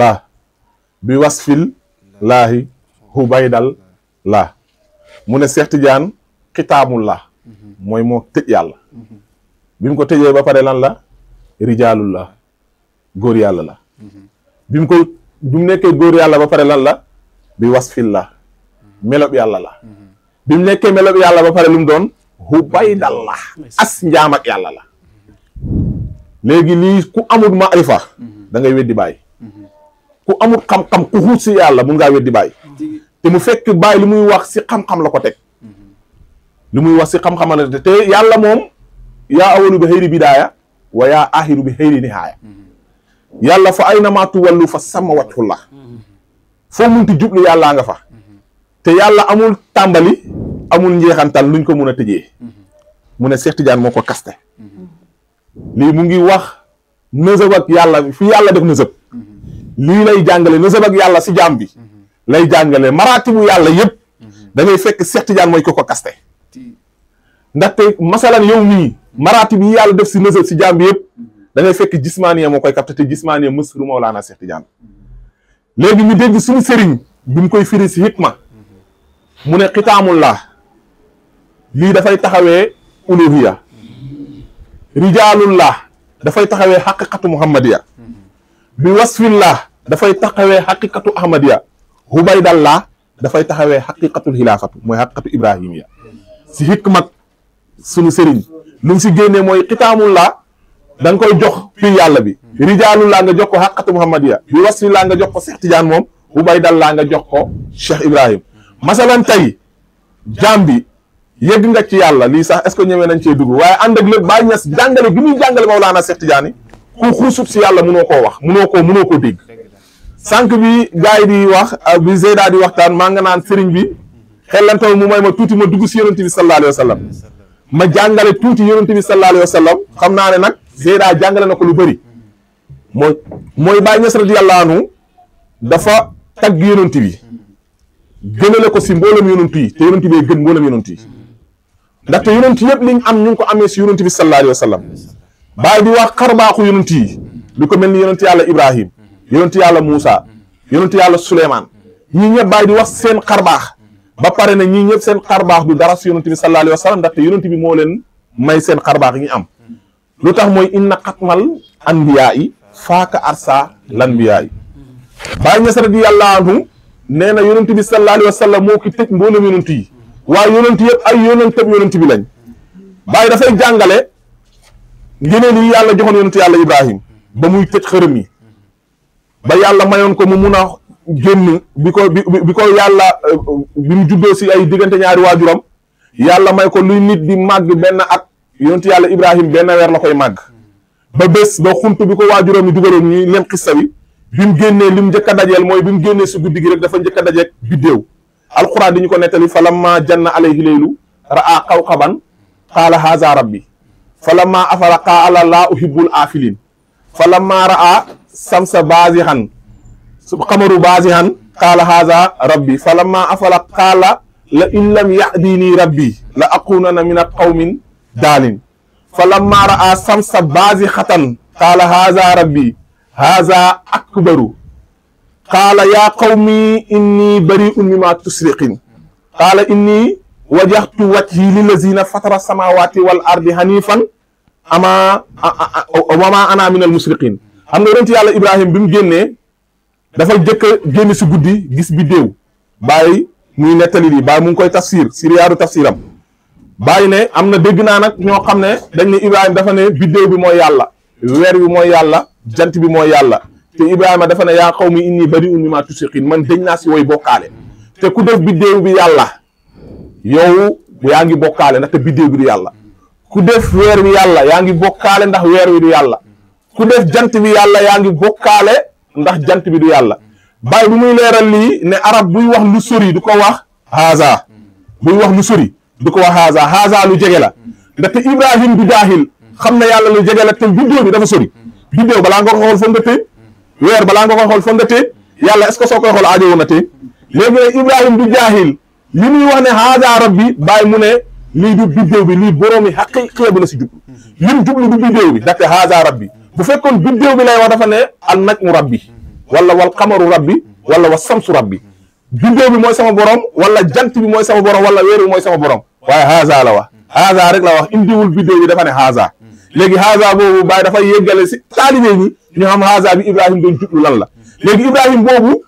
laa bi wasfil laahi hubaydal laa mu ne Cheikh Tidiane xitaamul laa mooy moo tëj yàlla bi mu ko tëjee ba pare lan la rijaalu laa góor yàlla la bi mu ko bi mu nekkee góor yàlla ba pare lan la bi wasfil la melob yàlla la mm-hmm. bi mu nekkee melob yàlla ba pare lu mu doon hubaydallah mm-hmm. as njaam ak yàlla la léegi lii ku amul maarifa mm-hmm. da ngay weddi bàyyi ku amul xam-xam ku xuut si yàlla mun ngaa weddi bàyyi te mu fekk bàyyi lu muy wax si xam-xam la ko teg lu muy wax si xam-xam la te yàlla moom yaa awalu bi xëyri bidaaya wa yaa axiru bi xëyri nihaaya yàlla fa ay na namaatu wàllu fa sama wajhullah foo munti jublu yàllaa nga fa te yàlla amul tàmbali amul njeexantal luñ ko mun a tëjee mu ne Cheikh Tidiane moo ko kaste lii mu ngi wax nësëb ak yàlla fi yàlla def nësëb lii lay jàngale nësëb ak yàlla si jaam bi lay jàngale maraatibu yàlla yëpp dangay fekk Cheikh Tidiane mooy ko ko kaste ndaxte masalan yow mii maraatib yi yàlla def si nësëb si jaam bi yëpp da ngay fekk jismaaniya moo koy capté te jismaaniya mësru Mawlaana Seex Tijaan léegi ñu dégg suñu sëriñ bi mu koy firi si hikma mu ne xitaamul lii dafay taxawee uluhiya rijaalul la dafay taxawee xaqiqatu muhammadiya bi wasfillah dafay taxawee xaqiqatu ahmadiya hubaydallah dafay taxawee xaqiqatul xilaafatu mooy xaqiqatu ibrahimiya si hikmat sunu sëriñ lu si génnee mooy xitaamul la da koy jox pir yàlla bi rijaalu laa nga jox ko xaqatu muhammadiya bi wasli laa nga jox ko Cheikh Tidiane moom bu bay dal laa nga jox ko Cheikh Ibrahim masalan tey jaam bi yëgg nga ci yàlla lii sax est-ce que ñëwee nañ cee dugg waaye ànd ak lépp bàyyi ñes jàngale gi muy jàngale Mawlaana Cheikh Tidiane ku xuusub si yàlla mënoo koo wax mënoo koo mënoo ko dégg sànq bi gars yi di wax bi Zeyda di waxtaan maa nga naan sëriñ bi xellantaw mu may ma tuuti ma dugg si yonente bi sallallahu alayhi wa sallam ma jàngale tuuti yonente bi sallallahu alayhi wa sallam xam naa ne nag Zeyda jàngale na ko lu bëri mooy mooy Baay Ñas radiyallaahu anhu dafa tagg yonent bi gënale ko si mboolem yonent yi te yonent bee gën mboolem yonent yi ndaxte yonent yëpp li am ñu ko amee si yonent bi sallallaahu alayhi wa sallam Baay di wax xarbaaxu yonent yi lu ko mel ni yonent yàlla Ibrahim yonent yàlla Moussa yonent yàlla Souleymane ñii ñëpp Baay di wax seen xarbaax ba pare na ñii ñëpp seen xarbaax du dara si yonent bi sallallaahu alayhi wa sallam ndaxte yonent bi moo leen may seen xarbaax yi ñu am. lu tax mooy inna xatmal anbiyaa yi faaka arsa lanbiyaa yi bàyyi ñes radiyallaahu anhu nee na yonent bi sallallaahu alayhi wa sallam moo ki tëj mboolem yonent yi waaye yonent yëpp ay yonentab bi lañ bàyyi dafay jàngale ngëneel yi yàlla joxoon yonent yàlla ibrahim ba muy tëj xërëm yi ba yàlla mayoon ko mu mun a génn bi ko ko yàlla bi mu juddoo si ay diggante ñaari waajuram yàlla may ko luy nit di màgg benn at yontu yàlla Ibrahim benn weer la koy màgg ba bés ba xunt bi ko waajuróom yi dugaloon ñuy leen xista bi bi mu génnee li mu njëkk a dajeel mooy bi mu génnee si gi rek dafa njëkk a dajeeg biddéew alquran di ñu ko nettali falamma janna alayhi leylu ra'a qawqaban qaala haza rabbi falamma afala qaala laa uhibbul aafilin falamma ra'a samsa bazihan xamaru bazihan qaala haza la in lam yahdini rabbi la aqunana min al qawmin daalin fa lammaa ra'a samsa baazixatan qaala haazaa rabbi haazaa akbaru qaala yaa qawmi inni bari'un mimmaa tusriqin qaala inni wajaxtu wajhi lillaziina fatara samaawaati wal ardi haniifan amaa wamaa ana minal musriqin xam nga yonent yàlla Ibrahima bi mu génnee dafa jëkk a génn si guddi gis bi déew bàyyi muy nettali lii bàyyi mu ngi koy tafsir si riyaaru tafsiram bàyyi ne am na dégg naa nag ñoo xam ne dañ ne Ibrahima dafa ne biddéew bi mooy yàlla weer bi mooy yàlla jant bi mooy yàlla te Ibrahima dafa ne yaa xaw qawmi inni bari'un mimmaa tushrikiin man dañ naa si woy bokkaale te ku def biddéew bi yàlla yow yaa ngi bokkaale ndax te yàlla ku def weer bi yàlla yaa ngi bokkaale ndax weer wi du yàlla ku def jant bi yàlla yaa ngi bokkaale ndax jant bi du yàlla bàyyi bu muy leeral lii ne arab buy wax lu sori du ko wax haza buy wax lu sori du ko wa haasa haasa lu jege la mm. ndaxte Ibrahim du jaaxil mm. xam na yàlla lu jege la te bi dafa sori biddéew mm. balaa nga ko xool foog nga téye weer balaa nga ko xool foog nga téye yàlla est-ce ko soo koy xool aajowoon na téye du jaaxil li muy wax ne haasa rabbi bàyyi mu ne lii du biddéew bi lii boroomi xaqiiqiya bi la si jublu lim jublu du biddéew bi ndaxte haasa rabbi bu fekkoon biddéew bi lay wax dafa ne al najmu rabbi wala wal qamaru rabbi wala wa samsu rabbi biddéew bi mooy sama borom wala jant bi mooy sama borom wala weer bi mooy sama borom waaye haza la wax haza rek la wax indiwul biddéew bi dafa ne haza léegi haza boobu Baye dafay yéggale si taalibe ñi ñu xam haza bi Ibrahim doon jublu lan la léegi Ibrahim boobu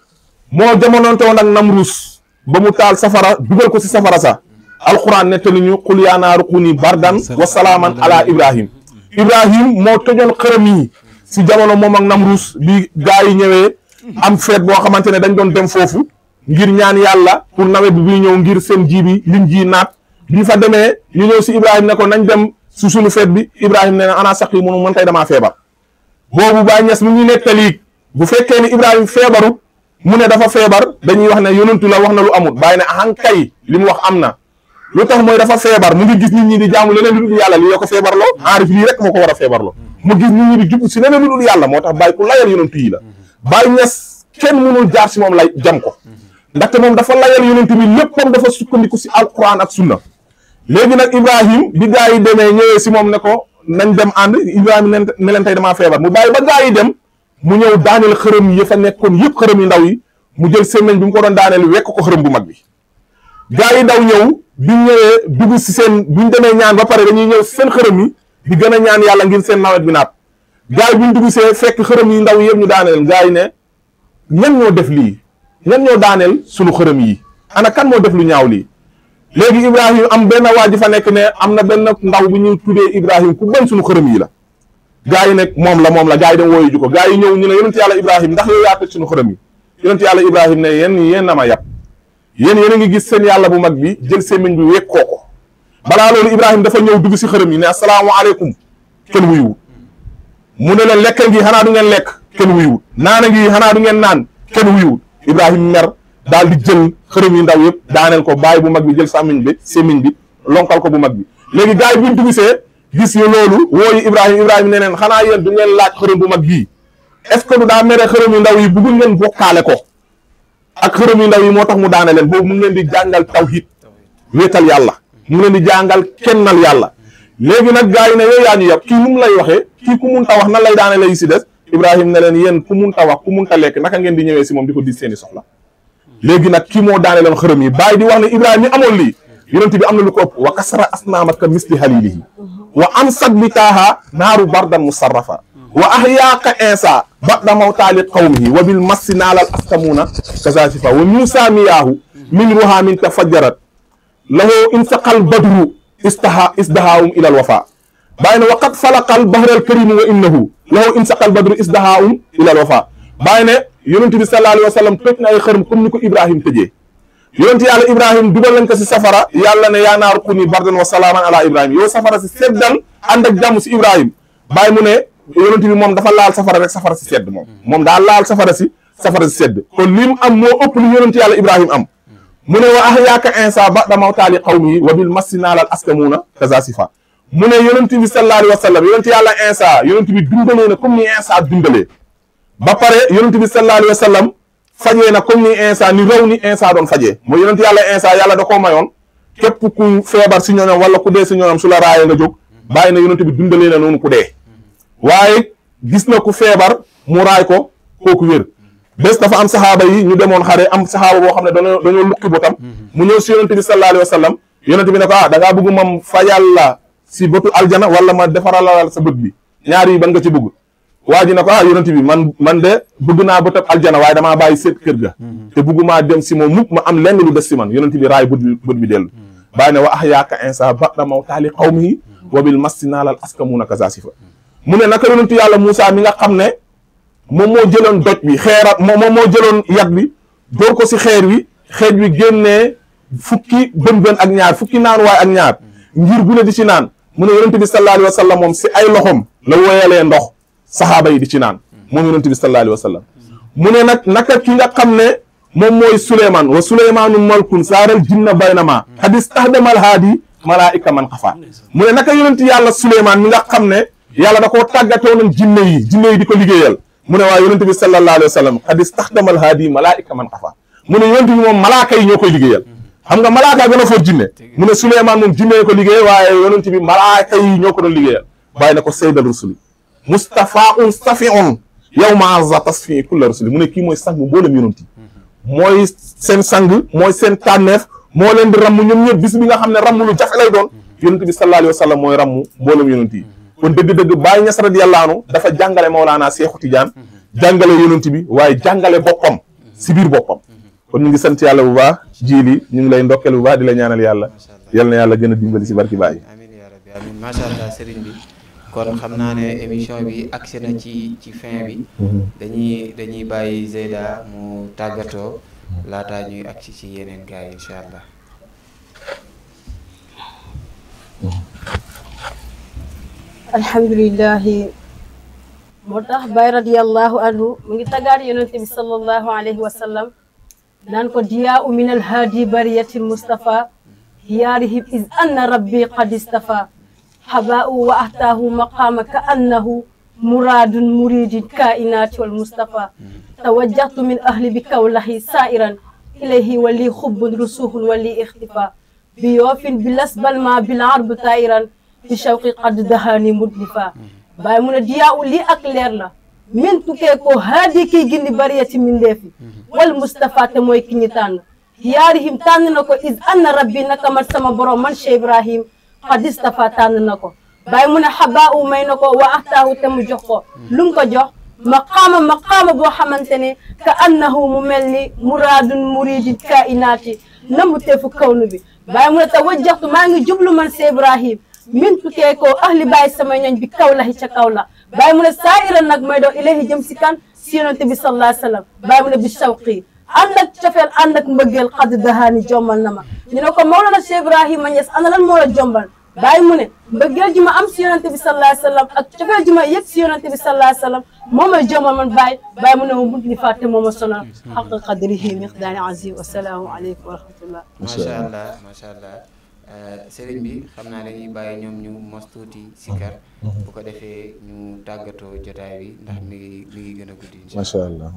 moo jamonoonte woon ak Namrus ba mu taal safara dugal ko si safara sa alquran nettali ñu qul yaa naaru kuuni bardan wa salaaman ala Ibrahim Ibrahim moo tojoon xërëm si jamono moom ak Namrus bi gaa yi ñëwee am feet boo xamante ne dañ doon dem foofu ngir ñaan yàlla pour nawet bi buy ñëw ngir seen ji bi liñ ji naat bi fa demee ñu ñëw si Ibrahima ne ko nañ dem su sunu feet bi Ibrahima ne na ana sax yi mënu man tey damaa feebar boobu Baay Ñas mu ngi nettali bu fekkee ni ibrahim feebarut mu ne dafa feebar dañuy wax ne yonentu la wax na lu amut bàyyi ne ahankay li mu wax am na lu tax mooy dafa feebar mu ngi gis nit ñi di jaamu leneen lu dul yàlla li yoo ko feebarloo enrif lii rek moo war a feebarloo mu gis nit si leneen lu yàlla moo tax bàyyi ku layal yonentu yi la Baay Ñas kenn mënul jaar si moom lay jam ndaxte moom dafa layal yonent bi lépp moom dafa sukkandiku si alquran ak sunna léegi nag Ibrahim bi gaa yi demee ñëwee si moom ne ko nañ dem ànd Ibrahim ne leen tey damaa feebar mu bàyyi ba gaa yi dem mu ñëw daaneel xërëm yi fa nekkoon yëpp xërëm yi ndaw yi mu jël semaine bi mu ko doon daaneel wekk ko xërëm bu mag bi gaa yi daw ñëw bi ñëwee dugg si seen bu ñu demee ñaan ba pare dañuy ñëw seen xërëm yi di gën a ñaan yàlla ngir seen nawet bi naat gaa yi bu ñu see fekk xërëm yi ndaw yëpp ñu daaneel gaa ne ñan ñoo def lii ñan ñoo daaneel sunu xërëm yi ana kan moo def lu ñaaw lii léegi Ibrahim am benn waa ji fa nekk ne am na benn ndaw bu ñuy tuddee Ibrahim ku bañ sunu xërëm yi la gaa yi nekk moom la moom la gaa yi dem wooyu ju ko gaa yi ñëw ñu ne yonent yàlla Ibrahim ndax yow yaa toj sunu xërëm yi yonent yàlla Ibrahim ne yéen yéen na ma yab yéen yéen a ngi gis seen yàlla bu mag bi jël sémmiñ bi wéeg ko balaa loolu Ibrahim dafa ñëw dugg si xërëm yi ne asalaamaaleykum kenn wuyuwul mu ne leen lekk ngi xanaa du ngeen lekk kenn wuyuwul naan ngi xanaa du ngeen naan kenn wuyuwul Ibrahima mer daal di jël xërëm yi ndaw yëpp daaneel ko bàyyi bu mag bi jël sàmmiñ bi sémmiñ bi lonkal ko bu mag bi léegi gars yi buñ tugisee gis yu loolu wooyu Ibrahima Ibrahima ne neen xanaa yéen du ngeen laaj xërëm bu mag bii est-ce que du daa mere xërëm yu ndaw yi buggu ngeen bokkaale ko ak xërëm yu ndaw yi moo tax mu daane leen boobu mu leen di jàngal taw tawhid wéetal yàlla mu leen di jàngal kennal yàlla léegi nag gars yi ne yooyu yaa ñu yàpp kii nu lay waxee kii ku mun ta wax nan lay daane lay si des Ibrahim ne leen yéen ku munta wax ku munta lekk naka ngeen di ñëwee si moom di ko di seen i soxla léegi nag kii moo daaneeloon xërëm yi bàyyi di wax ne Ibrahim mi amoon lii yonent bi am na lu ko ëpp wa kasara asnaamaka misli halilihi wa amsat bi taaha naaru bardan musarrafa wa ahyaaka insa bada mawtaali qawmihi wa bil massi naalal askamuuna kasaasifa wa muusa miyaahu min ruhaa min tafajjarat lahu insaqal badru istaha isdahaahum ilal wafa bàyyi na wa qad falaqal bahral karimu wa innahu law in saqal badru isdahaum ilal wafa bàyyi ne yonent bi sallallahu alayhi wa sallam toj na ay xërëm comme ko Ibrahim tëjee yonent yàlla Ibrahim dugal si safara yàlla ne yaa naaru kuni bardan wa salaaman ala Ibrahim yow safara si seddal ànd ak jàmm si Ibrahim bàyyi mu ne yonent bi moom dafa laal safara safara si sedd moom moom daa laal safara si safara si sedd kon li mu am moo ëpp lu yonent yàlla Ibrahim am mu ne wa ah yaaka insa ba damawtaali xawmi yi wa bil massi naalal askamuuna kaza sifa mu ne yonent bi sallallahu alayhi wa sallam yonent yàlla Insa yonent bi dundalee na comme ni Insa dundalee ba pare yonent bi sallallahu alayhi wa sallam fajee na comme ni Insa ni raw ni Insa doon fajee mooy yonent yàlla Insa yàlla da koo mayoon képp ku feebar si ñoñam wala ku dee si ñoñam su la raayee nga jóg bàyyi na yonent bi dundalee na noonu ku dee waaye gis na ku feebar mu raay ko kooku wér bés dafa am saxaaba yi ñu demoon xare am saxaaba boo xam ne dañoo dañoo lukki botam mu ñëw si yonent bi sallallahu alayhi wa sallam yonent bi ne ko ah, si bëtu aljana wala ma defaral defaralal sa bët bi ñaar yi ban nga ci bëgg waa ji na ko ah yonent bi man man de bëgg naa bëtab aljana waaye damaa bàyyi set kër ga mhm. te bëggumaa dem si moom mukk ma am lenn lu des si man yonent bi raay bët bi bët bi dellu mhm. bàyyi ne wa ax yaaka insa bada maw taali xaw mi mhm. wabil masti naalal askamuun a kasaasi fa mu naka yonentu yàlla Moussa mi nga xam ne moom moo jëloon doj bi xeerat moom moo jëloon yat bi door ko si xeer wi xeej wi génnee fukki bën bën ak ñaar fukki naan waay ak ñaar ngir gu ne di si naan mu ne yonent bi sallallahu alayhi wa sallam moom si ay loxoom la woyalee ndox saxaaba yi di ci naan moom yonent bi sallallahu alayhi wa sallam mu ne nag naka ki nga xam ne moom mooy Souleymane wa Souleymanu malkun saaral jinna baynama hadis taxdamal haadi malaayika man xafaat mu ne naka yonent yàlla Souleymane mi nga xam ne yàlla da koo tàggatoonan jinne yi jinne yi di ko liggéeyal mu ne waa yonent bi sallallahu alayhi wa sallam hadis taxdamal haadi malaayika man xafaat mu ne yonent bi moom malaaka yi ñoo koy liggéeyal xam nga malaaka gën a foor jinne mu ne Suleymaan moom jinne ko liggéey waaye yonent bi malaaka yi ñoo ko doon liggéeyal bàyyi na ko sayyidul rusuli mustafaun safiun yow ma azza tasfi kulla rusuli mu ne kii mooy sang mboolem yonent yi mooy seen sang mooy seen tànneef moo leen di ram ñoom ñëpp bis bi nga xam ne ramm lu jafe lay doon yonent bi sallallahu alayhi wa sallam mooy ramm mboolem yonent yi kon dëgg-dëgg Baay Ñas radiyallahu anhu dafa jàngale Mawlaana Seexu Tijaan jàngale yonent bi waaye jàngale boppam si biir boppam kon ñu ngi sant yàlla bu baax jiili ñu ngi lay ndokkeel bu baax di la ñaanal yàlla yal na yàlla gën a dimbali si barki baay amin yaa rabbi amin macha allah sëriñ bi kon xam naa ne émission bi agsi na ci ci fin bi mhm. dañuy dañuy bàyyi Zeyda mu tàggatoo laataa ñuy agsi ci yeneen gars yi allah alhamdulilahi moo tax bay radiallahu anhu mu ngi taggaat yonente bi sallallahu alayhi wa naan ko diyaa u min alhaadi bariyati almustafa hiyaarihim is anna rabbi qad istafa habaa'u wa ahtaahu maqaama ka annahu muraadun muridin kaa'inaati walmustafa tawajjahtu min ahli bi kawlahi saa'iran ilayhi wa lii xubbun rusuhun wa lii ixtifa bi yoofin bi las balma bil arb taa'iran bi shawqi qad dahaani mudlifa bàyyi mu ne diyaa u lii ak leer la min tukkee ko haadi kii gindi bariya ci mindeefi wal Moustapha te mooy ki ñi tànn yaarihim tànn na ko is anna rabbi naka man sama boro man Cheikh Ibrahim xadistapha tànn na ko bàyyi mu ne xabaa u may na ko wa axtaahu te mu jox ko lu mu ko jox maqaama maqaama boo xamante ne ka annahu mu mel ni muraadun muridin kainaati na mu teefu kawnu bi bàyyi mu ne tawajjaxtu maa ngi jublu man Cheikh Ibrahim min tukkee ko ahli bàyyi sama ñooñ bi kaw laxi ca kaw la bàyyi mu ne saa iran nag may doo ilahi jëm si kan si yonente bi sallallahu alayhi wasallam bàyyi mu ne bi shawqi ànd ak cofeel ànd ak mbëggeel xadd dahaani jombal na ma ñu ne ko Mawlana Cheikh Ibrahima Niass ana lan moo la jombal bàyyi mu ne mbëggeel ji ma am si yonente bi sallallahu alayhi wasallam ak cofeel ji ma yëg si yonente bi sallallahu alayhi wasallam moo man baay bàyyi mu ne ma mut ni fàtte moo ma sonal xaqa qadrihi miqdaani azim wasalaamu aleykum wa rahmatullah macha allah macha allah Euh, sëriñ bi xam naa dañuy bàyyi ñoom ñu mos tuuti sikar mhm. bu ko defee ñu tàggatoo jotaay bi ndax mi ngi mi ngi gën a guddi incha allah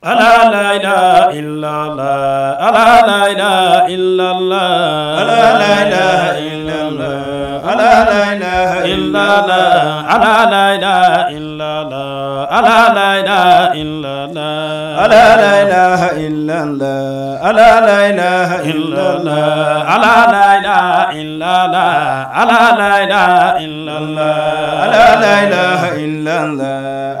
ألا لا إله إلا الله ألا لا إله إلا الله ألا لا إله إلا الله ألا لا إله إلا الله ألا لا إله إلا الله ألا لا إله إلا الله ألا لا إله إلا الله ألا لا إله إلا الله ألا لا إله إلا الله ألا لا إله إلا الله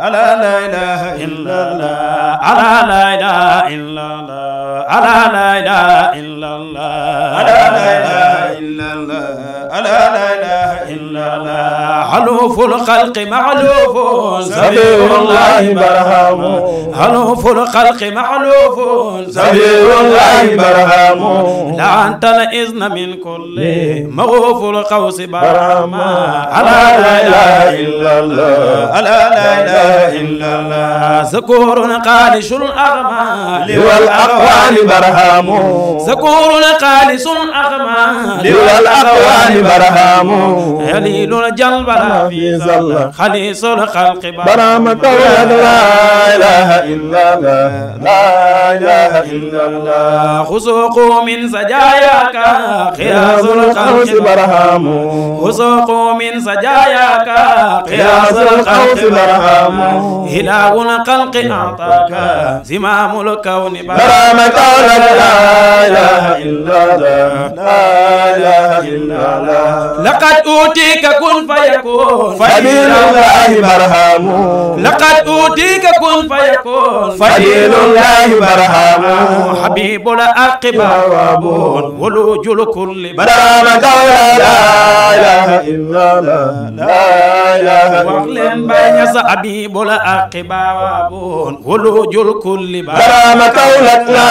ألا لا إله إلا الله ألا لا إله إلا الله ala la ilaha illallah ala la ilaha illallah ألوف الخلق معلوف سبيل الله برهام ألوف الخلق معلوف سبيل الله برهام لا أنت الإذن من كل مغوف القوس برهام ألا لا إله إلا الله ألا لا إله إلا الله سكور قالش الأغمال والأقوال برهام سكور قالش الأغمال والأقوال برهام هليل الجلب لنا في زلة خليص الخلق برامك ولد لا إله إلا الله لا إله إلا الله خسوق من سجاياك قياس الخلق برهام خسوق من سجاياك قياس الخلق برهام إله الخلق أعطاك زمام الكون برامك ولد لا إله إلا الله لا إله إلا الله لقد أوتيك كن فيكون فيكون فدين الله برهام لقد أوتيك كن فيكون فدين الله برهام حبيب الأق بواب ولوج الكل برهام لا إله إلا الله لا إله واغلم بين حبيب الأق بواب ولوج الكل برهام لا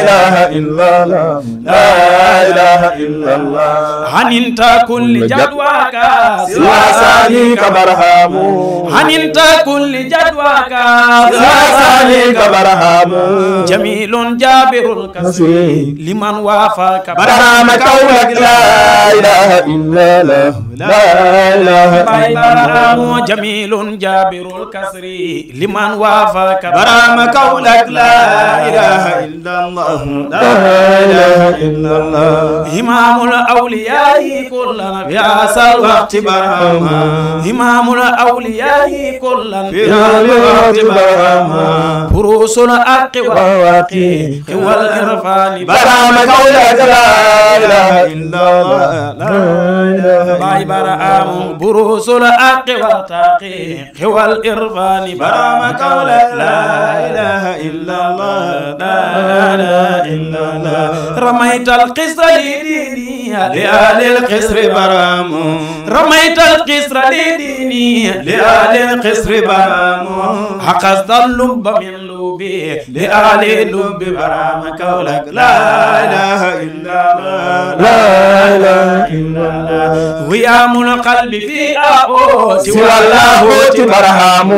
إله إلا الله لا إله إلا الله عن انت كل جدواك سوى ساليك برهام عن انت كل جدواك يا ساليك برهام جميل جابر الكسر لمن وافاك برهام كونك لا اله الا له لا إله إلا الله جميل جابر الكسر لمن وافاك برام قولك لا إله إلا الله لا إله إلا الله إمام الأولياء كل يا سلوات برهما إمام الأولياء كل يا سلوات برهما بروس الأق والواقي والإرفان برام قولك لا إله إلا الله لا إله إلا الله برآم بروس الحق والتحقيق والإرفان برام قولا لا إله إلا الله لا إله إلا الله رميت القصر لديني لآل القصر برام رميت القصر لديني لآل القصر برام حقست اللب من لوبي لآل اللب برام قولك لا إله إلا الله لا إله إلا الله يا منقى القلب في أهوس سوى الله برهام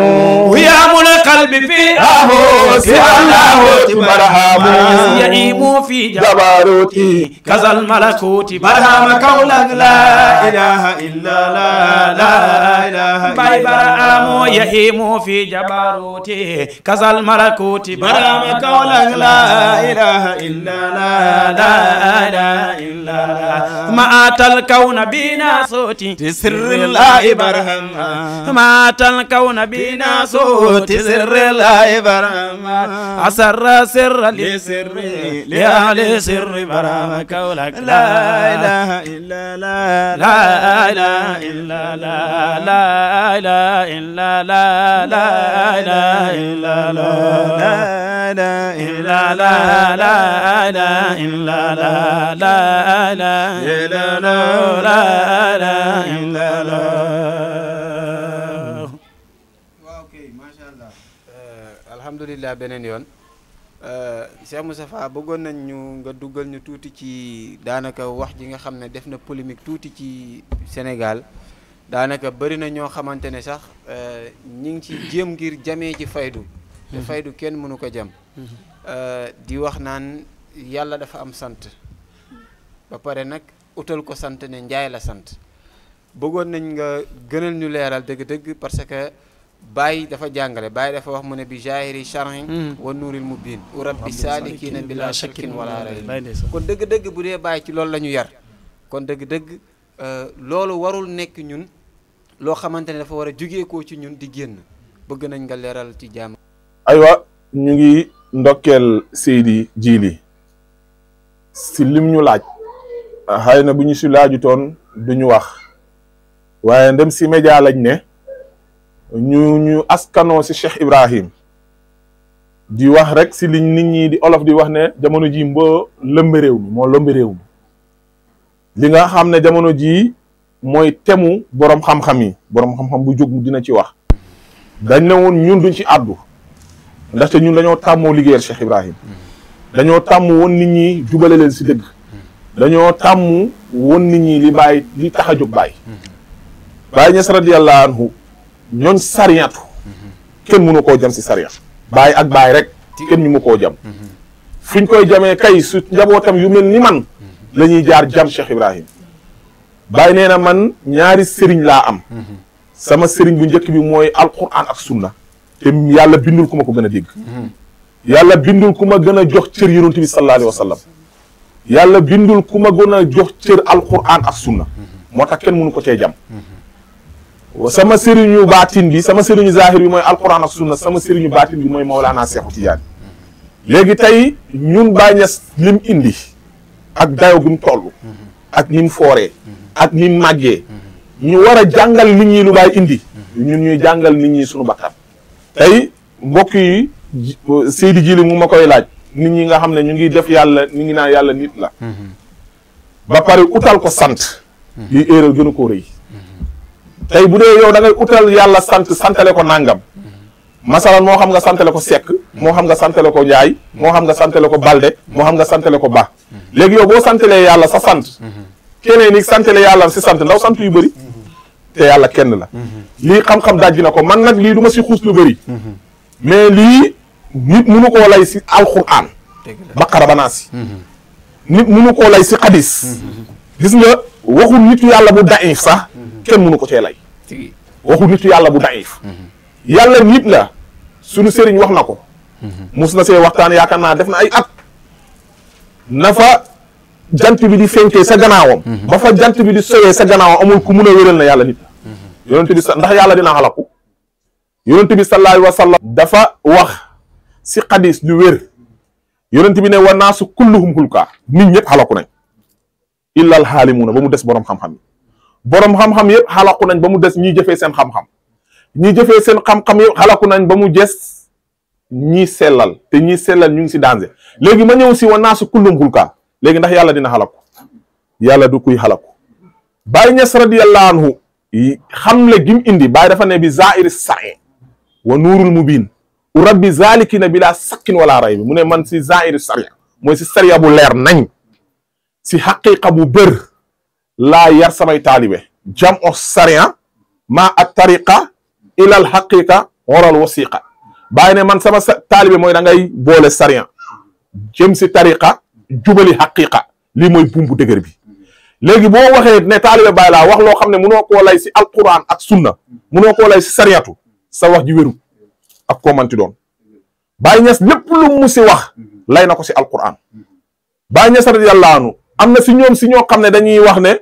يا منقى القلب في أهوس سوى الله برهام يعيم في جبروت كذا الملكوت برهام كونا لا إله إلا لا لا إله باي برهام يعيم في جبروت كذا الملكوت برهام كونا لا إله إلا لا لا إله إلا لا ما أتى الكون بناصر صوتي تسر الله برهما مات الكون بنا صوت سر الله برهما أسر سر لسر لأهل سر برهما كولك لا إله إلا لا لا إله إلا لا لا إله إلا لا لا إله إلا لا لا إلا لا لا لا إلا لا لا لا إلا لا لا لا إلا لا اوكي ما شاء الله الحمد لله beneen yoon Cheikh Moustapha bëggoon nañ ñu nga duggal ñu tuuti ci daanaka wax ji nga xam ne def na polémique tuuti ci Sénégal daanaka bëri na ñoo xamante ne sax ñi ngi ci jéem ngir jamee ci faydu te faydu kenn mënu ko jam euh, di wax naan yàlla dafa am sant ba pare nag utal ko sant ne njaay la sant bëggoon nañ nga gënal ñu leeral dëgg-dëgg parce que bàyyi dafa jàngale bàyyi dafa wax mu ne bi jaahiri charhin hmm. wa nuuril mubin u rabbi saalikiina bila shakkin wala rayn kon dëgg-dëgg bu dee bàyyi ci loolu la ñu yar kon dëgg-dëgg euh, loolu warul nekk ñun loo xamante ne dafa war a jugeekoo ci ñun di génn bëgg nañ nga leeral ci jàmm aywa ñu ngi ndokkeel Seydi Djily si lim ñu laaj xëy na bu ñu si laajutoon duñu wax waaye ndem si média lañ ne ñu ñu askanoo si Cheikh Ibrahim di wax rek si liñ nit ñi di olof di wax ne jamono ji mboo lëmba moo lëmba réew mi li nga xam ne jamono jii mooy temu borom xam-xam yi boroom xam-xam bu jóg dina ci wax dañ ne woon ñun duñ ci àddu ndaxte ñun dañoo tàmmoo liggéeyal Cheikh Ibrahim dañoo tàmm woon nit ñi jubale leen si dëgg dañoo tàmm woon nit ñi li baay li tax a jóg bàyyi bàyyi ñes radiyallahu anhu ñooñ sariyatu kenn mënu koo jam si sariya bàyyi ak baay rek kenn ñu mu koo jam fi ñu koy jamee kay su njabootam yu mel ni man lañuy jaar jam Cheikh Ibrahim baay nee na man ñaari sëriñ laa am sama sëriñ bu njëkk bi mooy alquran ak sunna yàlla bindul ku ma ko gën a dégg mm-hmm. yàlla bindul ku gën a jox cër yonent bi sallallahu alayhi wa yàlla bindul ku ma gën a jox cër alquran ak sunna mm-hmm. moo tax kenn mënu ko cee jam mm-hmm. sama sëriñu baatin bi sama sëriñu zahir yi mooy alquran ak sunna sama sëriñu baatin bi mooy Mawlana Seexu Tijaan léegi tey ñun bàyyi ñes lim indi ak dayo bi mu toll ak ni mu ak ni mu ñu war jàngal nit ñi lu bàyyi indi ñun ñuy jàngal nit ñi suñu bakkan tey mbokk yi Seydi Jili mu ma koy laaj nit ñi nga xam ne ñu ngi def yàlla ñu ngi naan yàlla nit la mhm. ba pare utal ko sant yi mhm. erreur gën a ko rëy tey bu dee yow da ngay utal yàlla sant santale ko nàngam mhm. masalan moo xam nga santale ko Seck moo xam nga santale ko Njaay moo xam nga santale ko Balde moo xam nga santale ko Ba léegi yow boo santalee yàlla sa sant keneen ni santale yàlla si sant ndaw sant yu bëri te yàlla kenn la lii xam-xam dajji na ko man nag lii duma si xuus lu bëri mais lii nit munu koo lay si alquran baqara banaasi nit munu koo lay si xadis gis nga waxul nit yàlla bu daif sax kenn munu ko see lay waxul nitu yàlla bu daif yàlla nit la sunu sëriñ wax na ko mus na see waxtaan yaakaar naa def na ay at na fa jant bi di fenkee sa gannaawam ba fa jant bi di sowee sa gannaawam amul ku mun a wéral na yàlla nit yonent bi ndax yàlla dina xalaku yonent bi sallallahu wa sallam dafa wax si xadis lu wér yonent bi ne wa naasu kulluhum xulkaa nit ñëpp xalaku nañ illal xaalimuuna ba mu des boroom xam-xam yi boroom xam-xam yëpp xalaku nañ ba mu des ñiy jëfee seen xam-xam ñi jëfee seen xam-xam yëpp xalaku nañ ba mu des ñi sellal te ñi sellal ñu ngi si danger léegi ma ñëw si wa naasu kulluhum xulkaa léegi ndax yàlla dina xalaku yàlla du kuy xalaku Baay Ñas radiyallahu anhu xam le gim indi bàyyi dafa ne bi zairi sae wa nuurul mubin u rabbi zalikina bila sakkin wala raybi mu ne man si zairi saria mooy si saria bu leer nañ si xaqiqa bu bër laa yar samay taalibe jam o saria ma a tariqa ilal xaqiqa waral wasiqa bàyyi ne man sama taalibe mooy dangay ngay boole saria jëm si tariqa jubali xaqiqa lii mooy bumbu dëgër bi léegi boo waxee ne taalibe Baay laa wax loo xam ne munoo koo lay si al alquran ak sunna munoo koo lay si sariyatu sa wax ji wéru ak koo manti doon Baay Ñas lépp lu si wax lay na ko si alquran Baay Ñas radiyallaahu anhu am na si ñoom si ñoo xam ne dañuy wax ne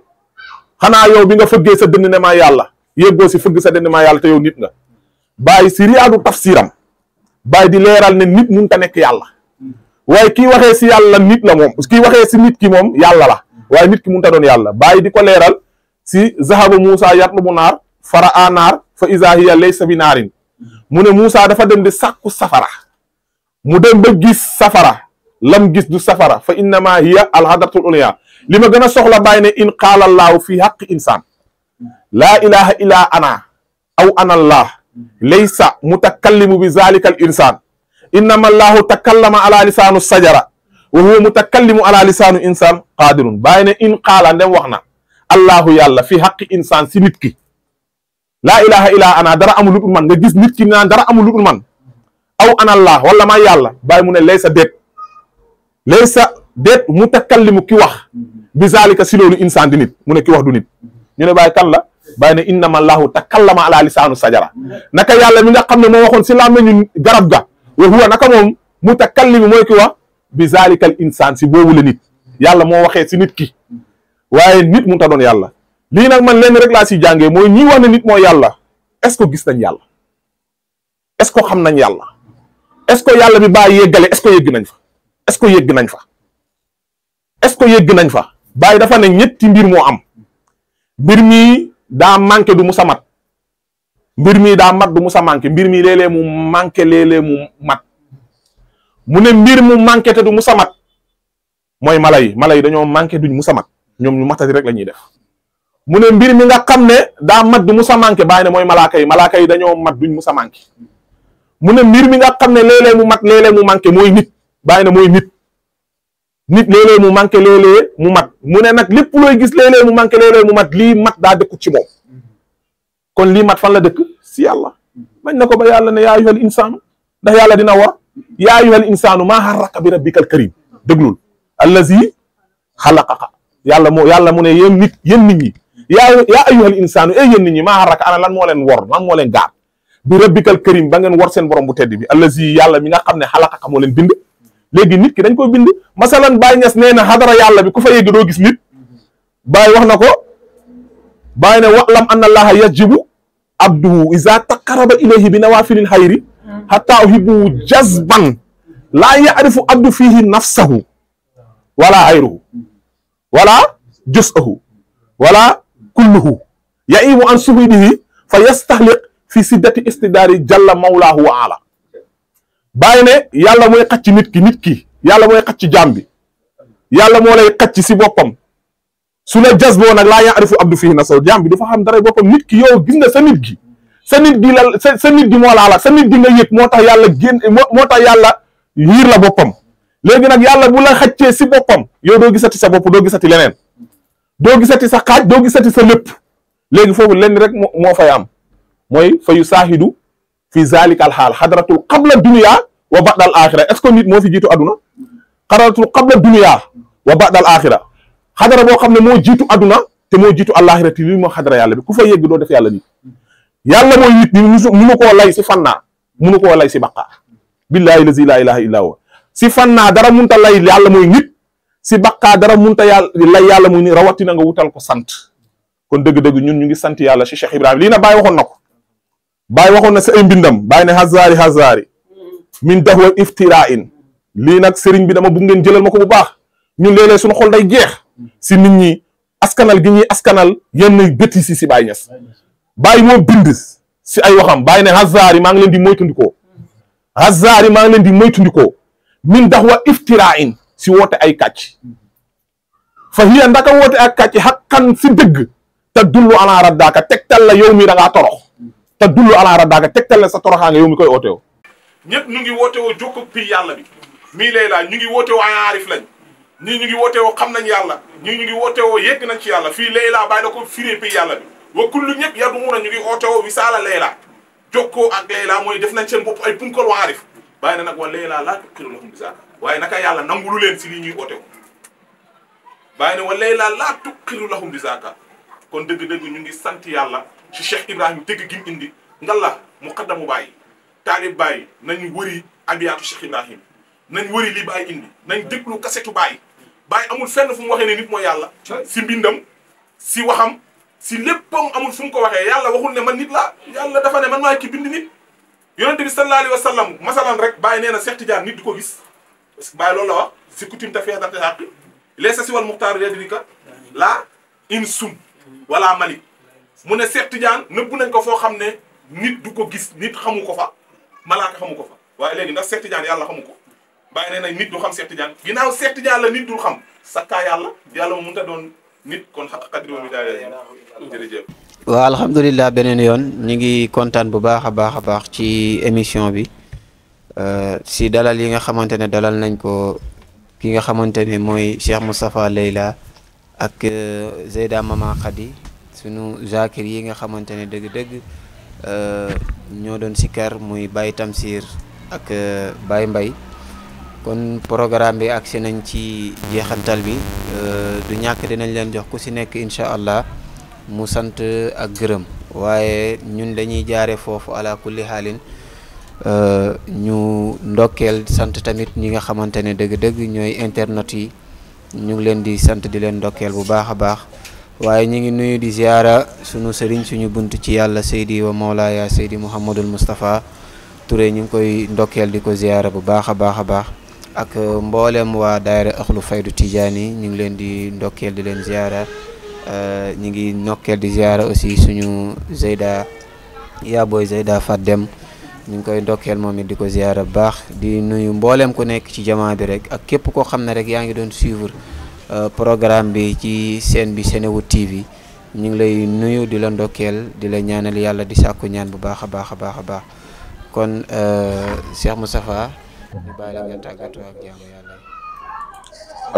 xanaa yow bi nga fëggee sa dënn ne maa yàlla yéggoo si fëgg sa dënn maa yàlla te yow nit nga Baay si riyaadu tafsiram Baay di leeral ne nit mun ta nekk yàlla waaye kii waxee si yàlla nit la moom kii waxee si nit ki moom yàlla la waaye nit ki mënut a doon yàlla bàyyi di ko leeral si zahaba Moussa yatlubu naar fara a naar fa izaa hiya laysa bi naarin mu ne Moussa dafa dem di sàkku safara mu dem ba gis safara lam gis du safara fa innama hiya alhadratul ulya li ma gën a soxla bàyyi ne in qaala allaahu fi haqqi insaan laa ilaha illa ana aw ana allah laysa mutakallimu bi zalika al insaan innama allaahu takallama ala lisaanu sajara wa huwa mutakallimu ala lisaanu insaan qaadirun bàyyi ne in qaala ndem wax na allahu yàlla fi xaqi insaan si nit ki laa ilaha illa ana dara man nga gis nit ki naan dara amul lu dul man aw ana allah wala maa yàlla bàyyi mu ne laysa déet laysa déet mutakallimu ki wax bi zalika si loolu insaan di nit mu ne ki wax du nit ñu ne bàyyi kan la bàyyi ne innama allahu takallama ala lisaanu sajara naka yàlla mi nga xam ne moo waxoon si làmmeñu garab ga wa huwa naka moom mutakallimu wax bi zalikal insaan si boobu la nit yàlla moo waxee si nit ki waaye nit mënut a doon yàlla lii nag man lenn rek laa si jàngee mooy ñi wax ne nit mooy yàlla est-ce que gis nañ yàlla est-ce que xam nañ yàlla est-ce que yàlla bi baa yeggale est yegg nañ fa est-ce que yegg nañ fa est-ce que nañ fa bàyyi dafa ne ñetti mbir moo am mbir mi daa manqué du mu sa mat mbir mii daa mat du mu sa manqué mbir mi léeg-léeg mu manqué léeg-léeg mu mat mu ne mbir mu manqué te du mu samat mooy mala yi mala yi dañoo manqué duñ mu samat ñoom ñu matati rek la ñuy def mu ne mbir mi nga xam ne daa mat du mu manqué bàyyi mooy malaaka yi malaaka yi dañoo mat duñ mu sa manqué mu ne mbir mi nga xam ne léeg mu mat léeg mu manqué mooy nit bàyyi ne mooy mit nit léeg-léeg mu manqué léeg mu mat mu ne nag lépp looy gis léeg mu manqué léeg-léeg mu mat lii mat daa dëkkut ci moom kon lii mat fan la dëkk si yàlla mañ na ko ba yàlla ne yaa ayyuhal insaan ndax yàlla dina war yaa ayyuhal insaanu maa harraka bi rabbikal karim déglul allazi xalaqaka yàlla moo yàlla mu ne yéen nit yéen nit ñi yaa yaa ayyuhal insaanu e eh, yéen nit ñi maa harraka ana lan moo leen wor lan moo leen gaar bi rabbikal karim ba ngeen wor seen borom bu tedd bi allazi yàlla mi nga xam ne xalaqaka moo leen bind léegi nit ki dañ ko bind masalan Baay Ñas nee na xadara yàlla bi ku fa yegg doo gis nit Baay wax na ko Baay ne wa'lam anna allaha yajibu abduhu iza taqarraba ilayhi bi nawaafilil xayri xataa uhibbu jazban laa yaarifu abdu fiihi nafsahu wala xayruhu wala jusahu wala kulluhu yaimu an suhidihi fa yastahliq fi siddati istidaari jalla mawlaahu wa ala bàyyi ne yàlla mooy xacc nit ki nit ki yàlla mooy xacc jaam bi yàlla moo lay xacc si boppam su la jazboo nag laa yaarifu abdu fiihi nafsahu jaam bi dafa xam dara boppam nit ki yow gis nga sa nit ki sa nit di la sa sa nit di moo laa la sa nit di nga yëg moo tax yàlla génn moo tax yàlla yiir la boppam léegi nag yàlla bu la xàccee si boppam yow doo ti sa bopp gisa gisati leneen doo gisati sa xaaj doo gisati sa lépp léegi foofu lenn rek moo fay am mooy fa yu saaxidu fi zalika al xaal xadaratul qabla dunia wa badal axira est ce que nit moo fi jiitu aduna xadaratul qabla dunia wa badal axira xadara boo xam ne moo jiitu aduna te moo jiitu àlaxira te lii moo xadara yàlla bi ku fa yegg doo def yàlla nii yàlla mooy nit ñi munu koo lay si fannaa munu koo lay si baqaar billaahi lazi laa la illaa huwa si fannaa dara mun munta lay yàlla mooy nit si baqaar dara munta yàlla lay yàlla mooy nit rawatina nga wutal ko sant kon dëgg-dëgg ñun ñu ngi sant yàlla si Cheikh Ibrahima lii na Baye waxoon na ko Baye waxoon na si ay mbindam Baye ne hazaari hazaari min dahwa iftiraa in lii nag sëriñ bi dama bugg ngeen jëlal ma ko bu baax ñun léeg-léeg suñu xol day jeex si nit ñi askanal gi ñuy askanal yenn bétis si Baye bàyyi moo bind si ay waxam bàyyi ne Hazari maa ngi leen di moytandikoo Hazari maa ngi leen di moytandikoo min dax wa iftiraa in si woote ay kàcc fa hiya ndaka woote ak kàcc xaqan si dëgg te dullu ala raddaaka tegtal la yow mi da ngaa torox te dullu ala raddaaka tegtal la sa toroxaa nga yow mi koy oote woo ñëpp ñu ngi woote woo jokkog pi yàlla bi mii lay ñu ngi woote woo ay aarif lañ ñii ñu ngi woote woo xam nañ yàlla ñii ñu ngi woote woo yegg nañ ci yàlla fii lay laa bàyyi da wa kullu ñëpp yadu mun a ñu ngi oote woo wisaala layla jokkoo ak layla mooy def nañ seen bopp ay punkal waarif bàyyi na nag wa layla laa tuqiru lahum bisaaka waaye naka yàlla nangulu leen si lii ñuy oote woo bàyyi na wa layla laa tuqiru lahum bisaaka kon dëgg-dëgg ñu ngi sant yàlla ci Cheikh Ibrahima dëgg gi mu indi ngalla muqaddamu bàyyi taalib bàyyi nañ wëri abiyaatu Cheikh Ibrahima nañ wëri li bàyyi indi nañ déglu kasetu baay baay amul fenn fu mu waxee ne nit mooy si mbindam si si léppam amul fu mu ko waxee yàlla waxul ne man nit laa yàlla dafa ne man maa ki bind nit yonent bi sallallahu alayhi wa sallam masalan rek bàyyi nee na Cheikh Tidiane nit di ko gis parce que bàyyi loolu la wax si coutume ta feedarte àq leeg sa si wal muxtaar redrika la insum wala malik mu ne Cheikh Tidiane nëbbu nañ ko foo xam ne nit du ko gis nit xamu ko fa malaaka xamu ko fa waaye léegi ndax Cheikh Tidiane yàlla xamu ko bàyyi nee na nit du xam Cheikh Tidiane ginnaaw Cheikh Tidiane la nit dul xam sakkaa yàlla yàlla mu mënta doon nit wa midaadaahu beneen yoon ñi ngi kontaan bu baax a baax a baax ci émission bi euh, si dalal yi nga xamante ne dalal nañ ko ki nga xamante ne mooy Cheikh Moustapha Leyla ak euh, Zeyda Mama Khady sunu Zakir yi nga xamante ne dëgg-dëgg euh, ñoo doon sikkar muy Baye Tamsir ak Baye Mbay kon programme bi ak agsi nañ ci jeexantal bi euh, du ñàkk dinañ leen jox ku si nekk incha allah mu sant ak gërëm waaye ñun dañuy jaare foofu ala kulli xaalin euh, ñu ndokkeel sant tamit ñi nga xamante ne dëgg-dëgg ñooy internet yi ñu ngi leen di sant di leen ndokkeel bu baax a baax waaye ñu ngi nuyu di ziara sunu sëriñ suñu bunt ci yàlla Seydi wa Mawlaaya Seydi Mouhamadul Moustapha Touré ñu koy ndokkeel di ko ziara bu baax a baax a baax ak euh, mboolem waa daayira axlu faydu tijaan yi ñu ngi leen di ndokkeel di leen ziara euh, ñu ngi ndokkeel di ziara aussi suñu Zeyda yaa booy Zeyda Fat Dem ñu ngi koy ndokkeel moom it di ko ziara bu baax di nuyu mbooleem ku nekk ci jamaa bi rek ak képp koo xam ne rek yaa ngi doon suivre euh, programme bi ci seen bi Senewood TV ñu ngi lay nuyu di la ndokkeel di la ñaanal yàlla di sàkku ñaan bu baax a baax a baax a baax kon Cheikh Moustapha ñu tàggatoo ak jaamu yàlla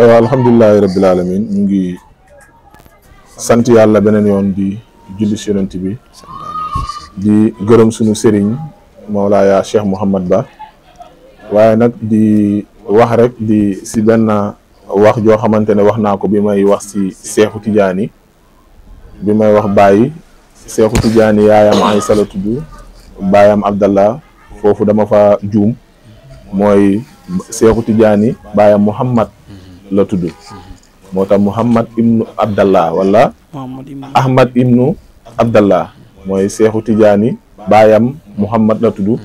yi alhamdulilahi rabbil alamin ñu ngi sant yàlla beneen yoon di julli si bi di gërëm sunu sëriñ Mawlaaya Cheikh Mouhamad Ba waaye nag di wax rek di si benn wax joo xamante ne wax naa ko bi may wax si Seexu Tijaani bi may wax bàyyi Seexu Tijaani yaayam ay sala tudd baayam Abdallah foofu dama fa juum mooy Seexu Tijaani baayam Muhammad la tudd moo tax Muhammad ibnu Abdallah wala Ahmad ibnu Abdallah mooy Seexu Tijaani baayam Muhammad la tudd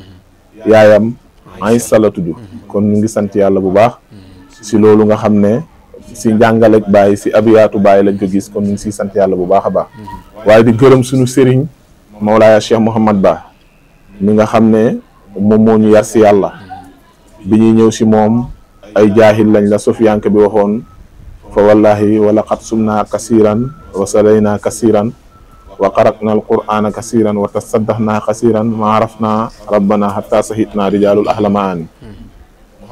yaayam Aysa la tudd kon mu ngi sant yàlla bu baax si loolu nga xam ne si njàngaleeg Baay si abiyaatu Baay lañ ko gis kon ñu ngi sant yàlla bu baax a baax waaye di gërëm suñu sëriñ Mawlaaya Cheikh Mouhamad Ba mi nga xam ne moom moo ñu yar si yàlla bi ñuy ñëw si moom ay jaahil lañ la sofiyanke bi waxoon fa wallahi wa laqad na kasiran wa salayna kasiran wa qara'na alqur'ana kasiran wa na kasiran ma arafna rabbana hatta sahitna rijalul ahlamaan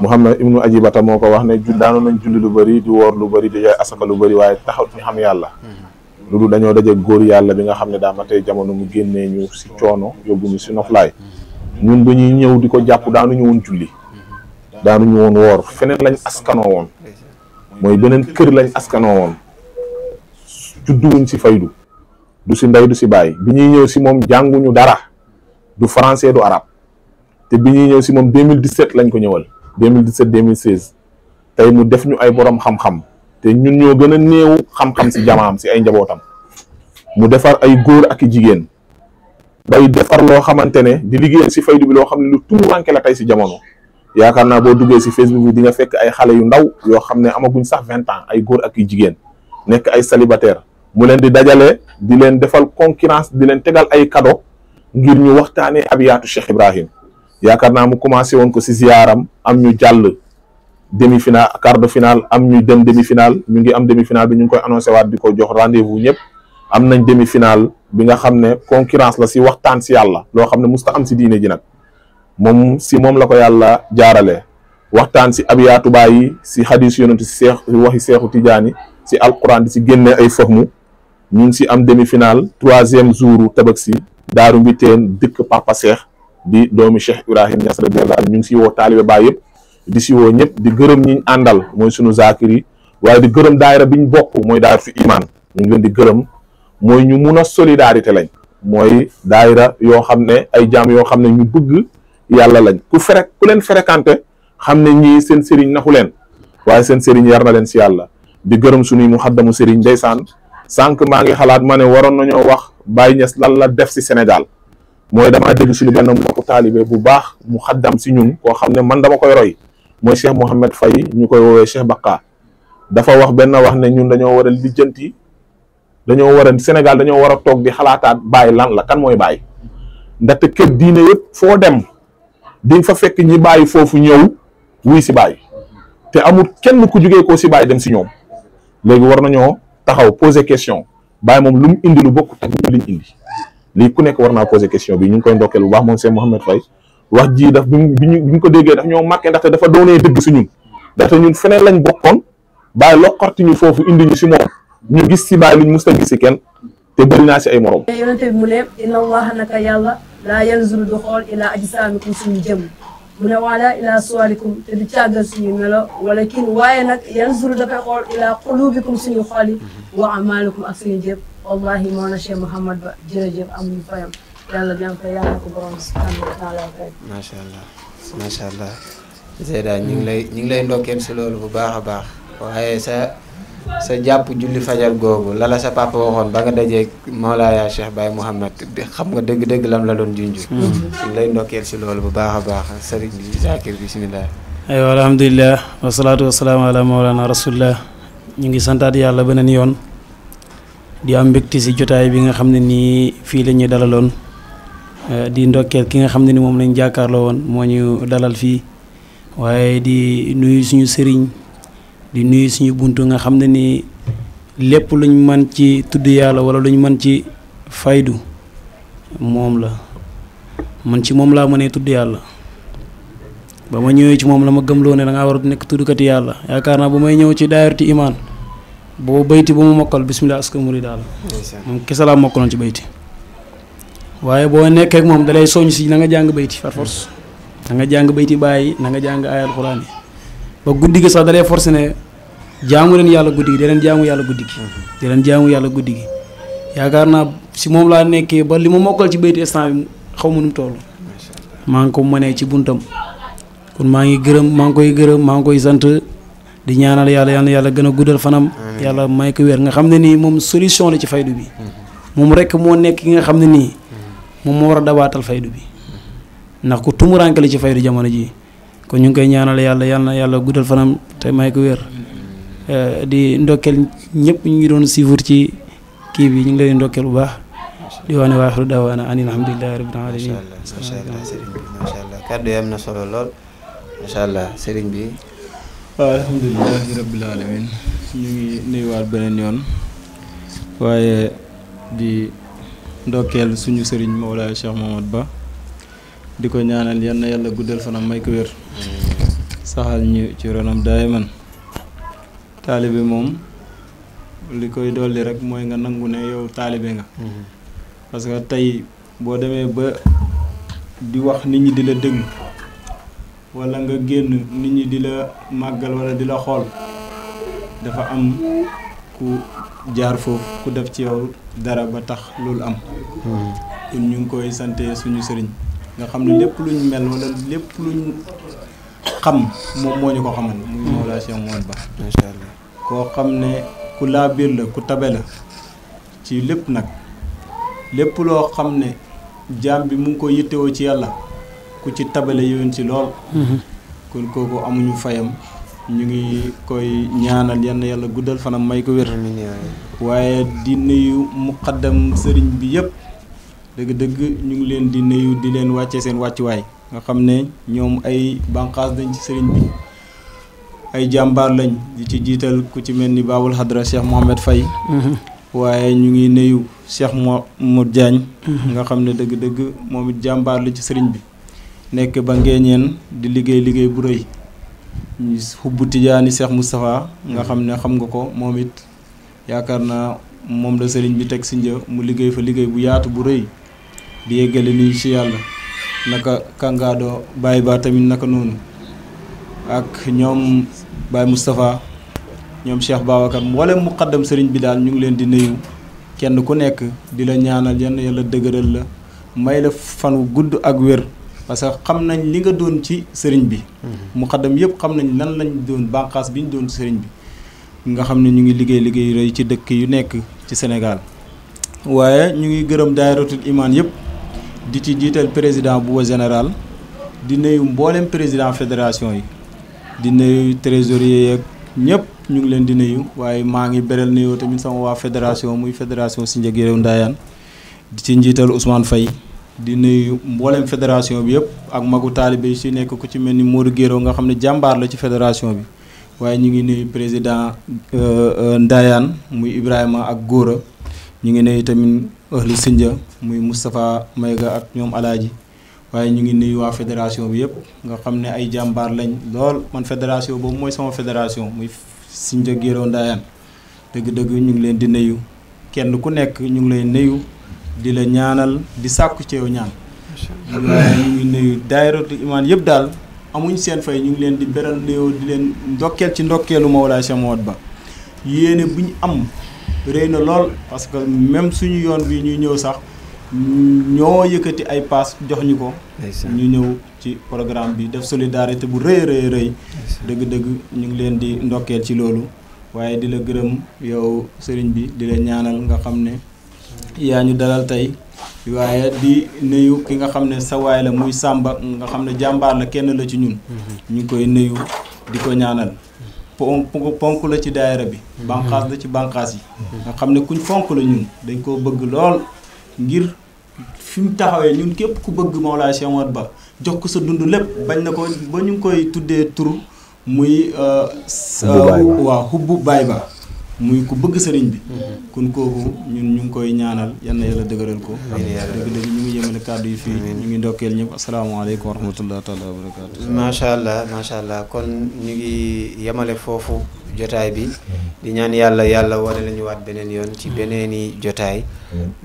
muhammad ibnu ajibata moo ko wax ne daanu nañ julli lu bari di woor lu bëri di asaka lu bëri waaye taxawt ñu xam yàlla lu dul dañoo daje góor yàlla bi nga xam ne daa ma tey jamono mu génnee ñu si coono yóbbu ñu si noflaay ñun ba ñuy ñëw di ko jàpp daanu ñu woon julli daanuñu woon woor feneen lañ askanoo woon mooy beneen kër lañ askanoo woon judduwuñ ci faydu du si ndey du si bàyyi bi ñuy ñëw si moom jàngu ñu dara du français du arabe te bi ñuy ñëw si moom 2017 lañ ko ñëwal 2017 2016 tey mu def ñu ay borom xam-xam te ñun ñoo gën a néew xam-xam si jamaam si ay njabootam mu defar ay góor ak i jigéen bay defar loo xamante ne di liggéeyal si faydu bi loo xam ne lu tuuranke la tey si jamono yaakaar naa boo duggee si Facebook bi di fekk ay xale yu ndaw yoo xam ne amaguñ sax vingt ans ay góor ak yu jigéen nekk ay célibataire mu leen di dajale di leen defal concurrence di leen tegal ay kado ngir ñu waxtaanee abiyaatu Cheikh Ibrahim yaakaar naa mu commencé woon ko si ziyaaram am ñu jàll demi final quart de finale am ñu dem demi final ñu ngi am demi final bi ñu ngi koy annoncé waat di ko jox rendez-vous ñëpp nañ demi final bi nga xam ne concurrence la si waxtaan si yàlla loo xam ne musta am si diine ji nag. moom si moom la ko yàlla jaarale waxtaan si abiyaatu baay yi si xadis yonentu si seex waxi seexu tijaani si alquran di si génnee ay fahmu ñu ngi si am demi final troisième jour tabaski daaru mbiteen dëkk papa seex di doomi cheikh ibrahim ñas radiyallahu ñu ngi si woo taalibe baay yëpp di si ñëpp di gërëm ñiñ àndal mooy sunu zakir yi waaye di gërëm daayira biñ bokk mooy daayira fi imaan ñu ngi leen di gërëm mooy ñu mun a solidarité lañ mooy daayira yoo xam ne ay jaam yoo xam ne ñu bëgg yàlla lañ ku fere ku leen fréquenté xam ne ñii seen sëriñ naxu leen waaye seen sëriñ yar na leen si yàlla di gërëm suñuy muxaddamu sëriñ ndeysaan sànq maa ngi xalaat ma ne waroon nañoo wax Baye Niass lan la def si Sénégal mooy damaa dégg suñu benn mbokku taalibe bu baax mu xaddam si ñun koo xam ne man dama koy roy mooy Cheikh Mouhamed Faye ñu koy woowee Cheikh Bakka dafa wax benn wax ne ñun dañoo war a lijjanti dañoo war a Sénégal dañoo war a toog di xalaataat Baye lan la kan mooy Baye di fa fekk ñi bàyyi foofu ñëw wuy si bàyyi te amul kenn ku jugee koo si bàyyi dem si ñoom léegi war ñoo taxaw poser question bàyyi moom lu mu indi lu bokk ak liñ indi lii ku nekk war naa poser question bi ñu ngi koy ndokkeel bu baax moom seen Mouhamed Faye wax ji daf bi ñu ko déggee daf ñoo marqué ndaxte dafa doonee dëgg si ñun ndaxte ñun feneen lañ bokkoon bàyyi loqarti ñu foofu indi ñu si moom ñu gis si bàyyi luñ ñu a gis si kenn te bëri naa si ay morom. laa yanzuru du xool ilaa ajsaamikum suñu jëm mu ne wala ilaa suwalikum te du càggal suñu melo wala kiin waaye nag yanzuru dafay xool ilaa qulubikum suñu xool yi wa amaalikum ak suñu jëf wallahi moo na Cheikh Mouhamad Ba jërëjëf amuñu fayam yàlla bi am fay yàlla ko borom subhanahu wa taala fay macha allah macha allah ñu ngi lay ñu si loolu bu baax a baax waaye sa sa jàpp julli fajar googu lala sa papa waxoon ba nga dajee Mawlaaya Cheikh Baye Mouhamed bi xam nga dëgg-dëgg lam la doon junj. Hmm. lay ndokkeel si loolu bu baax a baax sëriñ bi Zakir bisimilah. aywa alhamdulilah wasalaatu wasalaamu ala Mawlana rasulillah ñu ngi santaat yàlla beneen yoon di am mbégte si jotaay bi nga xam ne nii fii la dalaloon. Eh, di ndokkeel ki nga xam ne ni moom lañ jàkkaarloo woon moo ñu dalal fii waaye di nuyu suñu sëriñ. di nuyu suñu bunt nga xam ne nii lépp luñ man ci tudd yàlla wala luñ mën ci faydu moom la man ci moom laa mënee tudd yàlla ba ma ñëwee ci moom la ma gëmloo ne da ngaa war a nekk tuddkati yàlla yaakaar naa ba may ñëw ci daayirati imaan boo bayti bu mu mokkal bismillah askamuri daal moom kese laa mokkaloon ci bayti waaye boo nekkee ak moom dalay soññ si na nga jàng bayti par force hmm. na nga jàng bayti bàyyi na nga jàng aayal quraan ba guddi gi sax da lay forcé ne jaamu leen yàlla guddi gi di leen jaamu yàlla guddi gi. Mhm. di leen yàlla guddi gi yaakaar naa si moom laa nekkee ba li ma mokkal ci bayti instant bi xaw ma nu maa ngi ko mënee ci buntam kon maa ngi gërëm maa ngi koy gërëm maa ngi koy sant di ñaanal yàlla yàlla yàlla gën a guddal fanam. yàlla may ko wér nga xam ne nii moom solution la ci faydu bi. Mhm. moom rek moo nekk ki nga xam ne nii mhm. moom moo war a dabaatal faydu bi ndax ku tumuraanke la ci faydu jamono ji kon ñu ngi koy ñaanal yàlla yàlla na yàlla guddal fanam te may ko wér eh, di ndokkeel ñëpp ñu ngi doon suivre ci kii bi ñu ngi leen di ndokkeel bu baax di wax ne waaxiru daawaana ani rabbil alamin macha am na solo lool sëriñ bi waaw ñu ngi nuyuwaat beneen yoon waaye di ndokkeel suñu sëriñ Mawlaay Cheikh Mamadou Ba di ko ñaanal yal yàlla guddal fanam may ko wér saxal ñu ci ronam daay man taalibe moom li koy dolli rek mooy nga nangu ne yow taalibe nga mhm. parce que tey boo demee ba di wax nit ñi di la dégg wala nga génn nit ñi di la màggal wala di la xool dafa am ku jaar foofu ku def ci yow dara ba tax loolu am. ñun mhm. ñu koy sante suñu sëriñ. nga xam ne lépp luñ mel wala lépp luñ xam moom moo ñu ko xamal. Mm. muy Mawla Cheikh Mouhamed Ba. koo xam ne ku laabiir la ku tabe la ci lépp nag lépp loo xam ne jaam bi mu ngi ko yittewoo ci yàlla ku ci tabe la yéwén ci lool. Mm-hmm. kon kooku amuñu fayam. ñu ngi koy ñaanal yenn yàlla guddal fana may ko wér. waaye di nuyu muqaddam sëriñ bi yëpp. dëgg-dëgg ñu ngi leen di nuyu di leen wàccee seen wàccuwaay nga xam ne ñoom ay banqaas dañ ci sëriñ bi ay jàmbaar lañ ci jiital ku ci mel ni Baabul Hadra Cheikh Mohamed fay mhm. waaye ñu ngi nuyu Cheikh Modou Diagne mhm. nga xam ne dëgg-dëgg moom it jàmbaar la ci sëriñ bi nekk ba ngeeñeen di liggéey liggéey bu rëy xubbu tijaani Cheikh Moustapha nga xam ne xam nga ko moom it yaakaar naa moom la sëriñ bi teg si një mu liggéey fa liggéey bu yaatu bu rëy di yeggale nii ci yàlla naka Kangaado Baye Ba tamit naka noonu ak ñoom Baye Moustapha ñoom Cheikh Babacar mboolem muqaddam sëriñ bi daal ñu ngi leen di nuyu kenn ku nekk di la ñaanal yenn yàlla dëgëral la may la fan wu gudd ak wér parce que xam nañ li nga doon ci sëriñ bi. Mhm. muqaddam yëpp xam nañ lan lañ doon bànqaas bi ñu doon sëriñ bi. nga xam ne ñu ngi liggéey liggéey rëy ci dëkk yu nekk ci Sénégal waaye ñu ngi gërëm daayratul imaan yëpp. di ci jiital président bu général di nuyu mboolem président fédération yi di nuyu trésorier yeeg ñëpp ñu ngi leen di nuyu waaye maa ngi beral nuyoo tamit sama waa fédération muy fédération Sindia Guéréo Ndayane di ci njiital Ousmane fay di nuyu mboolem fédération bi yëpp ak magu taalibe yi si nekk ko ci mel ni Modou Guéréo nga xam ne jàmbaar la ci fédération bi waaye ñu ngi nuyu président euh, euh, Ndayane muy Ibrahima ak Góora ñu ngi nuyu tamit ahlu Sindia muy Moustapha Mayga ak ñoom alaaji waaye ñu ngi nuyu waa fédération bi yëpp nga xam ne ay jàmbaar lañ lool man fédération boobu mooy sama fédération muy Sindia Guiro Ndayane dëgg-dëgg ñu ngi leen di nuyu kenn ku nekk ñu ngi lay nuyu di la ñaanal di sàkku ceew ñaan ñu ngi nuyu daayiratu imaan yëpp daal amuñ seen fay ñu ngi leen di beral nuyoo di leen ndokkeel ci ndokkeelu Mawlaay Cheikh Mouhamed Ba yéene bu ñu am rëy na lool parce que même suñu yoon bi ñuy ñëw sax ñoo yëkkati ay paas jox ñu ko. ñu ñëw ci programme bi def solidarité bu rëy rëy rëy. dëgg-dëgg ñu ngi leen di ndokkeel ci loolu waaye di la gërëm yow sëriñ bi di la ñaanal nga xam ne yaa ñu dalal tey. waaye di nuyu ki nga xam ne sawaay la muy Samba nga xam ne jàmbaar la kenn la ci ñun. Mhm. ñu ngi koy nuyu di ko ñaanal. ponk la ci daayira bi banqaas la ci banqaas yi nga xam ne kuñ fonk la ñun dañ koo bëgg lool ngir fi mu taxawee ñun képp ku bëgg Mawlaay Cheikh Omar Ba jox ko sa dund lépp bañ na ko ba ñu ngi koy tuddee tur muy waaw euh, xubbu baay ba muy ku bëgg sëriñ bi mm-hmm. kon kooku ñun ñu ngi koy ñaanal yal na yàlla dëgëral ko ñu ngi yemale kàddu yi fii ñu ngi ndokkeel ñëpp asalaamaaleykum wa rahmatullah taala wa barakatu macha allah macha allah kon ñu ngi yemale foofu jotaay bi di ñaan yàlla yàlla wane lañu waat beneen yoon ci beneen i jotaay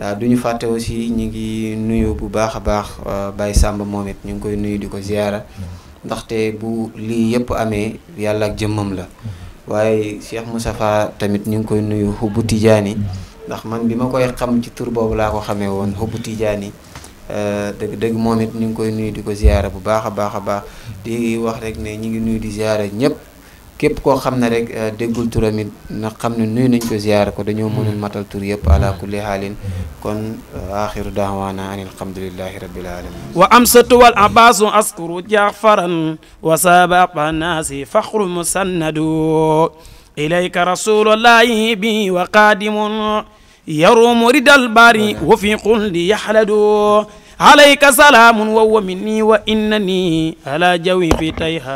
waaw du ñu fàtte aussi ñu ngi nuyu bu baax a baax euh, Baye Samba moom it ñu ngi koy nuyu di ko ziyaara ndaxte bu lii yëpp amee yàlla ak jëmmam la waaye Cheikh Moustapha tamit ñu ngi koy nuyu xubbu tijaani ndax man bi ma koy xam ci tur boobu laa ko xamee woon xubbu tijaani euh, dëgg dëgg moom it ñu ngi koy nuyu di ko ziyaara bu baax a baax a baax di wax rek ne ñu ngi nuyu di ziyaara ñëpp. képp koo xam ne rek euh, déggul turam it na xam ne nuyu nañ ko ziyaara ko dañoo mm. mënul matal tur yëpp ala kulli haalin kon euh, axiru daawaana an alhamdulillahi rabbil alamin wa amsatu wal abaasu askuru wa sabaqa naasi faxru musannadu ilayka rasulullahi bi wa qaadimun yarumu ridal bari wa fi qulli yaxladu alayka salaamun wa wa minni wa innani ala jawi fi tayha